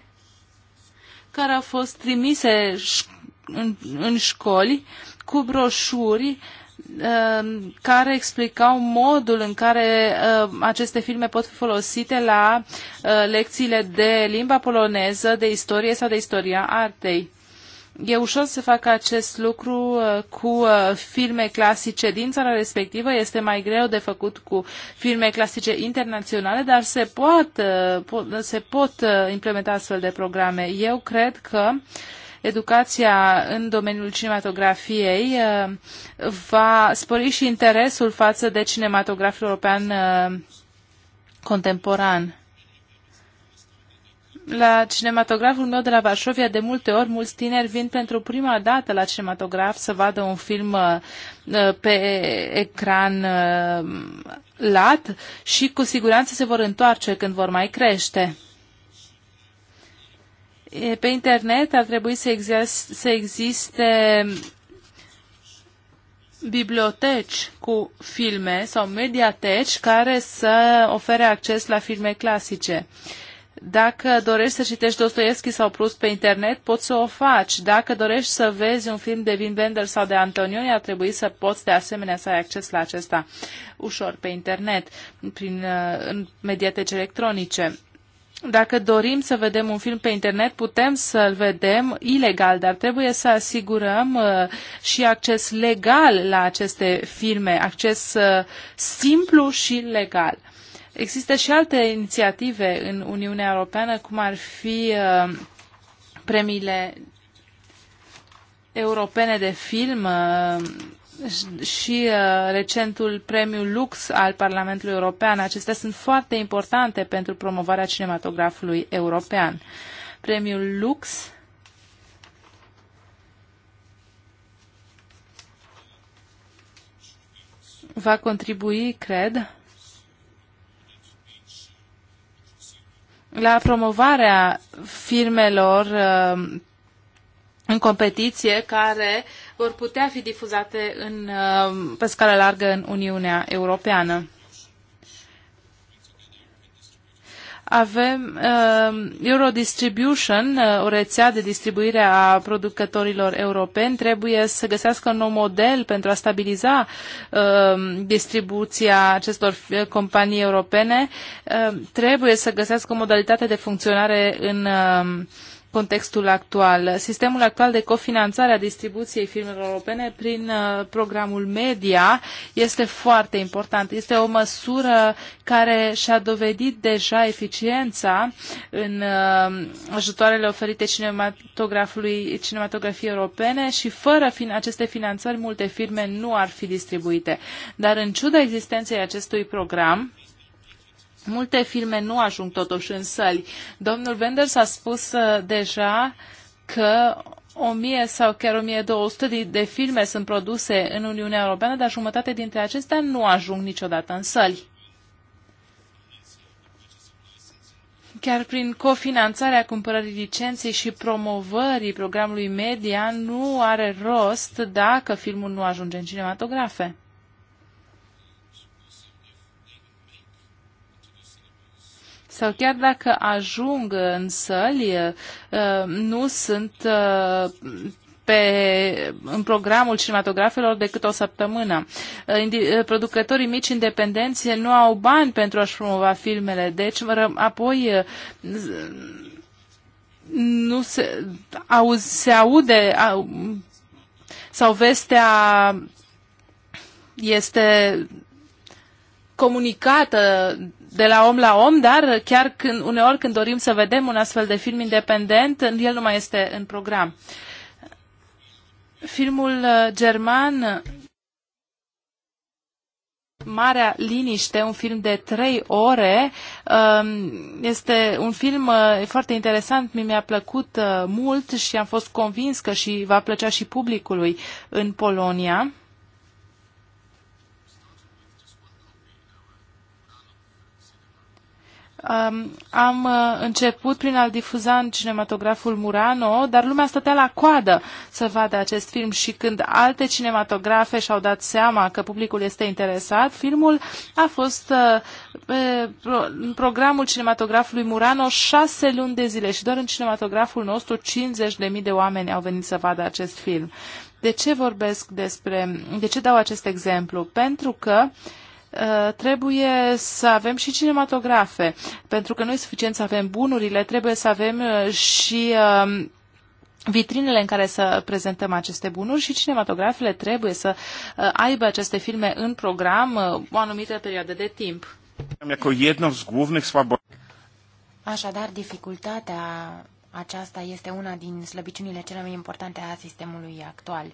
[SPEAKER 3] care au fost trimise în, în școli cu broșuri uh, care explicau modul în care uh, aceste filme pot fi folosite la uh, lecțiile de limba poloneză, de istorie sau de istoria artei. E ușor să facă acest lucru uh, cu uh, filme clasice din țara respectivă, este mai greu de făcut cu filme clasice internaționale, dar se, poate, uh, se pot implementa astfel de programe. Eu cred că educația în domeniul cinematografiei va spori și interesul față de cinematograful european contemporan. La cinematograful meu de la Varsovia, de multe ori, mulți tineri vin pentru prima dată la cinematograf să vadă un film uh, uh, pe ecran uh, lat și cu siguranță se vor întoarce când vor mai crește pe internet ar trebui să, exist, să existe biblioteci cu filme sau mediateci care să ofere acces la filme clasice. Dacă dorești să citești Dostoevski sau Proust pe internet, poți să o faci. Dacă dorești să vezi un film de Wim Wenders sau de Antonioni, ar trebui să poți de asemenea să ai acces la acesta ușor pe internet, prin uh, în mediateci electronice. Dacă dorim să vedem un film pe internet, putem să-l vedem ilegal, dar trebuie să asigurăm uh, și acces legal la aceste filme, acces uh, simplu și legal. Există și alte inițiative în Uniunea Europeană, cum ar fi uh, premiile europene de film uh, și uh, recentul premiu Lux al Parlamentului European. Acestea sunt foarte importante pentru promovarea cinematografului european. Premiul Lux va contribui, cred, la promovarea firmelor uh, în competiție care vor putea fi difuzate în, uh, pe scară largă în Uniunea Europeană. avem uh, Eurodistribution, uh, o rețea de distribuire a producătorilor europeni, trebuie să găsească un nou model pentru a stabiliza uh, distribuția acestor companii europene, uh, trebuie să găsească o modalitate de funcționare în uh, contextul actual. Sistemul actual de cofinanțare a distribuției filmelor europene prin uh, programul media este foarte important. Este o măsură care și-a dovedit deja eficiența în uh, ajutoarele oferite cinematografului, cinematografii europene și fără aceste finanțări multe filme nu ar fi distribuite. Dar în ciuda existenței acestui program, Multe filme nu ajung totuși în săli. Domnul Wenders a spus uh, deja că 1000 sau chiar 1200 de, de filme sunt produse în Uniunea Europeană, dar jumătate dintre acestea nu ajung niciodată în săli. Chiar prin cofinanțarea cumpărării licenței și promovării programului media nu are rost dacă filmul nu ajunge în cinematografe. sau chiar dacă ajung în săli, uh, nu sunt uh, pe, în programul cinematografelor decât o săptămână. Uh, producătorii mici independenți nu au bani pentru a-și promova filmele, deci apoi nu se, au, se aude au, sau vestea este comunicată de la om la om, dar chiar când, uneori când dorim să vedem un astfel de film independent, el nu mai este în program. Filmul uh, german Marea Liniște, un film de trei ore. Um, este un film uh, foarte interesant, mi-a plăcut uh, mult și am fost convins că și va plăcea și publicului în Polonia. um, am uh, început prin a-l difuza în cinematograful Murano, dar lumea stătea la coadă să vadă acest film și când alte cinematografe și-au dat seama că publicul este interesat, filmul a fost uh, pe pro- în programul cinematografului Murano șase luni de zile și doar în cinematograful nostru 50.000 de oameni au venit să vadă acest film. De ce vorbesc despre, de ce dau acest exemplu? Pentru că uh, Eh, trebuie să avem și cinematografe. Pentru că nu e suficient să avem bunurile, trebuie să avem eh, și eh, vitrinele în care să prezentăm aceste bunuri și cinematografele trebuie să aibă aceste filme în program o anumită perioadă de timp.
[SPEAKER 2] Așadar, dificultatea aceasta este una din slăbiciunile cele mai importante a sistemului actual.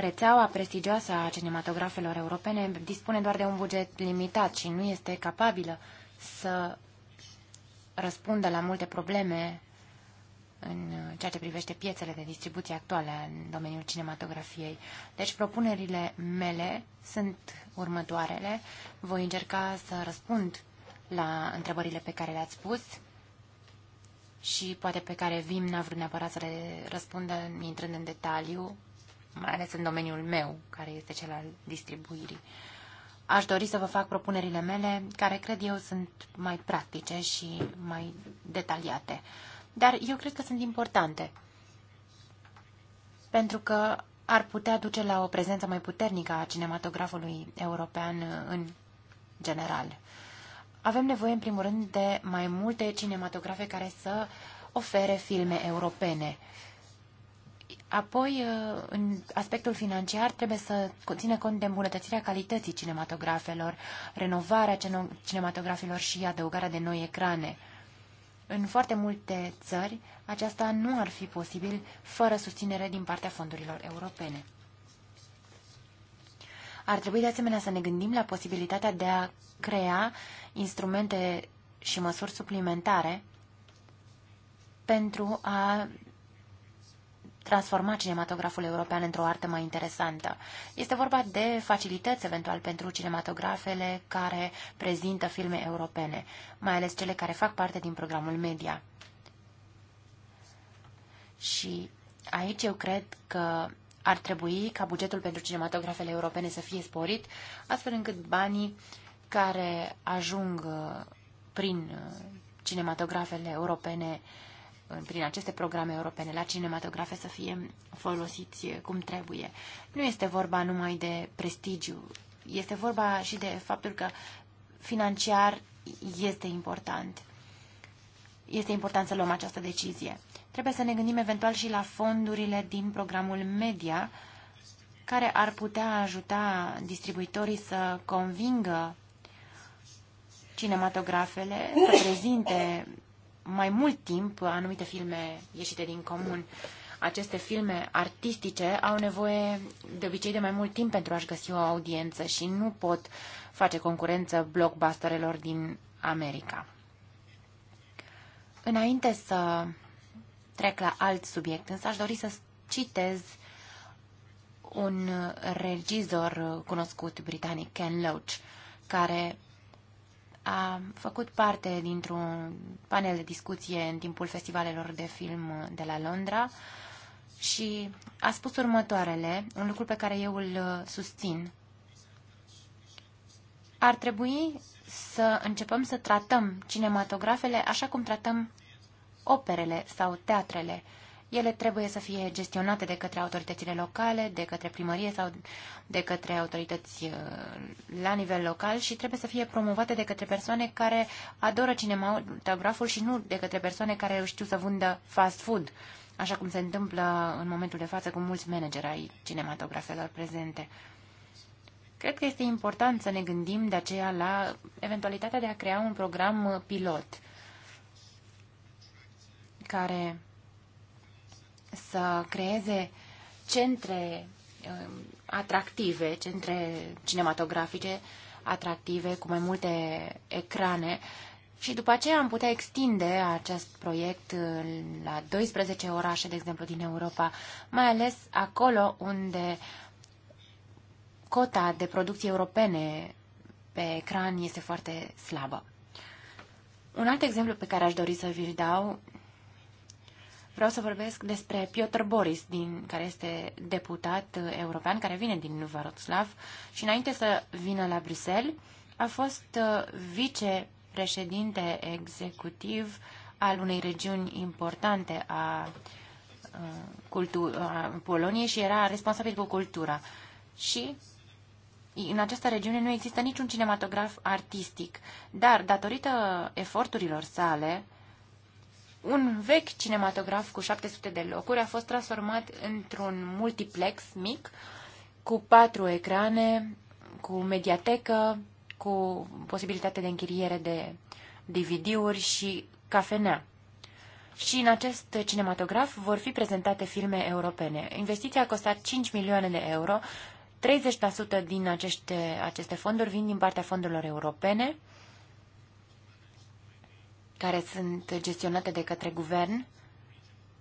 [SPEAKER 2] Rețeaua prestigioasă a cinematografelor europene dispune doar de un buget limitat și nu este capabilă să răspundă la multe probleme în ceea ce privește piețele de distribuție actuale în domeniul cinematografiei. Deci propunerile mele sunt următoarele. Voi încerca să răspund la întrebările pe care le-ați pus și poate pe care Vim n-a vrut neapărat să le răspundă intrând în detaliu mai ales în domeniul meu, care este cel al distribuirii. Aș dori să vă fac propunerile mele, care cred eu sunt mai practice și mai detaliate. Dar eu cred că sunt importante, pentru că ar putea duce la o prezență mai puternică a cinematografului european în general. Avem nevoie, în primul rând, de mai multe cinematografe care să ofere filme europene. Apoi, uh, în aspectul financiar, trebuie să ține cont de îmbunătățirea calității cinematografelor, renovarea cinematografelor și adăugarea de noi ecrane. În foarte multe țări, aceasta nu ar fi posibil fără susținere din partea fondurilor europene. Ar trebui de asemenea să ne gândim la posibilitatea de a crea instrumente și măsuri suplimentare pentru a transforma cinematograful european într-o artă mai interesantă. Este vorba de facilități eventual pentru cinematografele care prezintă filme europene, mai ales cele care fac parte din programul media. Și aici eu cred că ar trebui ca bugetul pentru cinematografele europene să fie sporit, astfel încât banii care ajung uh, prin uh, cinematografele europene uh, prin aceste programe europene la cinematografe să fie folosiți cum trebuie. Nu este vorba numai de prestigiu, este vorba și de faptul că financiar este important. Este important să luăm această decizie. Trebuie să ne gândim eventual și la fondurile din programul media care ar putea ajuta distribuitorii să convingă cinematografele să prezinte mai mult timp anumite filme ieșite din comun. Aceste filme artistice au nevoie de obicei de mai mult timp pentru a-și găsi o audiență și nu pot face concurență blockbusterelor din America. Înainte să trec la alt subiect, însă aș dori să citez un regizor cunoscut britanic, Ken Loach, care a făcut parte dintr-un panel de discuție în timpul festivalelor de film de la Londra și a spus următoarele, un lucru pe care eu îl uh, susțin. Ar trebui să începem să tratăm cinematografele așa cum tratăm operele sau teatrele. Ele trebuie să fie gestionate de către autoritățile locale, de către primărie sau de către autorități uh, la nivel local și trebuie să fie promovate de către persoane care adoră cinematograful și nu de către persoane care știu să vândă fast food, așa cum se întâmplă în momentul de față cu mulți manageri ai cinematografelor prezente. Cred că este important să ne gândim de aceea la eventualitatea de a crea un program pilot care să creeze centre um, atractive, centre cinematografice atractive cu mai multe ecrane și după aceea am putea extinde acest proiect uh, la 12 orașe, de exemplu, din Europa, mai ales acolo unde cota de producții europene pe ecran este foarte slabă. Un alt exemplu pe care aș dori să vi-l dau Vreau să vorbesc despre Piotr Boris, din, care este deputat uh, european, care vine din Vărotslav și înainte să vină la Bruxelles a fost uh, vicepreședinte executiv al unei regiuni importante a, uh, a Poloniei și era responsabil cu cultura. Și în această regiune nu există niciun cinematograf artistic, dar datorită eforturilor sale, un vechi cinematograf cu 700 de locuri a fost transformat într-un multiplex mic cu patru ecrane, cu mediatecă, cu posibilitate de închiriere de DVD-uri și cafenea. Și în acest cinematograf vor fi prezentate filme europene. Investiția a costat 5 milioane de euro, 30% din aceste, aceste fonduri vin din partea fondurilor europene, care sunt gestionate de către guvern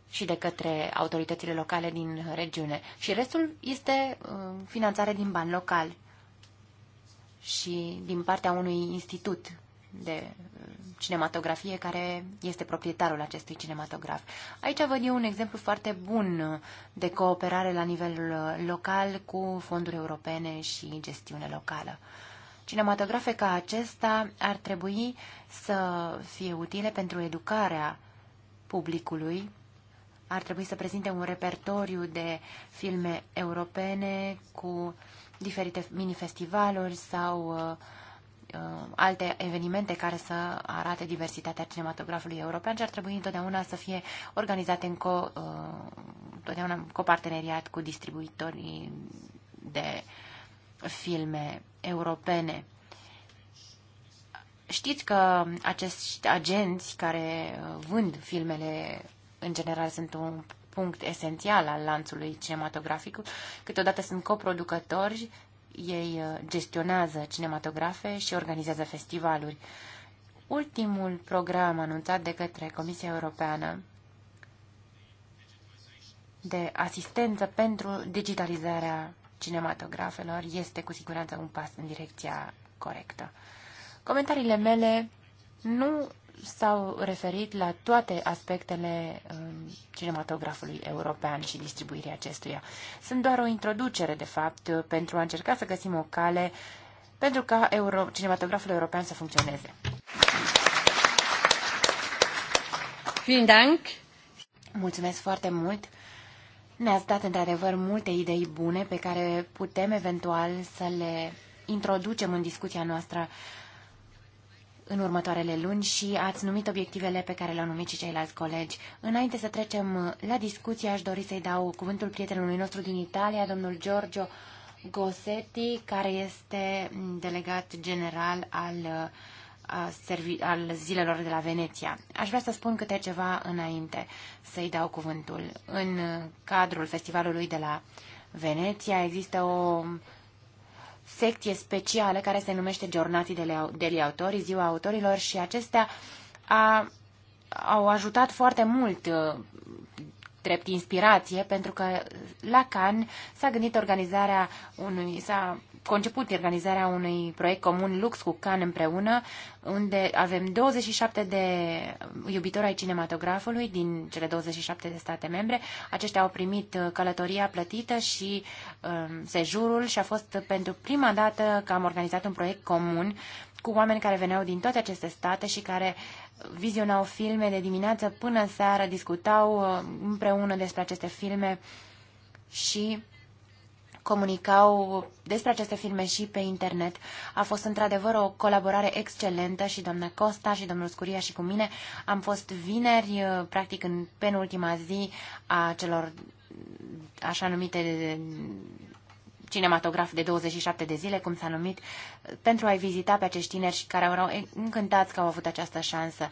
[SPEAKER 2] și de către autoritățile locale din regiune. Și restul este uh, finanțare din bani locali și din partea unui institut de uh, cinematografie care este proprietarul acestui cinematograf. Aici văd eu un exemplu foarte bun de cooperare la nivel uh, local cu fonduri europene și gestiune locală. Cinematografe ca acesta ar trebui să fie utile pentru educarea publicului, ar trebui să prezinte un repertoriu de filme europene cu diferite mini-festivaluri sau uh, uh alte evenimente care să arate diversitatea cinematografului european și ar trebui întotdeauna să fie organizate în co, uh, întotdeauna în coparteneriat cu distribuitorii de uh, filme europene. Știți că acești agenți care uh, vând filmele, în general, sunt un punct esențial al lanțului cinematografic. Câteodată sunt coproducători, ei uh, gestionează cinematografe și organizează festivaluri. Ultimul program anunțat de către Comisia Europeană de asistență pentru digitalizarea cinematografelor este cu siguranță un pas în direcția corectă. Comentariile mele nu s-au referit la toate aspectele um, cinematografului european și distribuirii acestuia. Sunt doar o introducere, de fapt, pentru a încerca să găsim o cale pentru ca euro, cinematograful european să funcționeze. Mulțumesc foarte mult. Ne-ați dat într-adevăr multe idei bune pe care putem eventual să le introducem în discuția noastră în următoarele luni și ați numit obiectivele pe care le-au numit și ceilalți colegi. Înainte să trecem la discuție, aș dori să-i dau cuvântul prietenului nostru din Italia, domnul Giorgio Gosetti, care este delegat general al al zilelor de la Veneția. Aș vrea să spun câte ceva înainte să-i dau cuvântul. În cadrul festivalului de la Veneția există o secție specială care se numește Giornati degli Autori, Ziua Autorilor și acestea a, au ajutat foarte mult uh, drept inspirație pentru că la Cannes s-a gândit organizarea unui, s-a conceput organizarea unui proiect comun Lux cu Can împreună, unde avem 27 de iubitori ai cinematografului din cele 27 de state membre. Aceștia au primit uh, călătoria plătită și um, sejurul și a fost pentru prima dată că am organizat un proiect comun cu oameni care veneau din toate aceste state și care vizionau filme de dimineață până seară, discutau uh, împreună despre aceste filme și comunicau despre aceste filme și pe internet. A fost într-adevăr o colaborare excelentă și doamna Costa și domnul Scuria și cu mine. Am fost vineri, uh, practic în penultima zi a celor uh, așa numite cinematograf de 27 de zile, cum s-a numit, pentru a-i vizita pe acești tineri și care erau încântați că au avut această șansă.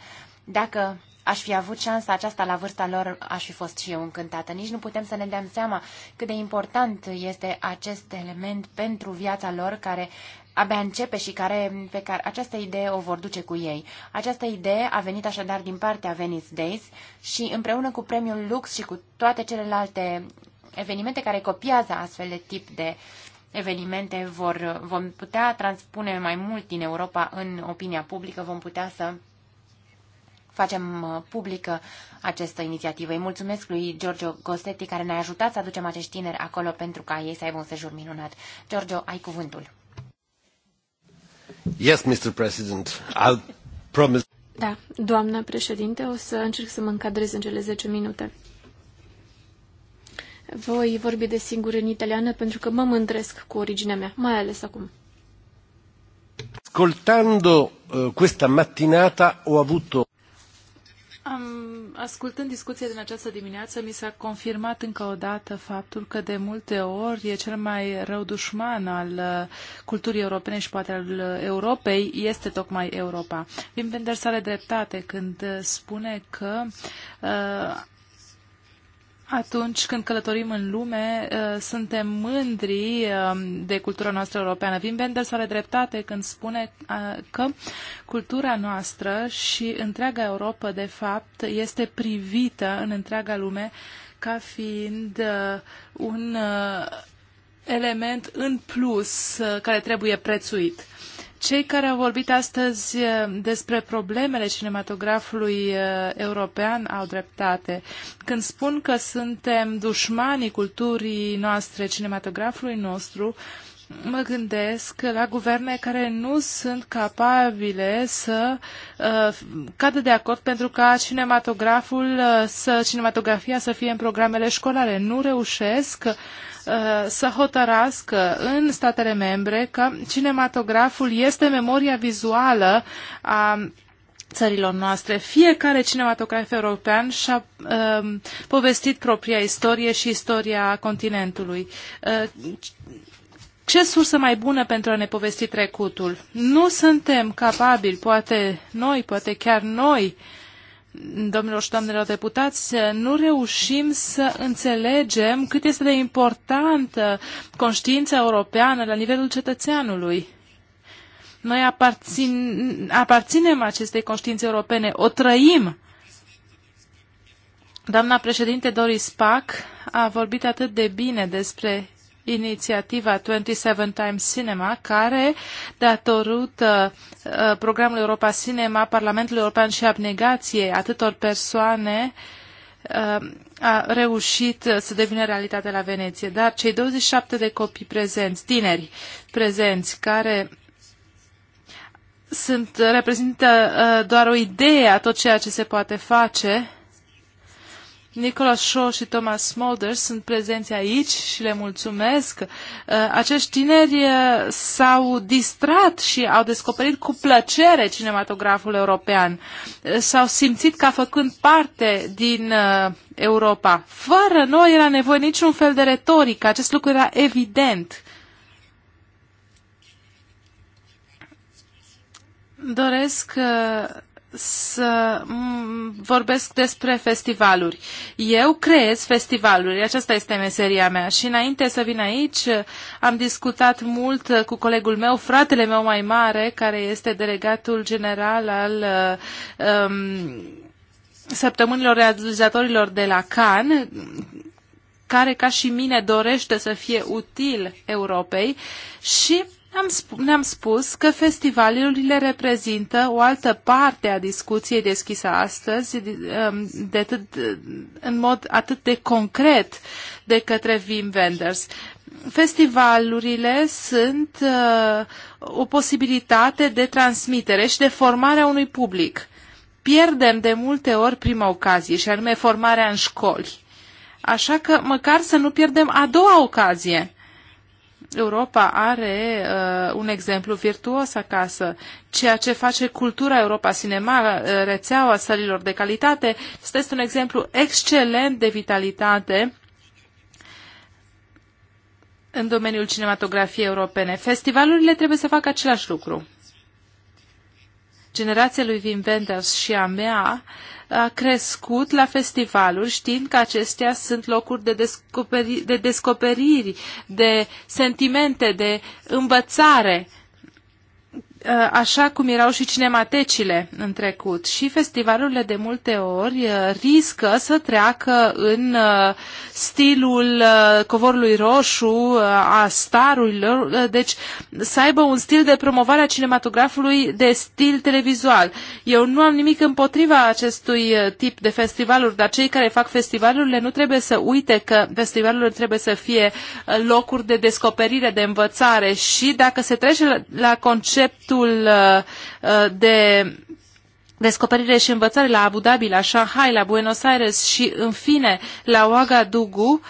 [SPEAKER 2] Dacă aș fi avut șansa aceasta la vârsta lor, aș fi fost și eu încântată. Nici nu putem să ne dăm seama cât de important este acest element pentru viața lor care abia începe și care, pe care această idee o vor duce cu ei. Această idee a venit așadar din partea Venice Days și împreună cu premiul Lux și cu toate celelalte evenimente care copiază astfel de tip de evenimente vor, vom putea transpune mai mult din Europa în opinia publică, vom putea să facem uh, publică această inițiativă. Îi mulțumesc lui Giorgio Gosetti care ne-a ajutat să aducem acești tineri acolo pentru ca ei să aibă un sejur minunat. Giorgio, ai cuvântul.
[SPEAKER 4] Yes, Mr. President, I'll promise...
[SPEAKER 1] Da, doamna președinte, o să încerc să mă încadrez în cele 10 minute. Voi vorbi de singur în italiană pentru că mă mândresc cu originea mea, mai ales acum.
[SPEAKER 4] Ascultando uh, questa mattinata ho avuto
[SPEAKER 3] am, ascultând discuția din această dimineață, mi s-a confirmat încă o dată faptul că de multe ori e cel mai rău dușman al uh, culturii europene și poate al uh, Europei este tocmai Europa. Wim Wenders are dreptate când uh, spune că uh, atunci când călătorim în lume, uh, suntem mândri um, de cultura noastră europeană. Wim Wenders are dreptate când spune uh, că cultura noastră și întreaga Europa, de fapt, este privită în întreaga lume ca fiind uh, un element în plus care trebuie prețuit. Cei care au vorbit astăzi eh, despre problemele cinematografului eh, european au dreptate. Când spun că suntem dușmanii culturii noastre, cinematografului nostru, mă gândesc la guverne care nu sunt capabile să uh, cadă de acord pentru ca cinematograful, uh, să, cinematografia să fie în programele școlare. Nu reușesc Uh, să hotărască în statele membre că cinematograful este memoria vizuală a țărilor noastre. Fiecare cinematograf european și-a uh, povestit propria istorie și istoria continentului. Uh, ce sursă mai bună pentru a ne povesti trecutul? Nu suntem capabili, poate noi, poate chiar noi, uh, domnilor și doamnelor deputați, nu reușim să înțelegem cât este de importantă conștiința europeană la nivelul cetățeanului. Noi aparțin, aparținem acestei conștiințe europene, o trăim. Doamna președinte Doris Pack a vorbit atât de bine despre inițiativa 27 Times Cinema, care, datorită uh, uh, programului Europa Cinema, Parlamentului European și abnegației atâtor persoane, uh, a reușit să devină realitate la Veneție. Dar cei 27 de copii prezenți, tineri prezenți, care sunt, reprezintă uh, doar o idee a tot ceea ce se poate face, Nicolas Shaw și Thomas Smulders sunt prezenți aici și le mulțumesc. Uh, acești tineri uh, s-au distrat și au descoperit cu plăcere cinematograful european. Uh, s-au simțit ca făcând parte din Europa. Fără noi era nevoie niciun fel de retorică. Acest lucru era evident. Doresc să mm, vorbesc despre festivaluri. Eu creez festivaluri, aceasta este meseria mea și înainte să vin aici am discutat mult cu colegul meu, fratele meu mai mare, care este delegatul general al um, săptămânilor realizatorilor de la Cannes, care ca și mine dorește să fie util Europei și ne-am sp- ne spus că festivalurile reprezintă o altă parte a discuției deschisă astăzi, de um, atât, în mod atât de concret de către Vim Vendors. Festivalurile sunt uh, o posibilitate de transmitere și de formare a unui public. Pierdem de multe ori prima ocazie, și anume formarea în școli. Așa că măcar să nu pierdem a doua ocazie Europa are uh, un exemplu virtuos acasă. Ceea ce face cultura Europa Cinema, uh, rețeaua sărilor de calitate, este un exemplu excelent de vitalitate în domeniul cinematografiei europene. Festivalurile trebuie să facă același lucru generația lui Wim Wenders și a mea a crescut la festivaluri știind că acestea sunt locuri de, descoperi, de descoperiri, de sentimente, de învățare Uh, așa cum erau și cinematecile în trecut. Și festivalurile de multe ori uh, riscă să treacă în uh, stilul covorului roșu, a starurilor, deci să aibă un stil de promovare a cinematografului de stil televizual. Eu nu am nimic împotriva acestui tip de festivaluri, dar cei care fac festivalurile nu trebuie să uite că festivalurile trebuie să fie locuri de descoperire, de învățare și dacă se trece la conceptul Institutul uh, uh, de descoperire și învățare la Abu Dhabi, la Shanghai, la Buenos Aires și, în fine, la Ouagadougou,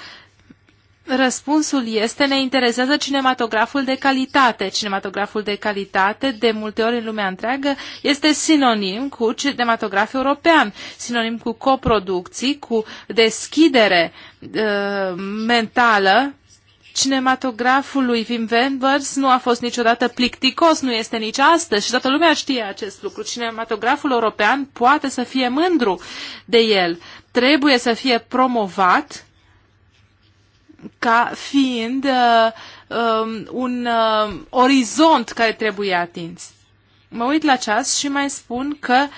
[SPEAKER 3] Răspunsul este, ne interesează cinematograful de calitate. Cinematograful de calitate, de multe ori în lumea întreagă, este sinonim cu cinematograf european, sinonim cu coproducții, cu deschidere uh, mentală cinematograful lui Wim Wenders nu a fost niciodată plicticos, nu este nici astăzi și toată lumea știe acest lucru. Cinematograful european poate să fie mândru de el. Trebuie să fie promovat ca fiind uh, um, un uh, orizont care trebuie atins. Mă uit la ceas și mai spun că uh,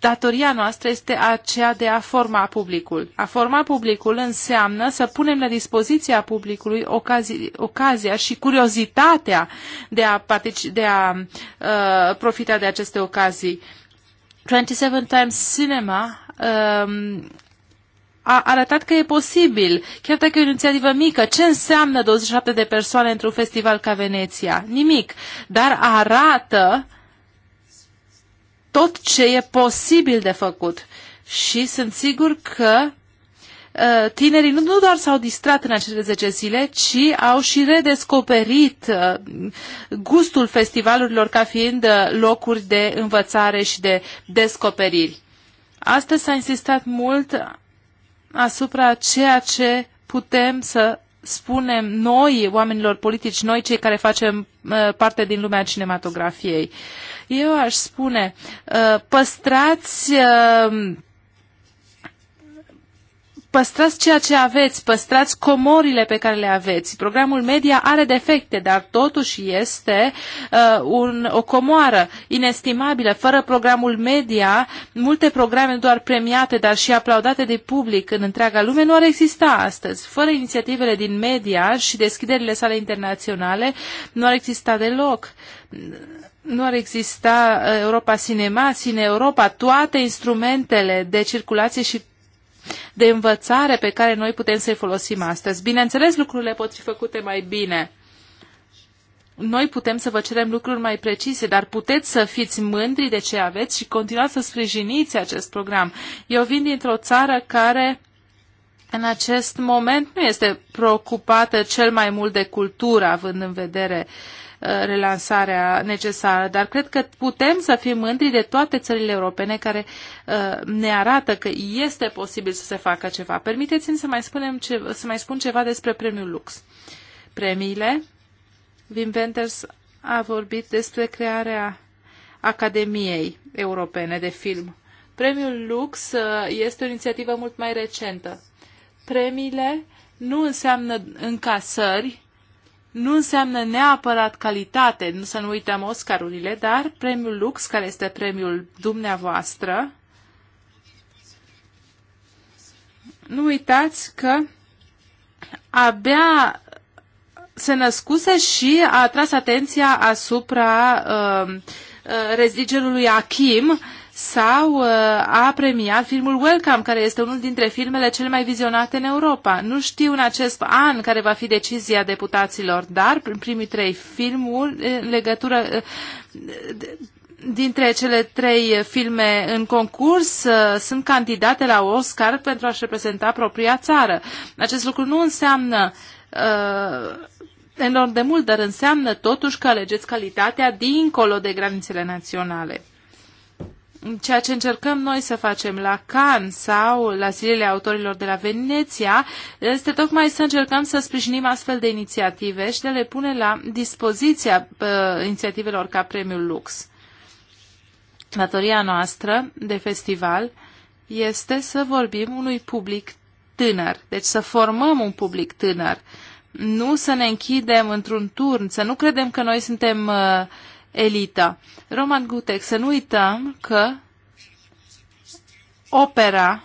[SPEAKER 3] datoria noastră este aceea de a forma publicul. A forma publicul înseamnă să punem la dispoziția publicului ocazii, ocazia și curiozitatea de a, partici, de a uh, profita de aceste ocazii. 27 Times Cinema um, a arătat că e posibil, chiar dacă e o inițiativă mică. Ce înseamnă 27 de persoane într-un festival ca Veneția? Nimic. Dar arată uh, tot ce e posibil de făcut. Și sunt sigur că uh, tinerii nu, nu doar s-au distrat în acele 10 zile, ci au și redescoperit uh, gustul festivalurilor ca fiind uh, locuri de învățare și de descoperiri. Astăzi s-a insistat mult asupra ceea ce putem să spunem noi, oamenilor politici, noi cei care facem uh, parte din lumea cinematografiei. Eu aș spune, uh, păstrați uh, păstrați ceea ce aveți, păstrați comorile pe care le aveți. Programul media are defecte, dar totuși este uh, un, o comoară inestimabilă. Fără programul media, multe programe doar premiate, dar și aplaudate de public în întreaga lume nu ar exista astăzi. Fără inițiativele din media și deschiderile sale internaționale, nu ar exista deloc nu ar exista uh, Europa Cinema, Cine Europa, toate instrumentele de circulație și de învățare pe care noi putem să-i folosim astăzi. Bineînțeles, lucrurile pot fi făcute mai bine. Noi putem să vă cerem lucruri mai precise, dar puteți să fiți mândri de ce aveți și continuați să sprijiniți acest program. Eu vin dintr-o țară care în acest moment nu este preocupată cel mai mult de cultură, având în vedere uh, Uh, relansarea necesară, dar cred că putem să fim mândri de toate țările europene care uh, ne arată că este posibil să se facă ceva. Permiteți-mi să mai, spunem ce, să mai spun ceva despre premiul Lux. Premiile, Wim Wenders a vorbit despre crearea Academiei Europene de Film. Premiul Lux uh, este o inițiativă mult mai recentă. Premiile nu înseamnă încasări nu înseamnă neapărat calitate, nu să nu uităm Oscarurile, dar premiul Lux, care este premiul dumneavoastră, nu uitați că abia se născuse și a atras atenția asupra uh, Uh, rezigerului Achim sau uh, a premiat filmul Welcome, care este unul dintre filmele cele mai vizionate în Europa. Nu știu în acest an care va fi decizia deputaților, dar în primii trei filmuri uh, în legătură dintre cele trei filme în concurs sunt candidate la Oscar pentru a-și reprezenta propria țară. Acest lucru nu înseamnă uh, enorm de mult, dar înseamnă totuși că alegeți calitatea dincolo de granițele naționale. Ceea ce încercăm noi să facem la Cannes sau la zilele autorilor de la Veneția este tocmai să încercăm să sprijinim astfel de inițiative și de le pune la dispoziția uh, inițiativelor ca premiul Lux. Datoria noastră de festival este să vorbim unui public tânăr, deci să formăm un public tânăr. Uh, nu să ne închidem într-un turn, să nu credem că noi suntem uh, elita. Roman Gutek, să nu uităm că opera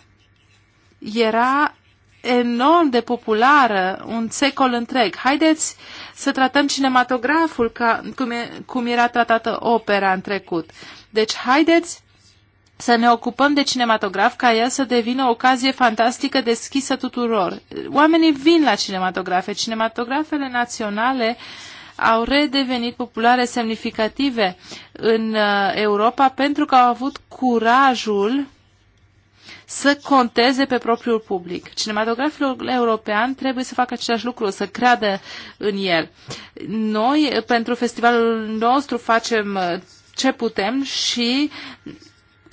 [SPEAKER 3] era enorm de populară un secol întreg. Haideți să tratăm cinematograful ca, cum, e, cum era tratată opera în trecut. Deci haideți să ne ocupăm de cinematograf ca el să devină o ocazie fantastică deschisă tuturor. Oamenii vin la cinematografe. Cinematografele naționale au redevenit populare semnificative în uh, Europa pentru că au avut curajul să conteze pe propriul public. Cinematograful european trebuie să facă același lucru, să creadă în el. Noi, pentru festivalul nostru, facem uh, ce putem și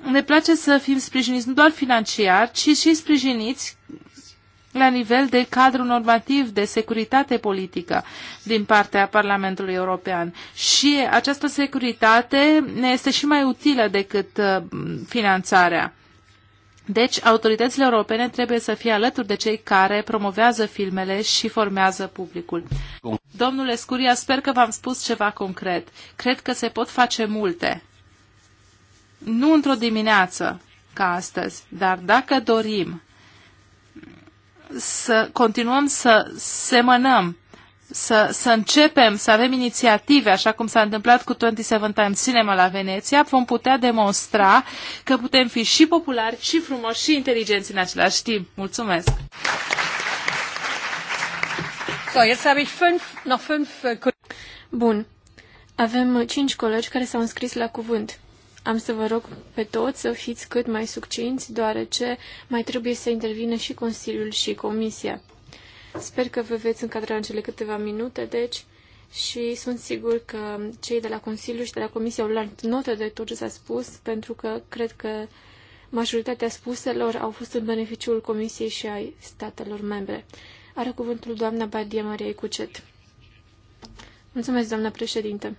[SPEAKER 3] ne place să fim sprijiniți nu doar financiar, ci și sprijiniți la nivel de cadru normativ de securitate politică din partea Parlamentului European. Și această securitate ne este și mai utilă decât uh, finanțarea. Deci, autoritățile europene trebuie să fie alături de cei care promovează filmele și formează publicul. Bun. Domnule Scuria, sper că v-am spus ceva concret. Cred că se pot face multe nu într-o dimineață ca astăzi, dar dacă dorim să continuăm să semănăm, să, să începem, să avem inițiative, așa cum s-a întâmplat cu 27 Times Cinema la Veneția, vom putea demonstra că putem fi și populari, și frumoși, și inteligenți în același timp. Mulțumesc!
[SPEAKER 1] So, jetzt habe ich fünf, noch fünf, äh, Bun. Avem cinci colegi care s-au înscris la cuvânt. Am să vă rog pe toți să fiți cât mai succinți, deoarece mai trebuie să intervină și Consiliul și Comisia. Sper că vă veți încadra în cele câteva minute, deci, și sunt sigur că cei de la Consiliu și de la Comisie au luat notă de tot ce s-a spus, pentru că cred că majoritatea spuselor au fost în beneficiul Comisiei și ai statelor membre. Are cuvântul doamna Badia Mariei Cucet. Mulțumesc, doamna președinte.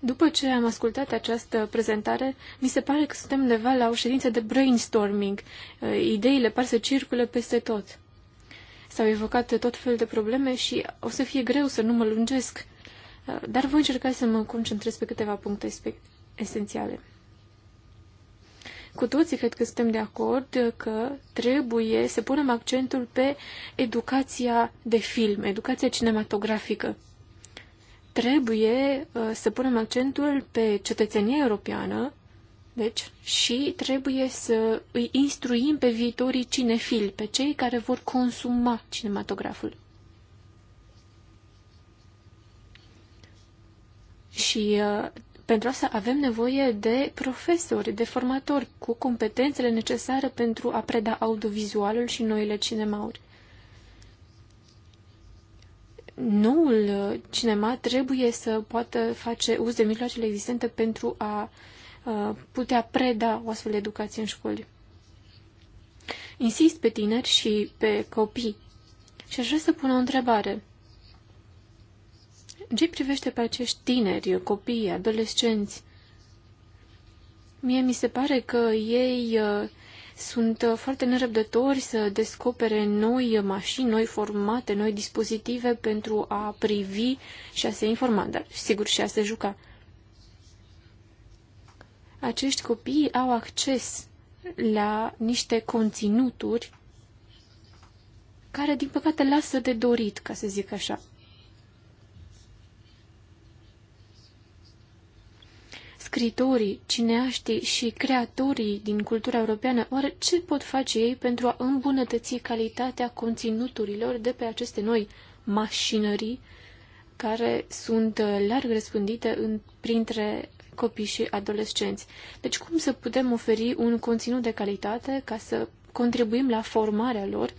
[SPEAKER 1] După ce am ascultat această prezentare, mi se pare că suntem undeva la o ședință de brainstorming. Eh, ideile par să circule peste tot. S-au evocat tot felul de probleme și o să fie greu să nu mă lungesc, eh, dar voi încerca să mă concentrez pe câteva puncte esențiale. Cu toții cred că suntem de acord că trebuie să punem accentul pe educația de film, educația cinematografică trebuie uh, să punem accentul pe cetățenia europeană, deci, și trebuie să îi instruim pe viitorii cinefili, pe cei care vor consuma cinematograful. Și uh, pentru asta avem nevoie de profesori, de formatori cu competențele necesare pentru a preda audiovizualul și noile cinemauri noul cinema trebuie să poată face uz de mijloacele existente pentru a putea preda o astfel de educație în școli. Insist pe tineri și pe copii și aș vrea să pun o întrebare. Ce privește pe acești tineri, copii, adolescenți? Mie mi se pare că ei uh, sunt uh, foarte nerăbdători să descopere noi mașini, noi formate, noi dispozitive pentru a privi și a se informa, dar sigur și a se juca. Acești copii au acces la niște conținuturi care, din păcate, lasă de dorit, ca să zic așa. scritorii, cineaștii și creatorii din cultura europeană, oare ce pot face ei pentru a îmbunătăți calitatea conținuturilor de pe aceste noi mașinării care sunt uh, larg răspândite în, printre copii și adolescenți. Deci cum să putem oferi un conținut de calitate ca să contribuim la formarea lor,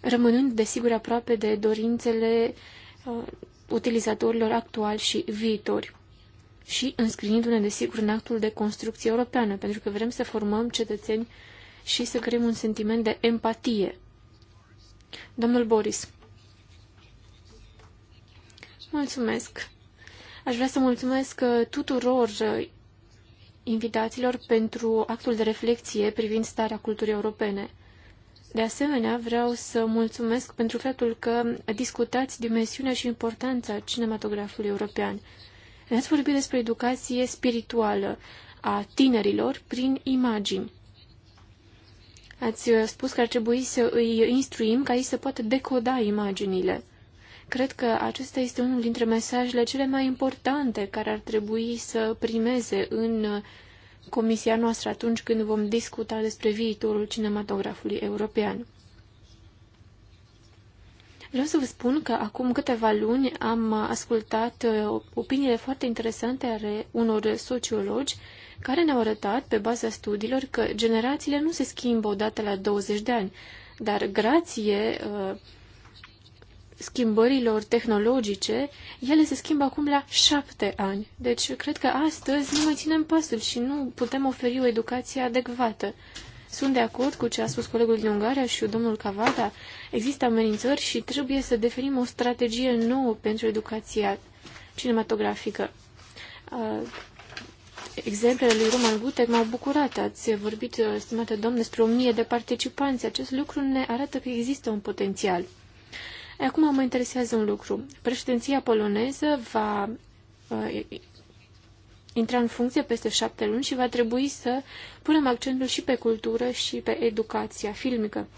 [SPEAKER 1] rămânând desigur aproape de dorințele uh, utilizatorilor actuali și viitori și înscriindu-ne, desigur, în actul de construcție europeană, pentru că vrem să formăm cetățeni și să creăm un sentiment de empatie. Domnul Boris. Mulțumesc. Aș vrea să mulțumesc uh, tuturor uh, invitaților pentru actul de reflexie privind starea culturii europene. De asemenea, vreau să mulțumesc pentru faptul că discutați dimensiunea și importanța cinematografului european. Ne-ați vorbit despre educație spirituală a tinerilor prin imagini. Ați uh, spus că ar trebui să îi instruim ca ei să poată decoda imaginile. Cred că acesta este unul dintre mesajele cele mai importante care ar trebui să primeze în uh, comisia noastră atunci când vom discuta despre viitorul cinematografului european. Vreau să vă spun că acum câteva luni am ascultat uh, opiniile foarte interesante ale unor sociologi care ne-au arătat, pe baza studiilor, că generațiile nu se schimbă odată la 20 de ani, dar grație uh, schimbărilor tehnologice, ele se schimbă acum la șapte ani. Deci, cred că astăzi nu mai ținem pasul și nu putem oferi o educație adecvată. Sunt de acord cu ce a spus colegul din Ungaria și domnul Cavada. Există amenințări și trebuie să definim o strategie nouă pentru educația cinematografică. exemplele lui Roman Gutek m-au bucurat. Ați vorbit, stimate domn, despre o mie de participanți. Acest lucru ne arată că există un potențial. Acum mă interesează un lucru. Președinția poloneză va intra în funcție peste șapte luni și va trebui să punem accentul și pe cultură și pe educația filmică.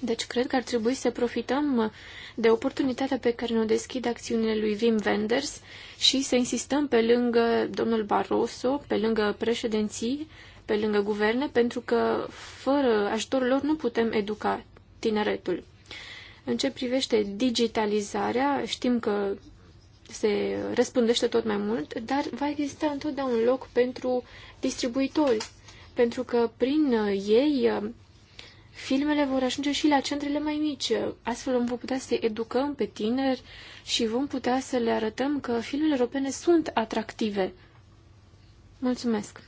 [SPEAKER 1] Deci cred că ar trebui să profităm de oportunitatea pe care ne-o deschide acțiunile lui Wim Wenders și să insistăm pe lângă domnul Barroso, pe lângă președinții, pe lângă guverne, pentru că fără ajutorul lor nu putem educa tineretul. În ce privește digitalizarea, știm că se răspândește tot mai mult, dar va exista întotdeauna un loc pentru distribuitori, pentru că prin ei filmele vor ajunge și la centrele mai mici. Astfel vom putea să educăm pe tineri și vom putea să le arătăm că filmele europene sunt atractive. Mulțumesc!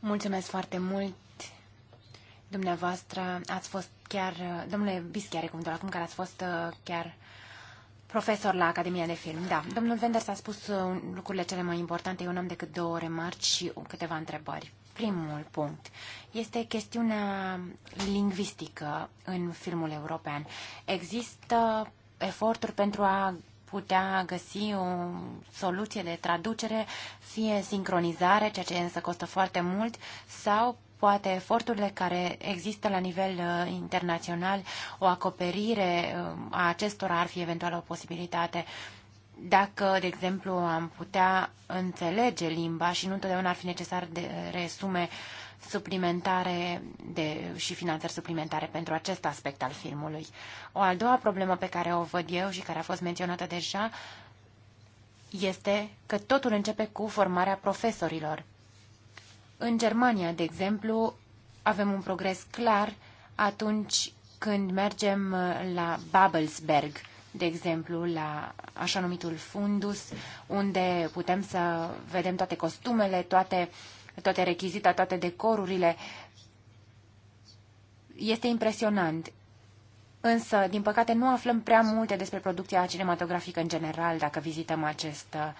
[SPEAKER 1] Mulțumesc
[SPEAKER 2] foarte mult! Dumneavoastră ați fost chiar, domnule Bischiare, cum doar acum, care ați fost uh, chiar profesor la Academia de Film, da. Domnul Wenders a spus uh, lucrurile cele mai importante. Eu n-am decât două remarci și câteva întrebări. Primul punct este chestiunea lingvistică în filmul european. Există eforturi pentru a putea găsi o soluție de traducere, fie sincronizare, ceea ce însă costă foarte mult, sau poate eforturile care există la nivel uh, internațional, o acoperire um, a acestora ar fi eventual o posibilitate. Dacă, de exemplu, am putea înțelege limba și nu întotdeauna ar fi necesar de resume suplimentare de, și finanțări suplimentare pentru acest aspect al filmului. O a doua problemă pe care o văd eu și care a fost menționată deja este că totul începe cu formarea profesorilor. În Germania, de exemplu, avem un progres clar atunci când mergem uh, la Babelsberg, de exemplu, la așa numitul fundus, unde putem să vedem toate costumele, toate, toate rechizita, toate decorurile. Este impresionant. Însă, din păcate, nu aflăm prea multe despre producția cinematografică în general dacă vizităm acest uh,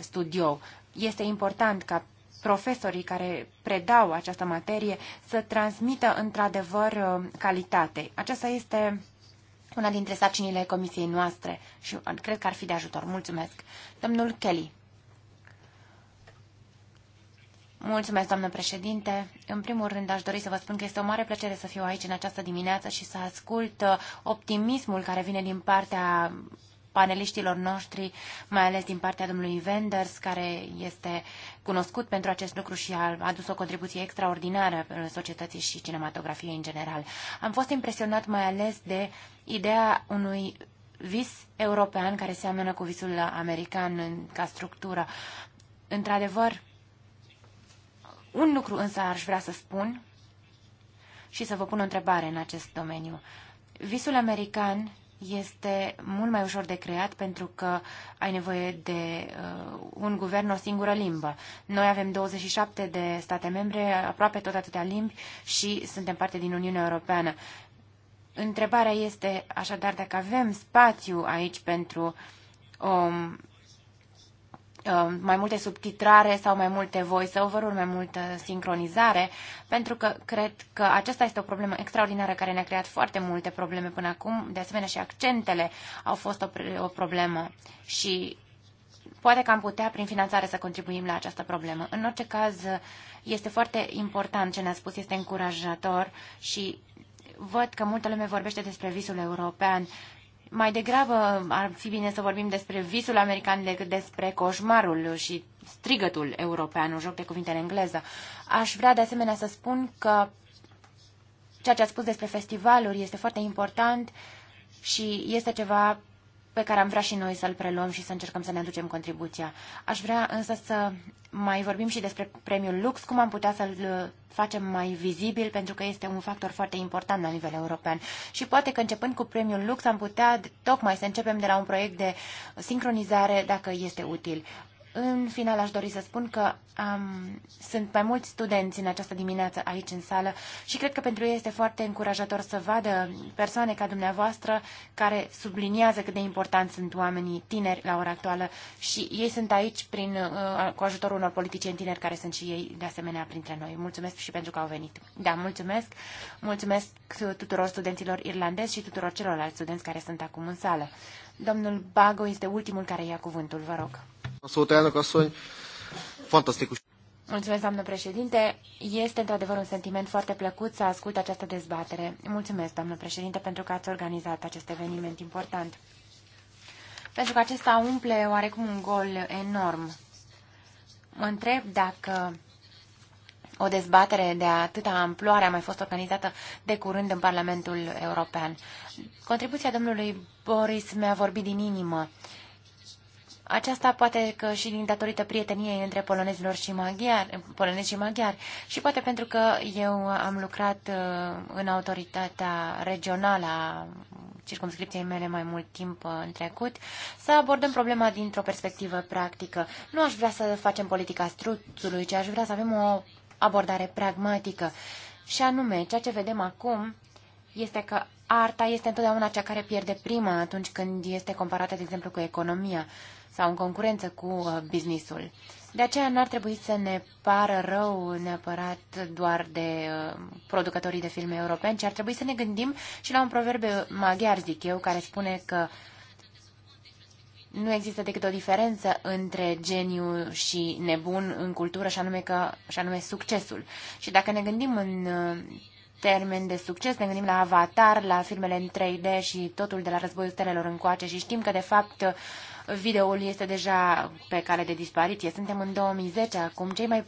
[SPEAKER 2] studio. Este important ca profesorii care predau această materie să transmită într-adevăr uh, calitate. Aceasta este una dintre sacinile comisiei noastre și uh, cred că ar fi de ajutor. Mulțumesc. Domnul Kelly. Mulțumesc, doamnă președinte. În primul rând, aș dori să vă spun că este o mare plăcere să fiu aici în această dimineață și să ascult uh, optimismul care vine din partea paneliștilor noștri, mai ales din partea domnului Wenders, care este cunoscut pentru acest lucru și a adus o contribuție extraordinară societății și cinematografiei în general. Am fost impresionat mai ales de ideea unui vis european care seamănă cu visul american ca structură. Într-adevăr, un lucru însă aș vrea să spun și să vă pun o întrebare în acest domeniu. Visul american este mult mai ușor de creat pentru că ai nevoie de uh, un guvern, o singură limbă. Noi avem 27 de state membre, aproape tot atâtea limbi și suntem parte din Uniunea Europeană. Întrebarea este așadar dacă avem spațiu aici pentru o Uh, mai multe subtitrare sau mai multe voice-over-uri, mai multă sincronizare, pentru că cred că aceasta este o problemă extraordinară care ne-a creat foarte multe probleme până acum. De asemenea, și accentele au fost o, o problemă și poate că am putea prin finanțare să contribuim la această problemă. În orice caz, este foarte important ce ne-a spus, este încurajator și văd că multă lume vorbește despre visul european mai degrabă ar fi bine să vorbim despre visul american decât despre coșmarul și strigătul european, un joc de cuvinte în engleză. Aș vrea de asemenea să spun că ceea ce a spus despre festivaluri este foarte important și este ceva pe care am vrea și noi să-l preluăm și să încercăm să ne aducem contribuția. Aș vrea însă să mai vorbim și despre premiul Lux, cum am putea să-l facem mai vizibil, pentru că este un factor foarte important la nivel european. Și poate că începând cu premiul Lux am putea tocmai să începem de la un proiect de sincronizare, dacă este util. În final aș dori să spun că um, sunt mai mulți studenți în această dimineață aici în sală și cred că pentru ei este foarte încurajator să vadă persoane ca dumneavoastră care subliniază cât de important sunt oamenii tineri la ora actuală și ei sunt aici prin, uh, cu ajutorul unor politicieni tineri care sunt și ei de asemenea printre noi. Mulțumesc și pentru că au venit. Da, mulțumesc. Mulțumesc tuturor studenților irlandezi și tuturor celorlalți studenți care sunt acum în sală. Domnul Bago este ultimul care ia cuvântul, vă rog
[SPEAKER 4] elnök asszony, fantasztikus.
[SPEAKER 2] Mulțumesc, doamnă președinte. Este într-adevăr un sentiment foarte plăcut să ascult această dezbatere. Mulțumesc, doamnă președinte, pentru că ați organizat acest eveniment important. Pentru că acesta umple oarecum un gol enorm. Mă întreb dacă o dezbatere de atâta amploare a mai fost organizată de curând în Parlamentul European. Contribuția domnului Boris mi-a vorbit din inimă. Uh, aceasta poate că și din datorită prieteniei între polonezilor și maghiari, polonezi și maghiari și poate pentru că eu am lucrat uh, în autoritatea regională a circumscripției mele mai mult timp uh, în trecut, să abordăm problema dintr-o perspectivă practică. Nu aș vrea să facem politica struțului, ci aș vrea să avem o abordare pragmatică. Și anume, ceea ce vedem acum este că arta este întotdeauna cea care pierde prima atunci când este comparată, de exemplu, cu economia sau în concurență cu uh, businessul. De aceea n-ar trebui să ne pară rău neapărat doar de uh, producătorii de filme europeni, ci ar trebui să ne gândim și la un proverb maghiar, zic eu, care spune că nu există decât o diferență între geniu și nebun în cultură, și anume, că, și anume succesul. Și dacă ne gândim în uh, termen de succes, ne gândim la Avatar, la filmele în 3D și totul de la Războiul Stelelor încoace și știm că, de fapt, Videoul este deja pe cale de dispariție. Suntem în 2010 acum. Cei mai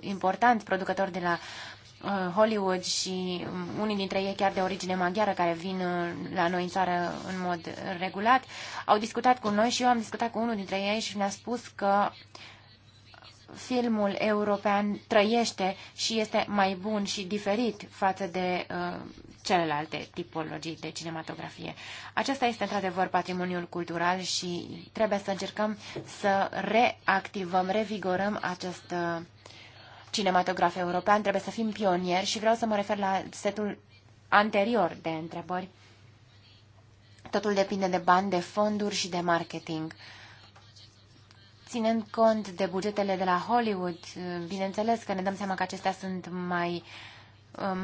[SPEAKER 2] importanți producători de la uh, Hollywood și um, unii dintre ei chiar de origine maghiară care vin uh, la noi în țară în mod regulat, au discutat cu noi și eu am discutat cu unul dintre ei și ne-a spus că filmul european trăiește și este mai bun și diferit față de uh, celelalte tipologii de cinematografie. Acesta este într-adevăr patrimoniul cultural și trebuie să încercăm să reactivăm, revigorăm acest uh, cinematograf european. Trebuie să fim pionieri și vreau să mă refer la setul anterior de întrebări. Totul depinde de bani, de fonduri și de marketing ținând cont de bugetele de la Hollywood, uh, bineînțeles că ne dăm seama că acestea sunt mai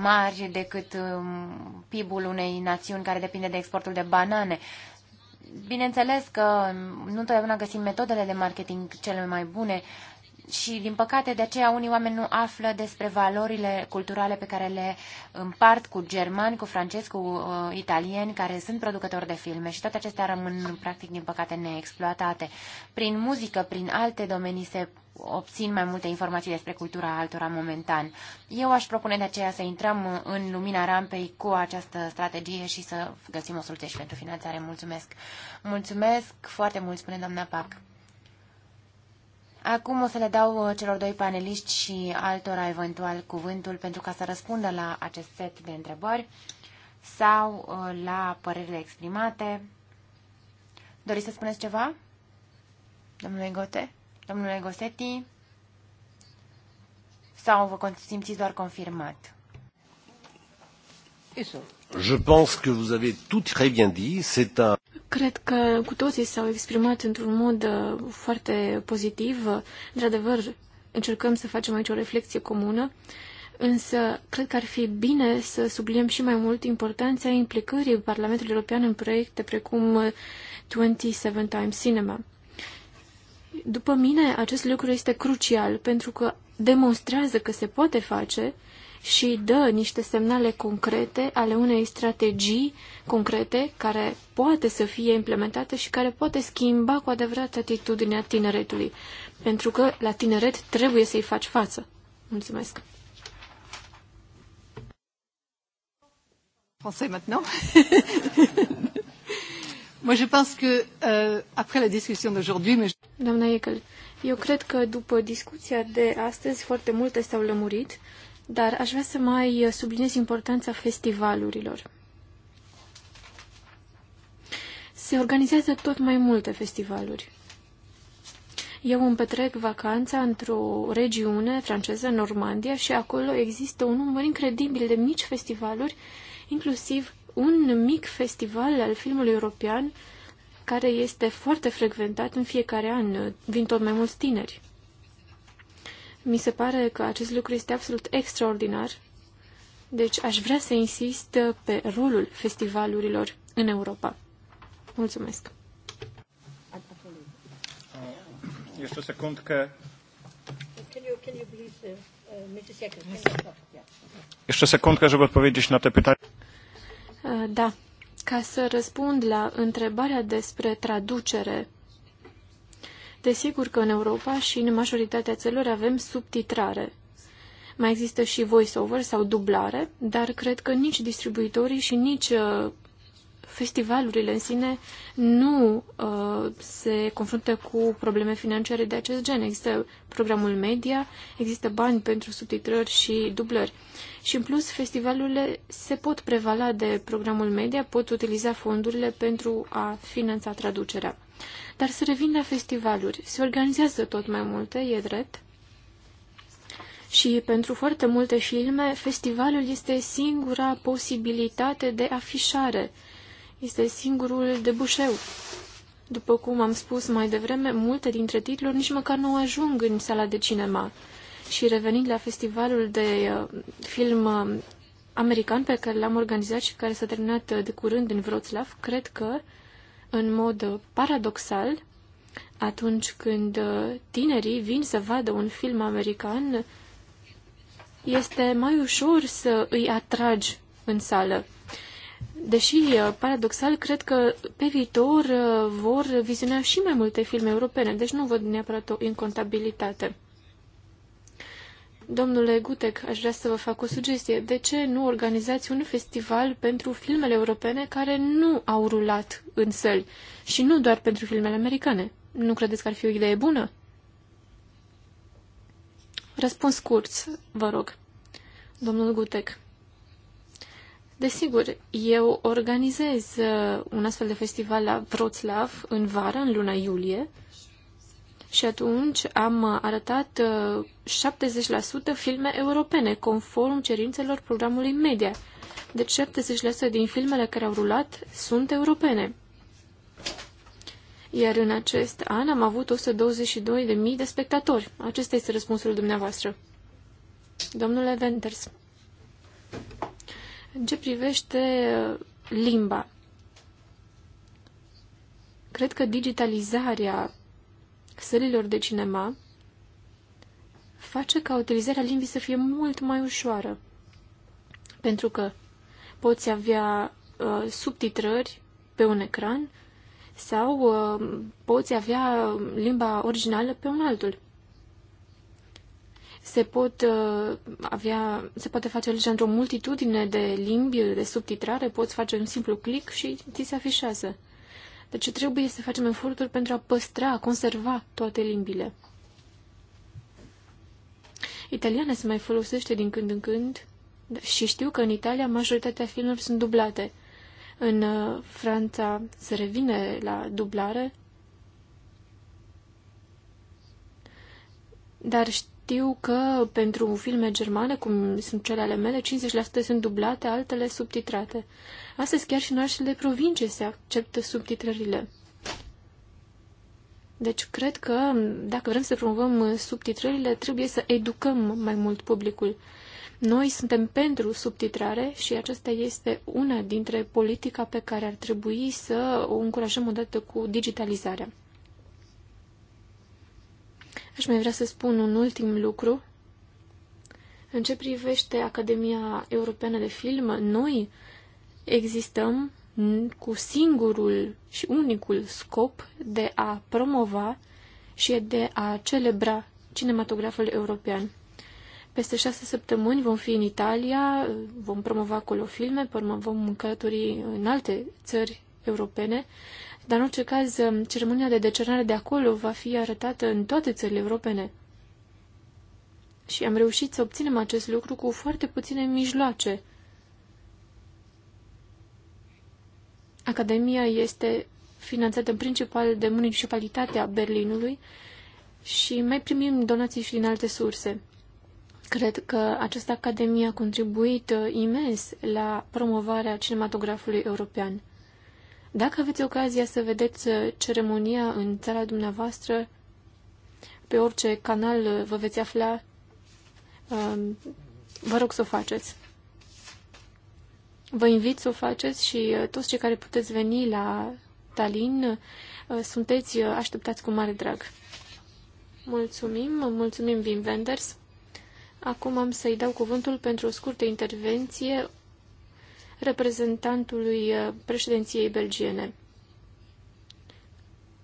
[SPEAKER 2] mari decât um, PIB-ul unei națiuni care depinde de exportul de banane. Bineînțeles că nu întotdeauna găsim metodele de marketing cele mai bune și, din păcate, de aceea unii oameni nu află despre valorile culturale pe care le împart cu germani, cu francezi, cu uh, italieni, care sunt producători de filme și toate acestea rămân, practic, din păcate, neexploatate. Prin muzică, prin alte domenii se obțin mai multe informații despre cultura altora momentan. Eu aș propune de aceea să intrăm în lumina rampei cu această strategie și să găsim o soluție și pentru finanțare. Mulțumesc! Mulțumesc foarte mult, spune doamna Pac. Acum o să le dau uh, celor doi paneliști și altora eventual cuvântul pentru ca să răspundă la acest set de întrebări sau uh, la părerile exprimate. Doriți să spuneți ceva? Domnule Gote? Domnule Gosetti? Sau vă
[SPEAKER 1] simțiți doar confirmat?
[SPEAKER 4] Je pense que vous avez tout très bien dit. C'est un
[SPEAKER 1] Cred că cu toții s-au exprimat într-un mod uh, foarte pozitiv. Într-adevăr, încercăm să facem aici o reflexie comună, însă cred că ar fi bine să subliniem și mai mult importanța implicării Parlamentului European în proiecte precum 27 uh, Times Cinema. După mine, acest lucru este crucial pentru că demonstrează că se poate face și dă niște semnale concrete ale unei strategii concrete care poate să fie implementată și care poate schimba cu adevărat atitudinea tineretului. Pentru că la tineret trebuie să-i faci față. Mulțumesc! Français maintenant.
[SPEAKER 4] Moi, je pense que euh, après la discussion d'aujourd'hui, mais
[SPEAKER 1] Doamna Ecăl, eu cred că după discuția de astăzi foarte multe s-au lămurit dar aș vrea să mai subliniez importanța festivalurilor. Se organizează tot mai multe festivaluri. Eu îmi petrec vacanța într-o regiune franceză, Normandia, și acolo există un număr incredibil de mici festivaluri, inclusiv un mic festival al filmului european, care este foarte frecventat în fiecare an. Vin tot mai mulți tineri. Mi se pare că acest lucru este absolut extraordinar. Deci aș vrea să insist pe rolul festivalurilor în Europa. Mulțumesc!
[SPEAKER 4] o secundă. că
[SPEAKER 1] aș żeby odpowiedzieć na te pytania. Uh, da. Ca să răspund la întrebarea despre traducere Desigur că în Europa și în majoritatea țărilor avem subtitrare. Mai există și voice-over sau dublare, dar cred că nici distribuitorii și nici uh, festivalurile în sine nu uh, se confruntă cu probleme financiare de acest gen. Există programul media, există bani pentru subtitrări și dublări. Și în plus, festivalurile se pot prevala de programul media, pot utiliza fondurile pentru a finanța traducerea. Dar să revin la festivaluri. Se organizează tot mai multe, e drept. Și pentru foarte multe filme, festivalul este singura posibilitate de afișare. Este singurul debușeu. După cum am spus mai devreme, multe dintre titluri nici măcar nu ajung în sala de cinema. Și revenind la festivalul de uh, film uh, american pe care l-am organizat și care s-a terminat uh, de curând în Wroclaw, cred că uh, în mod paradoxal, atunci când uh, tinerii vin să vadă un film american, este mai ușor să îi atragi în sală. Deși, uh, paradoxal, cred că pe viitor uh, vor viziona și mai multe filme europene, deci nu văd neapărat o incontabilitate. Domnule Gutec, aș vrea să vă fac o sugestie. De ce nu organizați un festival pentru filmele europene care nu au rulat în săli și nu doar pentru filmele americane? Nu credeți că ar fi o idee bună? Răspuns scurt, vă rog. Domnul Gutec. Desigur, eu organizez uh, un astfel de festival la Wroclaw în vară, în luna iulie, și atunci am arătat 70% uh, filme europene, conform cerințelor programului media. Deci 70% din filmele care au rulat sunt europene. Iar în acest an am avut 122.000 de spectatori. Acesta este răspunsul dumneavoastră. Domnule Venters, în ce privește uh, limba, cred că digitalizarea sălilor de cinema face ca utilizarea limbii să fie mult mai ușoară. Pentru că poți avea uh, subtitrări pe un ecran sau uh, poți avea limba originală pe un altul. Se, pot, uh, avea, se poate face legea într-o multitudine de limbi de subtitrare, poți face un simplu click și ți se afișează. Deci trebuie să facem eforturi pentru a păstra, a conserva toate limbile. Italiana se mai folosește din când în când da, și știu că în Italia majoritatea filmelor sunt dublate. În uh, Franța se revine la dublare, dar știu știu că pentru filme germane, cum sunt cele ale mele, 50% sunt dublate, altele subtitrate. Astăzi chiar și în orașele provincie se acceptă subtitrările. Deci cred că dacă vrem să promovăm subtitrările, trebuie să educăm mai mult publicul. Noi suntem pentru subtitrare și aceasta este una dintre politica pe care ar trebui să o încurajăm odată cu digitalizarea. Aș mai vrea să spun un ultim lucru. În ce privește Academia Europeană de Film, noi existăm cu singurul și unicul scop de a promova și de a celebra cinematograful european. Peste șase săptămâni vom fi în Italia, vom promova acolo filme, vom călători în alte țări europene, dar în orice caz, um, ceremonia de decernare de acolo va fi arătată în toate țările europene. Și am reușit să obținem acest lucru cu foarte puține mijloace. Academia este finanțată în principal de municipalitatea Berlinului și mai primim donații și din alte surse. Cred că această academie a contribuit uh, imens la promovarea cinematografului european. Dacă aveți ocazia să vedeți uh, ceremonia în țara dumneavoastră, pe orice canal uh, vă veți afla, um, vă rog să o faceți. Vă invit să o faceți și uh, toți cei care puteți veni la Tallinn, sunteți așteptați cu mare drag. Mulțumim, mulțumim Vin Wenders. Acum am să-i dau cuvântul pentru o scurtă intervenție, reprezentantului uh, președinției belgiene.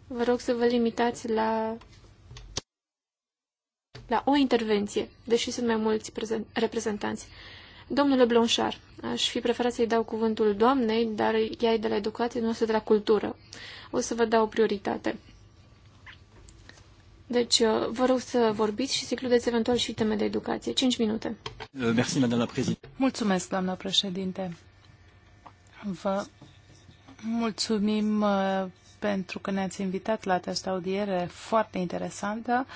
[SPEAKER 1] Vă rog să vă limitați la, la o intervenție, deși sunt mai mulți reprezentanți. Domnule Blanchard, aș fi preferat să-i dau cuvântul doamnei, dar ea e de la educație, nu de la cultură. O să vă dau prioritate. Deci, uh, vă rog să vorbiți și să includeți eventual și teme de educație. 5 minute.
[SPEAKER 3] Mulțumesc, doamna președinte. Vă mulțumim uh, pentru că ne-ați invitat la această audiere foarte interesantă.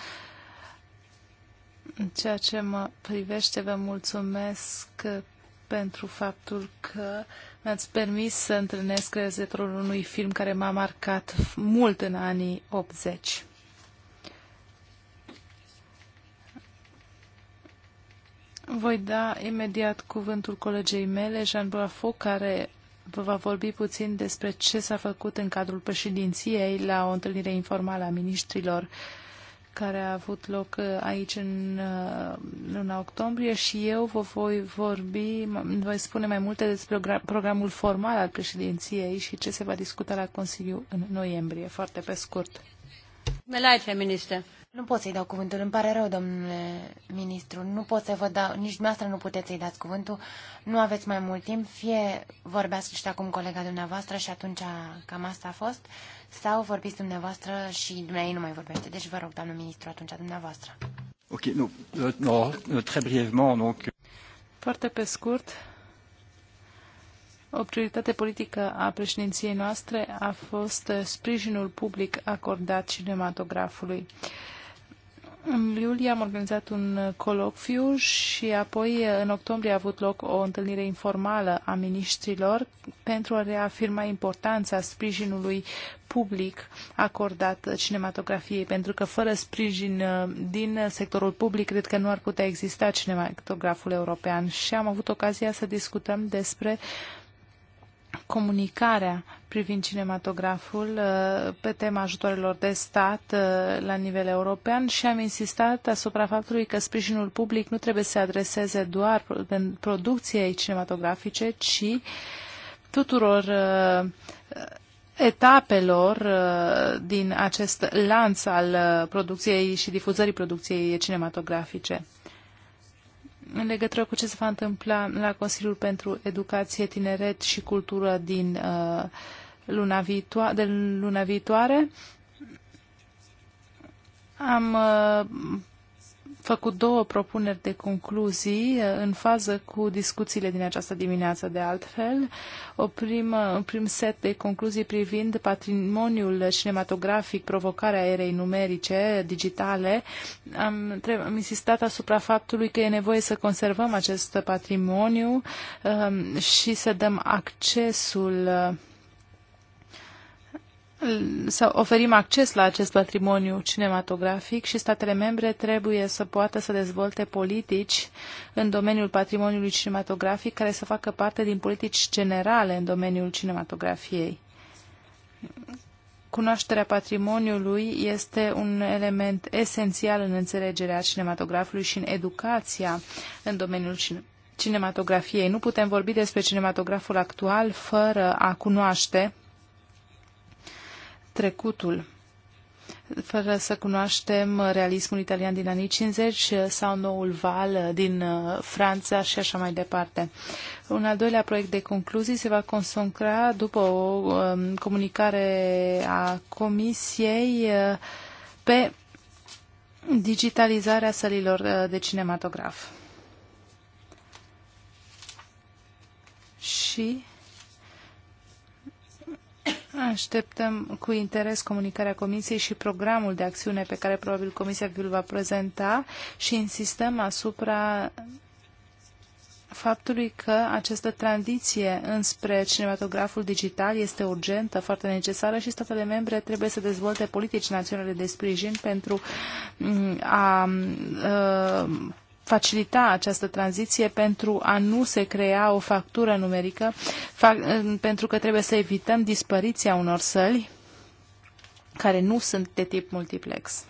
[SPEAKER 3] În ceea ce mă privește, vă mulțumesc uh, pentru faptul că mi-ați permis să întâlnesc rezetorul unui film care m-a marcat mult în anii 80. Voi da imediat cuvântul colegei mele, Jean Boafo, care vă va vorbi puțin despre ce s-a făcut în cadrul președinției la o întâlnire informală a ministrilor care a avut loc uh, aici în uh, luna octombrie și eu vă voi vorbi, voi spune mai multe despre programul formal al președinției și ce se va discuta la Consiliu în noiembrie, foarte pe scurt.
[SPEAKER 2] Mă Herr nu pot să-i dau cuvântul, îmi pare rău, domnule ministru. Nu pot să vă dau, nici dumneavoastră nu puteți să-i dați cuvântul. Nu aveți mai mult timp, fie vorbească și acum colega dumneavoastră și atunci cam asta a fost, sau vorbiți dumneavoastră și dumneavoastră nu mai vorbește. Deci vă
[SPEAKER 3] rog, doamnă ministru, atunci dumneavoastră.
[SPEAKER 4] Ok, nu, no, no, no, très brièvement, donc... Euh,
[SPEAKER 3] Foarte pe scurt, o prioritate politică a președinției noastre a fost sprijinul public acordat cinematografului. În iulie am organizat un colocviu și apoi în octombrie a avut loc o întâlnire informală a ministrilor pentru a reafirma importanța sprijinului public acordat cinematografiei, pentru că fără sprijin uh, din sectorul public cred că nu ar putea exista cinematograful european și am avut ocazia să discutăm despre uh, comunicarea privind cinematograful uh, pe tema ajutoarelor de stat uh, la nivel european și am insistat asupra faptului că sprijinul public nu trebuie să se adreseze doar producției cinematografice, ci tuturor uh, etapelor din acest lanț al producției și difuzării producției cinematografice în legătură cu ce se va întâmpla la Consiliul pentru Educație, Tineret și Cultură din uh, luna viitoare, de luna viitoare. Am uh, făcut două propuneri de concluzii uh, în fază cu discuțiile din această dimineață de altfel. O primă, un prim set de concluzii privind patrimoniul cinematografic, provocarea erei numerice, digitale. Am, am insistat asupra faptului că e nevoie să conservăm acest patrimoniu um, și să dăm accesul uh, să oferim acces la acest patrimoniu cinematografic și statele membre trebuie să poată să dezvolte politici în domeniul patrimoniului cinematografic care să facă parte din politici generale în domeniul cinematografiei. Cunoașterea patrimoniului este un element esențial în înțelegerea cinematografului și în educația în domeniul cinematografiei. Nu putem vorbi despre cinematograful actual fără a cunoaște trecutul, fără să cunoaștem realismul italian din anii 50 sau noul val din uh, Franța și așa mai departe. Un al doilea proiect de concluzii se va consacra după o um, comunicare a Comisiei uh, pe digitalizarea sălilor uh, de cinematograf. Și Așteptăm cu interes comunicarea Comisiei și programul de acțiune pe care probabil Comisia vi-l va prezenta și insistăm asupra faptului că această tranziție înspre cinematograful digital este urgentă, foarte necesară și statele membre trebuie să dezvolte politici naționale de sprijin pentru mm, a, a uh, facilita această tranziție pentru a nu se crea o factură numerică, fac, pentru că trebuie să evităm dispariția unor săli care nu sunt de tip multiplex.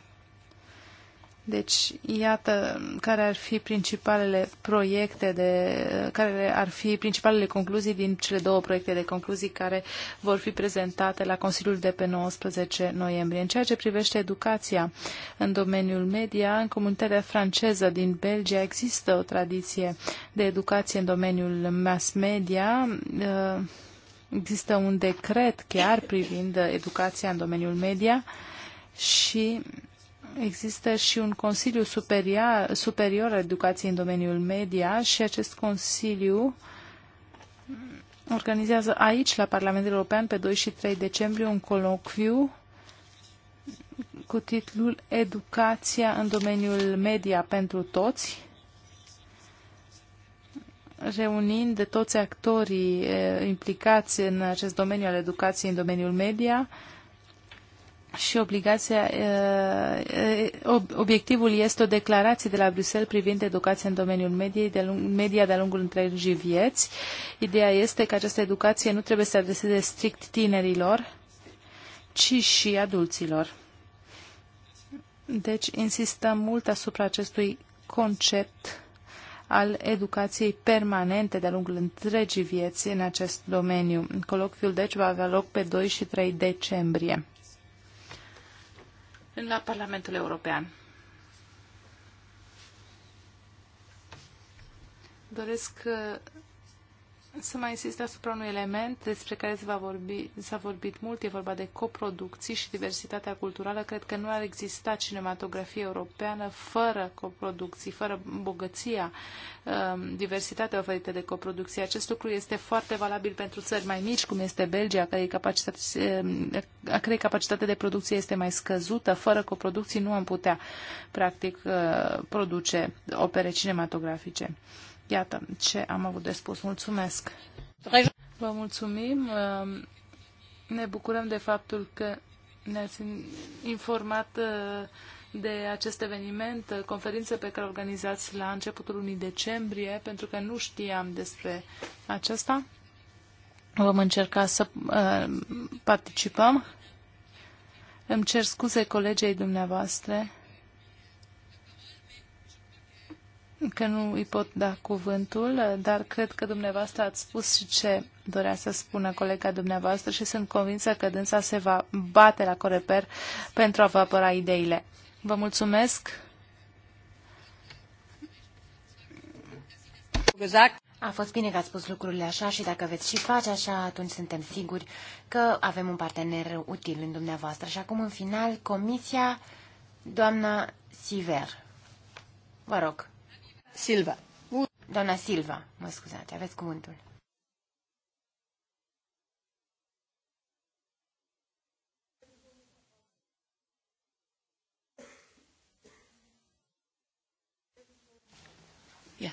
[SPEAKER 3] Deci, iată care ar fi principalele proiecte de, care ar fi principalele concluzii din cele două proiecte de concluzii care vor fi prezentate la Consiliul de pe 19 noiembrie. În ceea ce privește educația în domeniul media, în comunitatea franceză din Belgia există o tradiție de educație în domeniul mass media. Există un decret chiar privind educația în domeniul media și există și un Consiliu Superior, superior al Educației în domeniul media și acest Consiliu organizează aici, la Parlamentul European, pe 2 și 3 decembrie, un colocviu cu titlul Educația în domeniul media pentru toți, reunind de toți actorii eh, implicați în acest domeniu al educației în domeniul media, și obligația, obiectivul este o declarație de la Bruxelles privind educația în domeniul mediei, de lung, media de-a lungul întregii vieți. Ideea este că această educație nu trebuie să se adreseze strict tinerilor, ci și adulților. Deci insistăm mult asupra acestui concept al educației permanente de-a lungul întregii vieți în acest domeniu. Colocviul deci va avea loc pe 2 și 3 decembrie la Parlamentul European. Doresc uh, să mai insist asupra unui element despre care s-a vorbi, vorbit mult, e vorba de coproducții și diversitatea culturală. Cred că nu ar exista cinematografie europeană fără coproducții, fără bogăția, um, diversitatea oferită de coproducții. Acest lucru este foarte valabil pentru țări mai mici, cum este Belgia, care capacitate, um, a cărei capacitate de producție este mai scăzută. Fără coproducții nu am putea, practic, uh, produce opere cinematografice. Iată ce am avut de spus. Mulțumesc! Vă mulțumim! Ehm, ne bucurăm de faptul că ne-ați informat eh, de acest eveniment, eh, conferință pe care o organizați la începutul lunii decembrie, pentru că nu știam despre acesta. Vom încerca să eh, participăm. Îmi cer scuze colegei dumneavoastră că nu îi pot da cuvântul, dar cred că dumneavoastră ați spus și ce dorea să spună colega dumneavoastră și sunt convinsă că dânsa se va bate la Coreper pentru a vă apăra ideile. Vă mulțumesc!
[SPEAKER 2] Exact. A fost bine că ați spus lucrurile așa și dacă veți și face așa, atunci suntem siguri că avem un partener util în dumneavoastră. Și acum, în final, comisia, doamna Siver. Vă rog. Silva. Doamna
[SPEAKER 4] Silva, mă scuzați, aveți cuvântul. Yeah.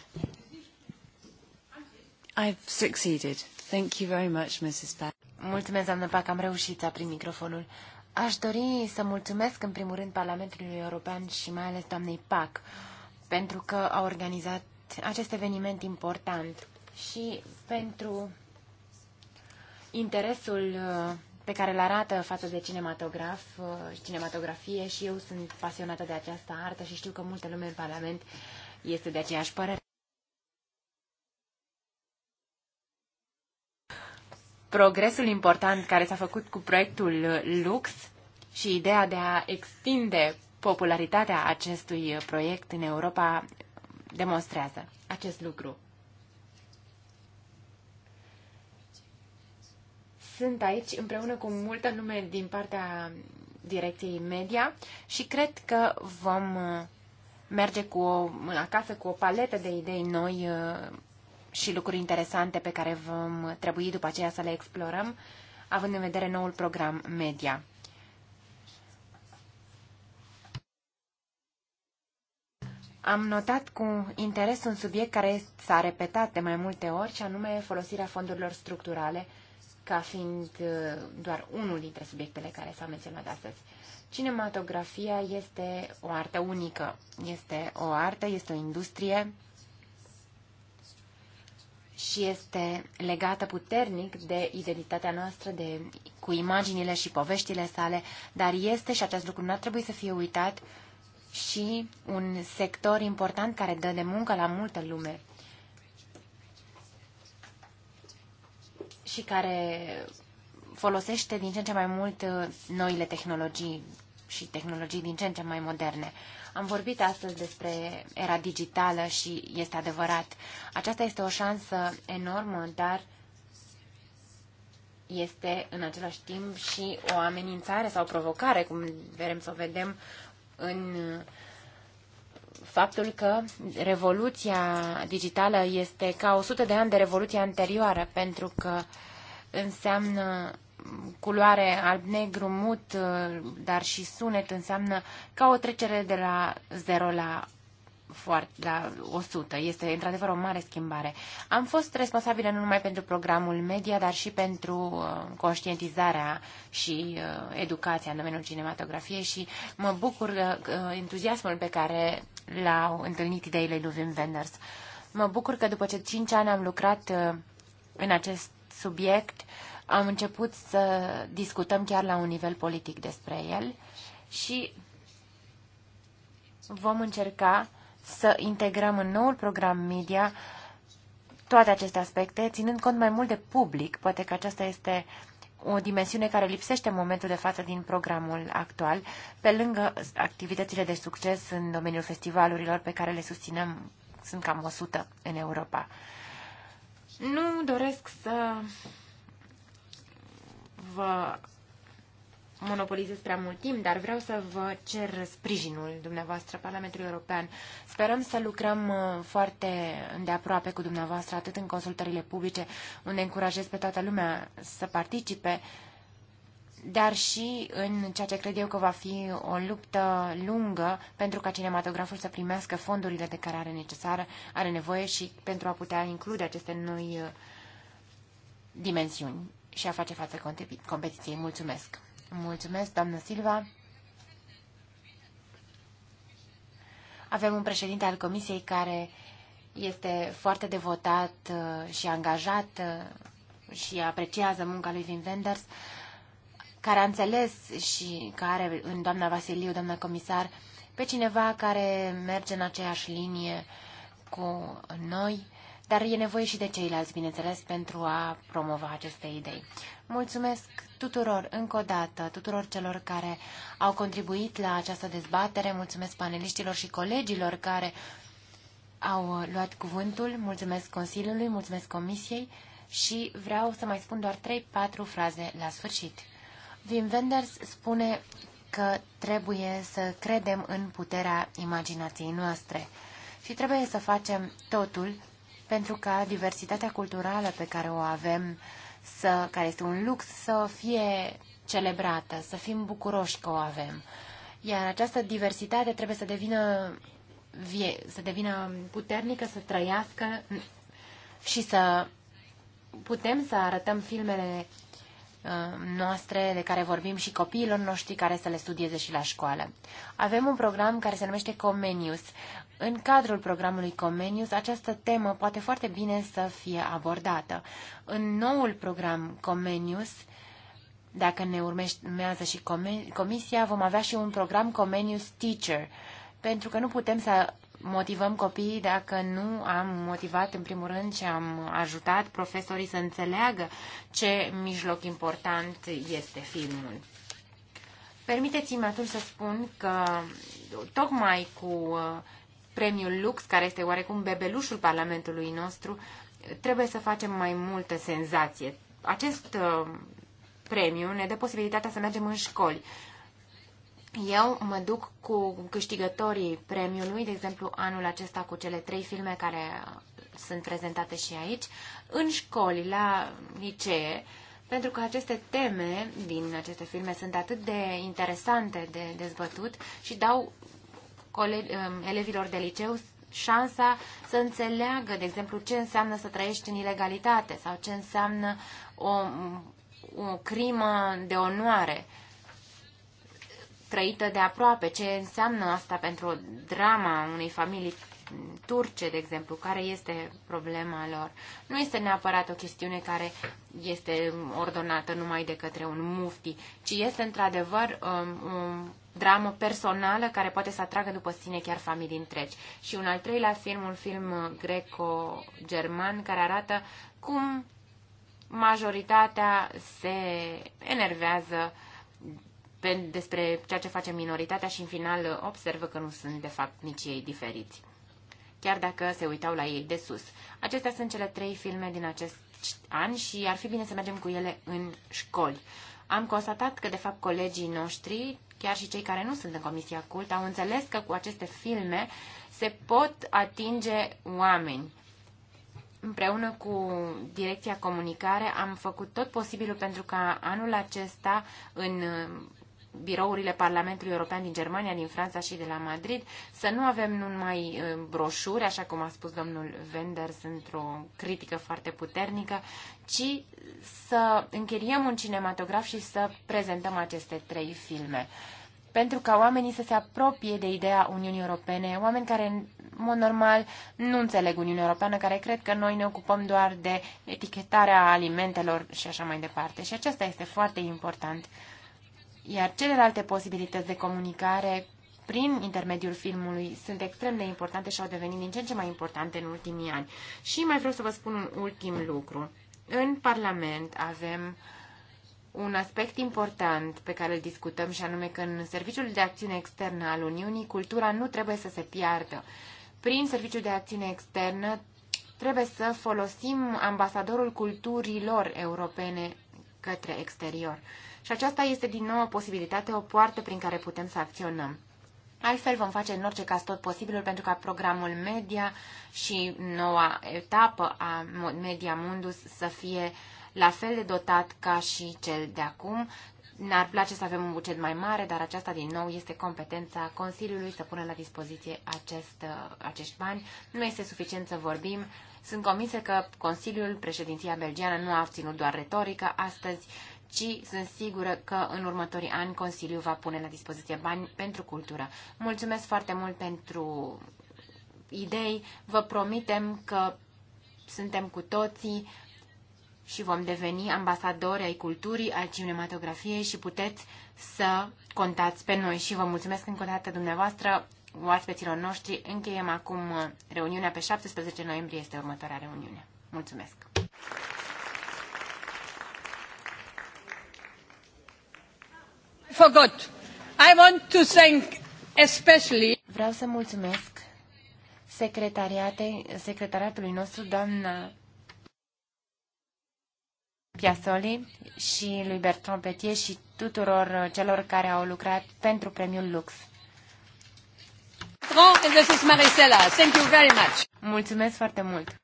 [SPEAKER 2] I've succeeded. Thank you very much, Mrs. Pack. Mulțumesc, doamnă Pack, am reușit să aprim microfonul. Aș dori să mulțumesc în primul rând Parlamentului European și mai ales doamnei Pack pentru că a organizat acest eveniment important și pentru interesul uh, pe care îl arată față de cinematograf, uh, cinematografie și eu sunt pasionată de această artă și știu că multe lume în Parlament este de aceeași părere. Progresul important care s-a făcut cu proiectul Lux și ideea de a extinde Popularitatea acestui proiect în Europa demonstrează acest lucru. Sunt aici împreună cu multă lume din partea direcției media și cred că vom uh, merge cu o, acasă cu o paletă de idei noi uh, și lucruri interesante pe care vom trebui după aceea să le explorăm, având în vedere noul program media. Am notat cu interes un subiect care s-a repetat de mai multe ori, și anume folosirea fondurilor structurale ca fiind uh, doar unul dintre subiectele care s-au menționat astăzi. Cinematografia este o artă unică, este o artă, este o industrie și este legată puternic de identitatea noastră, de, cu imaginile și poveștile sale, dar este, și acest lucru nu ar trebui să fie uitat, uh, și un sector important care dă de muncă la multă lume și care folosește din ce în ce mai mult uh, noile tehnologii și tehnologii din ce în ce mai moderne. Am vorbit astăzi despre era digitală și este adevărat. Aceasta este o șansă enormă, dar este în același timp și o amenințare sau o provocare, cum vrem să o vedem, uh, în faptul că revoluția digitală este ca 100 de ani de revoluția anterioară, pentru că înseamnă culoare alb-negru mut, dar și sunet înseamnă ca o trecere de la zero la foarte, da, 100. Este într-adevăr o mare schimbare. Am fost responsabilă nu numai pentru programul media, dar și pentru uh, conștientizarea și uh, educația în domeniul cinematografiei și mă bucur uh, entuziasmul pe care l-au întâlnit ideile lui Wim Wenders. Mă bucur că după ce 5 ani am lucrat în acest subiect, am început să discutăm chiar la un nivel politic despre el și vom încerca să integrăm în noul program media toate aceste aspecte, ținând cont mai mult de public, poate că aceasta este o dimensiune care lipsește în momentul de față din programul actual, pe lângă activitățile de succes în domeniul festivalurilor pe care le susținem, sunt cam 100 în Europa. Nu doresc să vă monopolizez prea mult timp, dar vreau să vă cer sprijinul dumneavoastră, Parlamentului European. Sperăm să lucrăm uh, foarte îndeaproape cu dumneavoastră, atât în consultările publice, unde încurajez pe toată lumea să participe, dar și în ceea ce cred eu că va fi o luptă lungă pentru ca cinematograful să primească fondurile de care are necesară, are nevoie și pentru a putea include aceste noi uh, dimensiuni și a face față competiției. Mulțumesc! Mulțumesc, doamnă Silva. Avem un președinte al Comisiei care este foarte devotat uh, și angajat uh, și apreciază munca lui Wim Wenders, care a înțeles și care în doamna Vasiliu, doamna comisar, pe cineva care merge în aceeași linie cu noi dar e nevoie și de ceilalți, bineînțeles, pentru a promova aceste idei. Mulțumesc tuturor, încă o dată, tuturor celor care au contribuit la această dezbatere, mulțumesc paneliștilor și colegilor care au luat cuvântul, mulțumesc Consiliului, mulțumesc Comisiei și vreau să mai spun doar 3-4 fraze la sfârșit. Wim Wenders spune că trebuie să credem în puterea imaginației noastre și trebuie să facem totul pentru ca diversitatea culturală pe care o avem, să, care este un lux, să fie celebrată, să fim bucuroși că o avem. Iar această diversitate trebuie să devină, vie, să devină puternică, să trăiască și să putem să arătăm filmele uh, noastre de care vorbim și copiilor noștri care să le studieze și la școală. Avem un program care se numește Comenius, în cadrul programului Comenius, această temă poate foarte bine să fie abordată. În noul program Comenius, dacă ne urmează și comisia, vom avea și un program Comenius Teacher, pentru că nu putem să motivăm copiii dacă nu am motivat în primul rând și am ajutat profesorii să înțeleagă ce mijloc important este filmul. Permiteți-mi atunci să spun că tocmai cu uh, premiul Lux, care este oarecum bebelușul Parlamentului nostru, trebuie să facem mai multă senzație. Acest uh, premiu ne dă posibilitatea să mergem în școli. Eu mă duc cu câștigătorii premiului, de exemplu anul acesta cu cele trei filme care sunt prezentate și aici, în școli, la licee, pentru că aceste teme din aceste filme sunt atât de interesante de dezbătut și dau colegi, um, elevilor de liceu șansa să înțeleagă, de exemplu, ce înseamnă să trăiești în ilegalitate sau ce înseamnă o, o crimă de onoare trăită de aproape, ce înseamnă asta pentru drama unei familii turce, de exemplu, care este problema lor. Nu este neapărat o chestiune care este ordonată numai de către un mufti, ci este într-adevăr um, um, dramă personală care poate să atragă după sine chiar familii întregi. Și un al treilea film, un film greco-german care arată cum majoritatea se enervează pe, despre ceea ce face minoritatea și în final observă că nu sunt de fapt nici ei diferiți, chiar dacă se uitau la ei de sus. Acestea sunt cele trei filme din acest an și ar fi bine să mergem cu ele în școli. Am constatat că, de fapt, colegii noștri, chiar și cei care nu sunt în Comisia Cult, au înțeles că cu aceste filme se pot atinge oameni. Împreună cu Direcția Comunicare am făcut tot posibilul pentru ca anul acesta, în birourile Parlamentului European din Germania, din Franța și de la Madrid, să nu avem numai uh, broșuri, așa cum a spus domnul Wenders într-o critică foarte puternică, ci să închiriem un cinematograf și să prezentăm aceste trei filme pentru ca oamenii să se apropie de ideea Uniunii Europene, oameni care, în mod normal, nu înțeleg Uniunea Europeană, care cred că noi ne ocupăm doar de etichetarea alimentelor și așa mai departe. Și acesta este foarte important. Iar celelalte posibilități de comunicare prin intermediul filmului sunt extrem de importante și au devenit din ce în ce mai importante în ultimii ani. Și mai vreau să vă spun un ultim lucru. În Parlament avem un aspect important pe care îl discutăm și anume că în Serviciul de Acțiune Externă al Uniunii cultura nu trebuie să se piardă. Prin Serviciul de Acțiune Externă trebuie să folosim ambasadorul culturilor europene către exterior. Și aceasta este din nou o posibilitate, o poartă prin care putem să acționăm. Altfel vom face în orice caz tot posibilul pentru ca programul media și noua etapă a Media Mundus să fie la fel de dotat ca și cel de acum. Ne-ar place să avem un buget mai mare, dar aceasta din nou este competența Consiliului să pună la dispoziție acest, uh, acești bani. Nu este suficient să vorbim. Sunt convinsă că Consiliul, președinția belgiană, nu a obținut doar retorică astăzi, ci sunt sigură că în următorii ani Consiliul va pune la dispoziție bani pentru cultură. Mulțumesc foarte mult pentru idei. Vă promitem că suntem cu toții și vom deveni ambasadori ai culturii, al cinematografiei și puteți să contați pe noi. Și vă mulțumesc încă o dată dumneavoastră, oaspeților noștri. Încheiem acum reuniunea pe 17 noiembrie, este următoarea reuniune. Mulțumesc!
[SPEAKER 3] forgot. I want to thank especially...
[SPEAKER 2] Vreau să mulțumesc secretariate, secretariatului nostru, doamna Piasoli și lui Bertrand Petier și tuturor celor care au lucrat pentru premiul Lux. Mulțumesc foarte mult!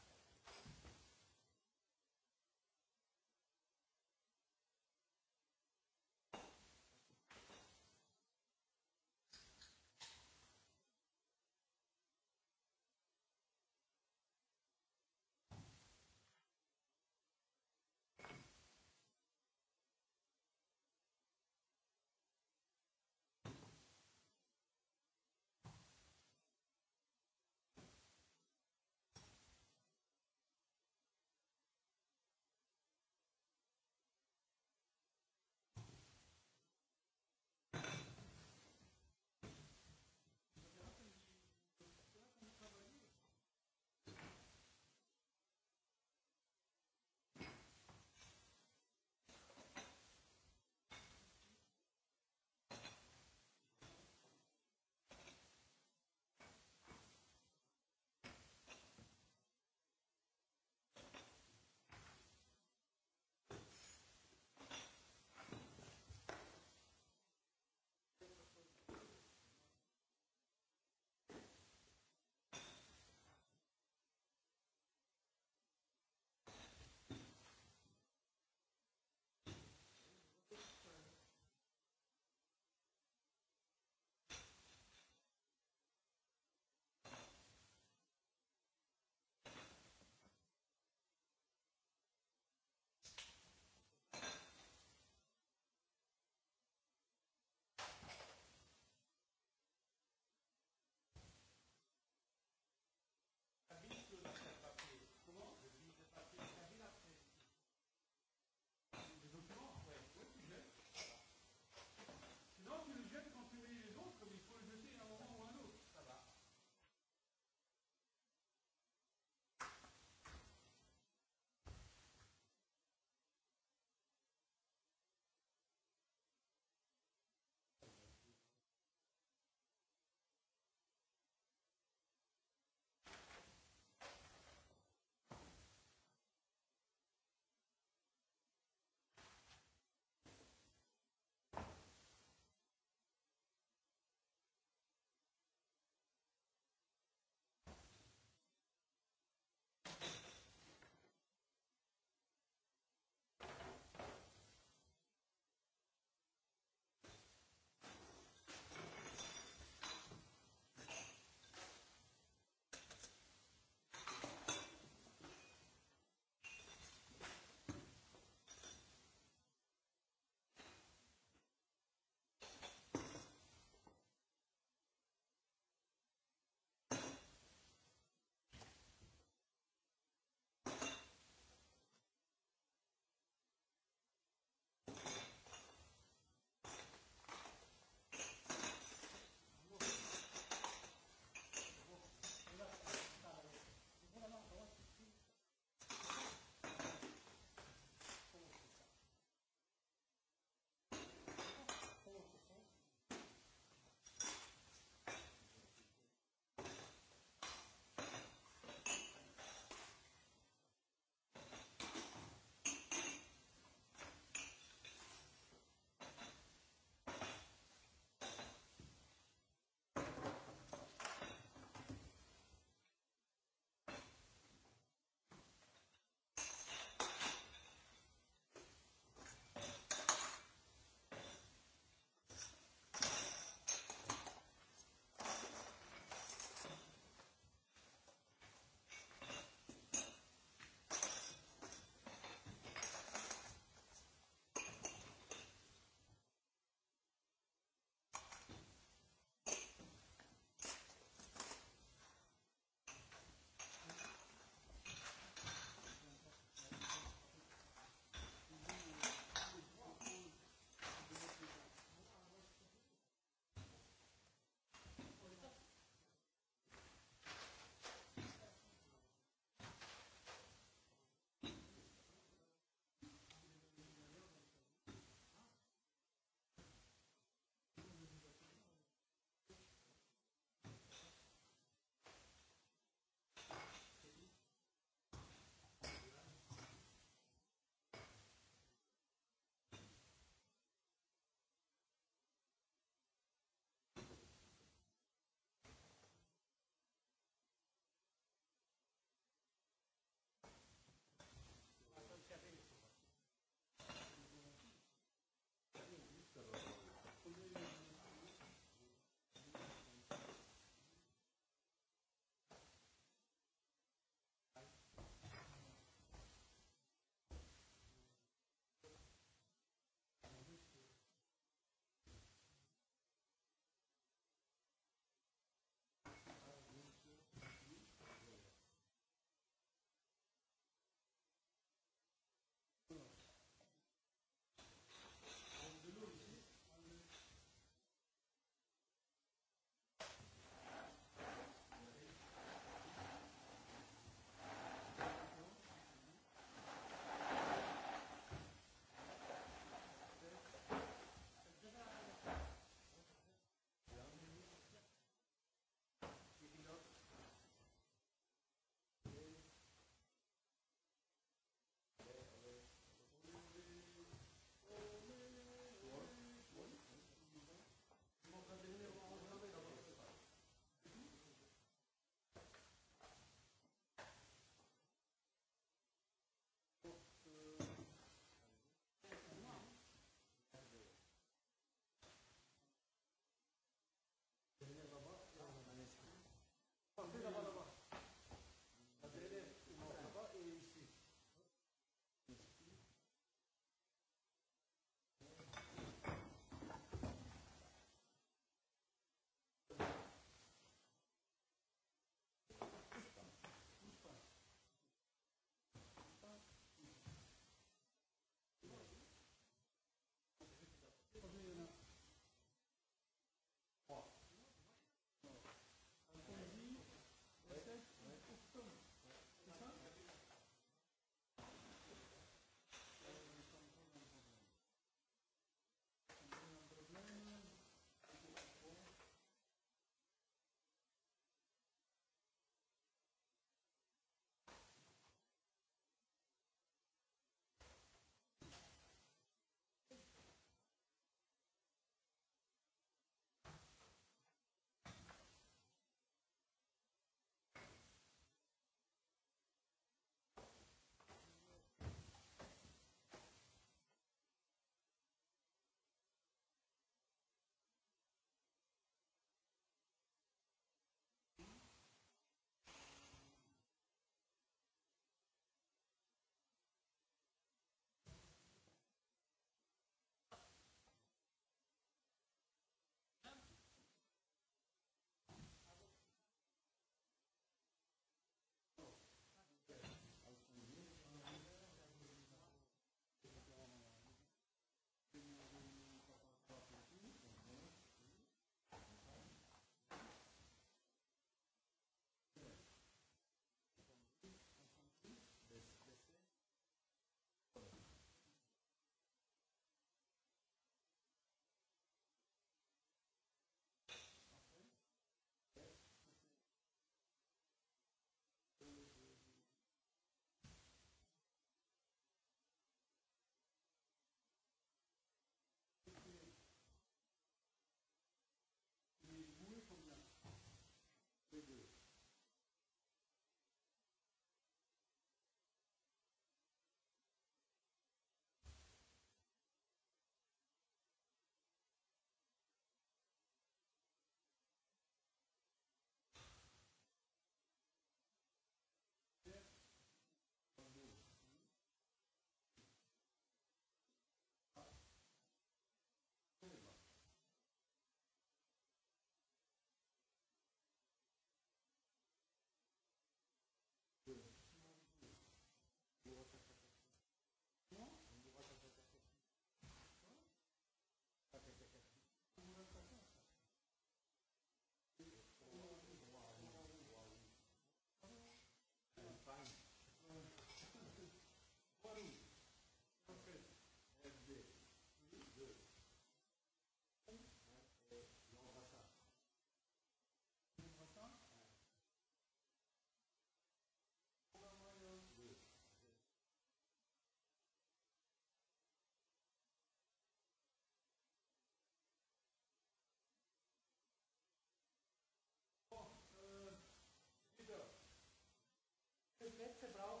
[SPEAKER 4] Sebral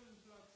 [SPEAKER 4] cel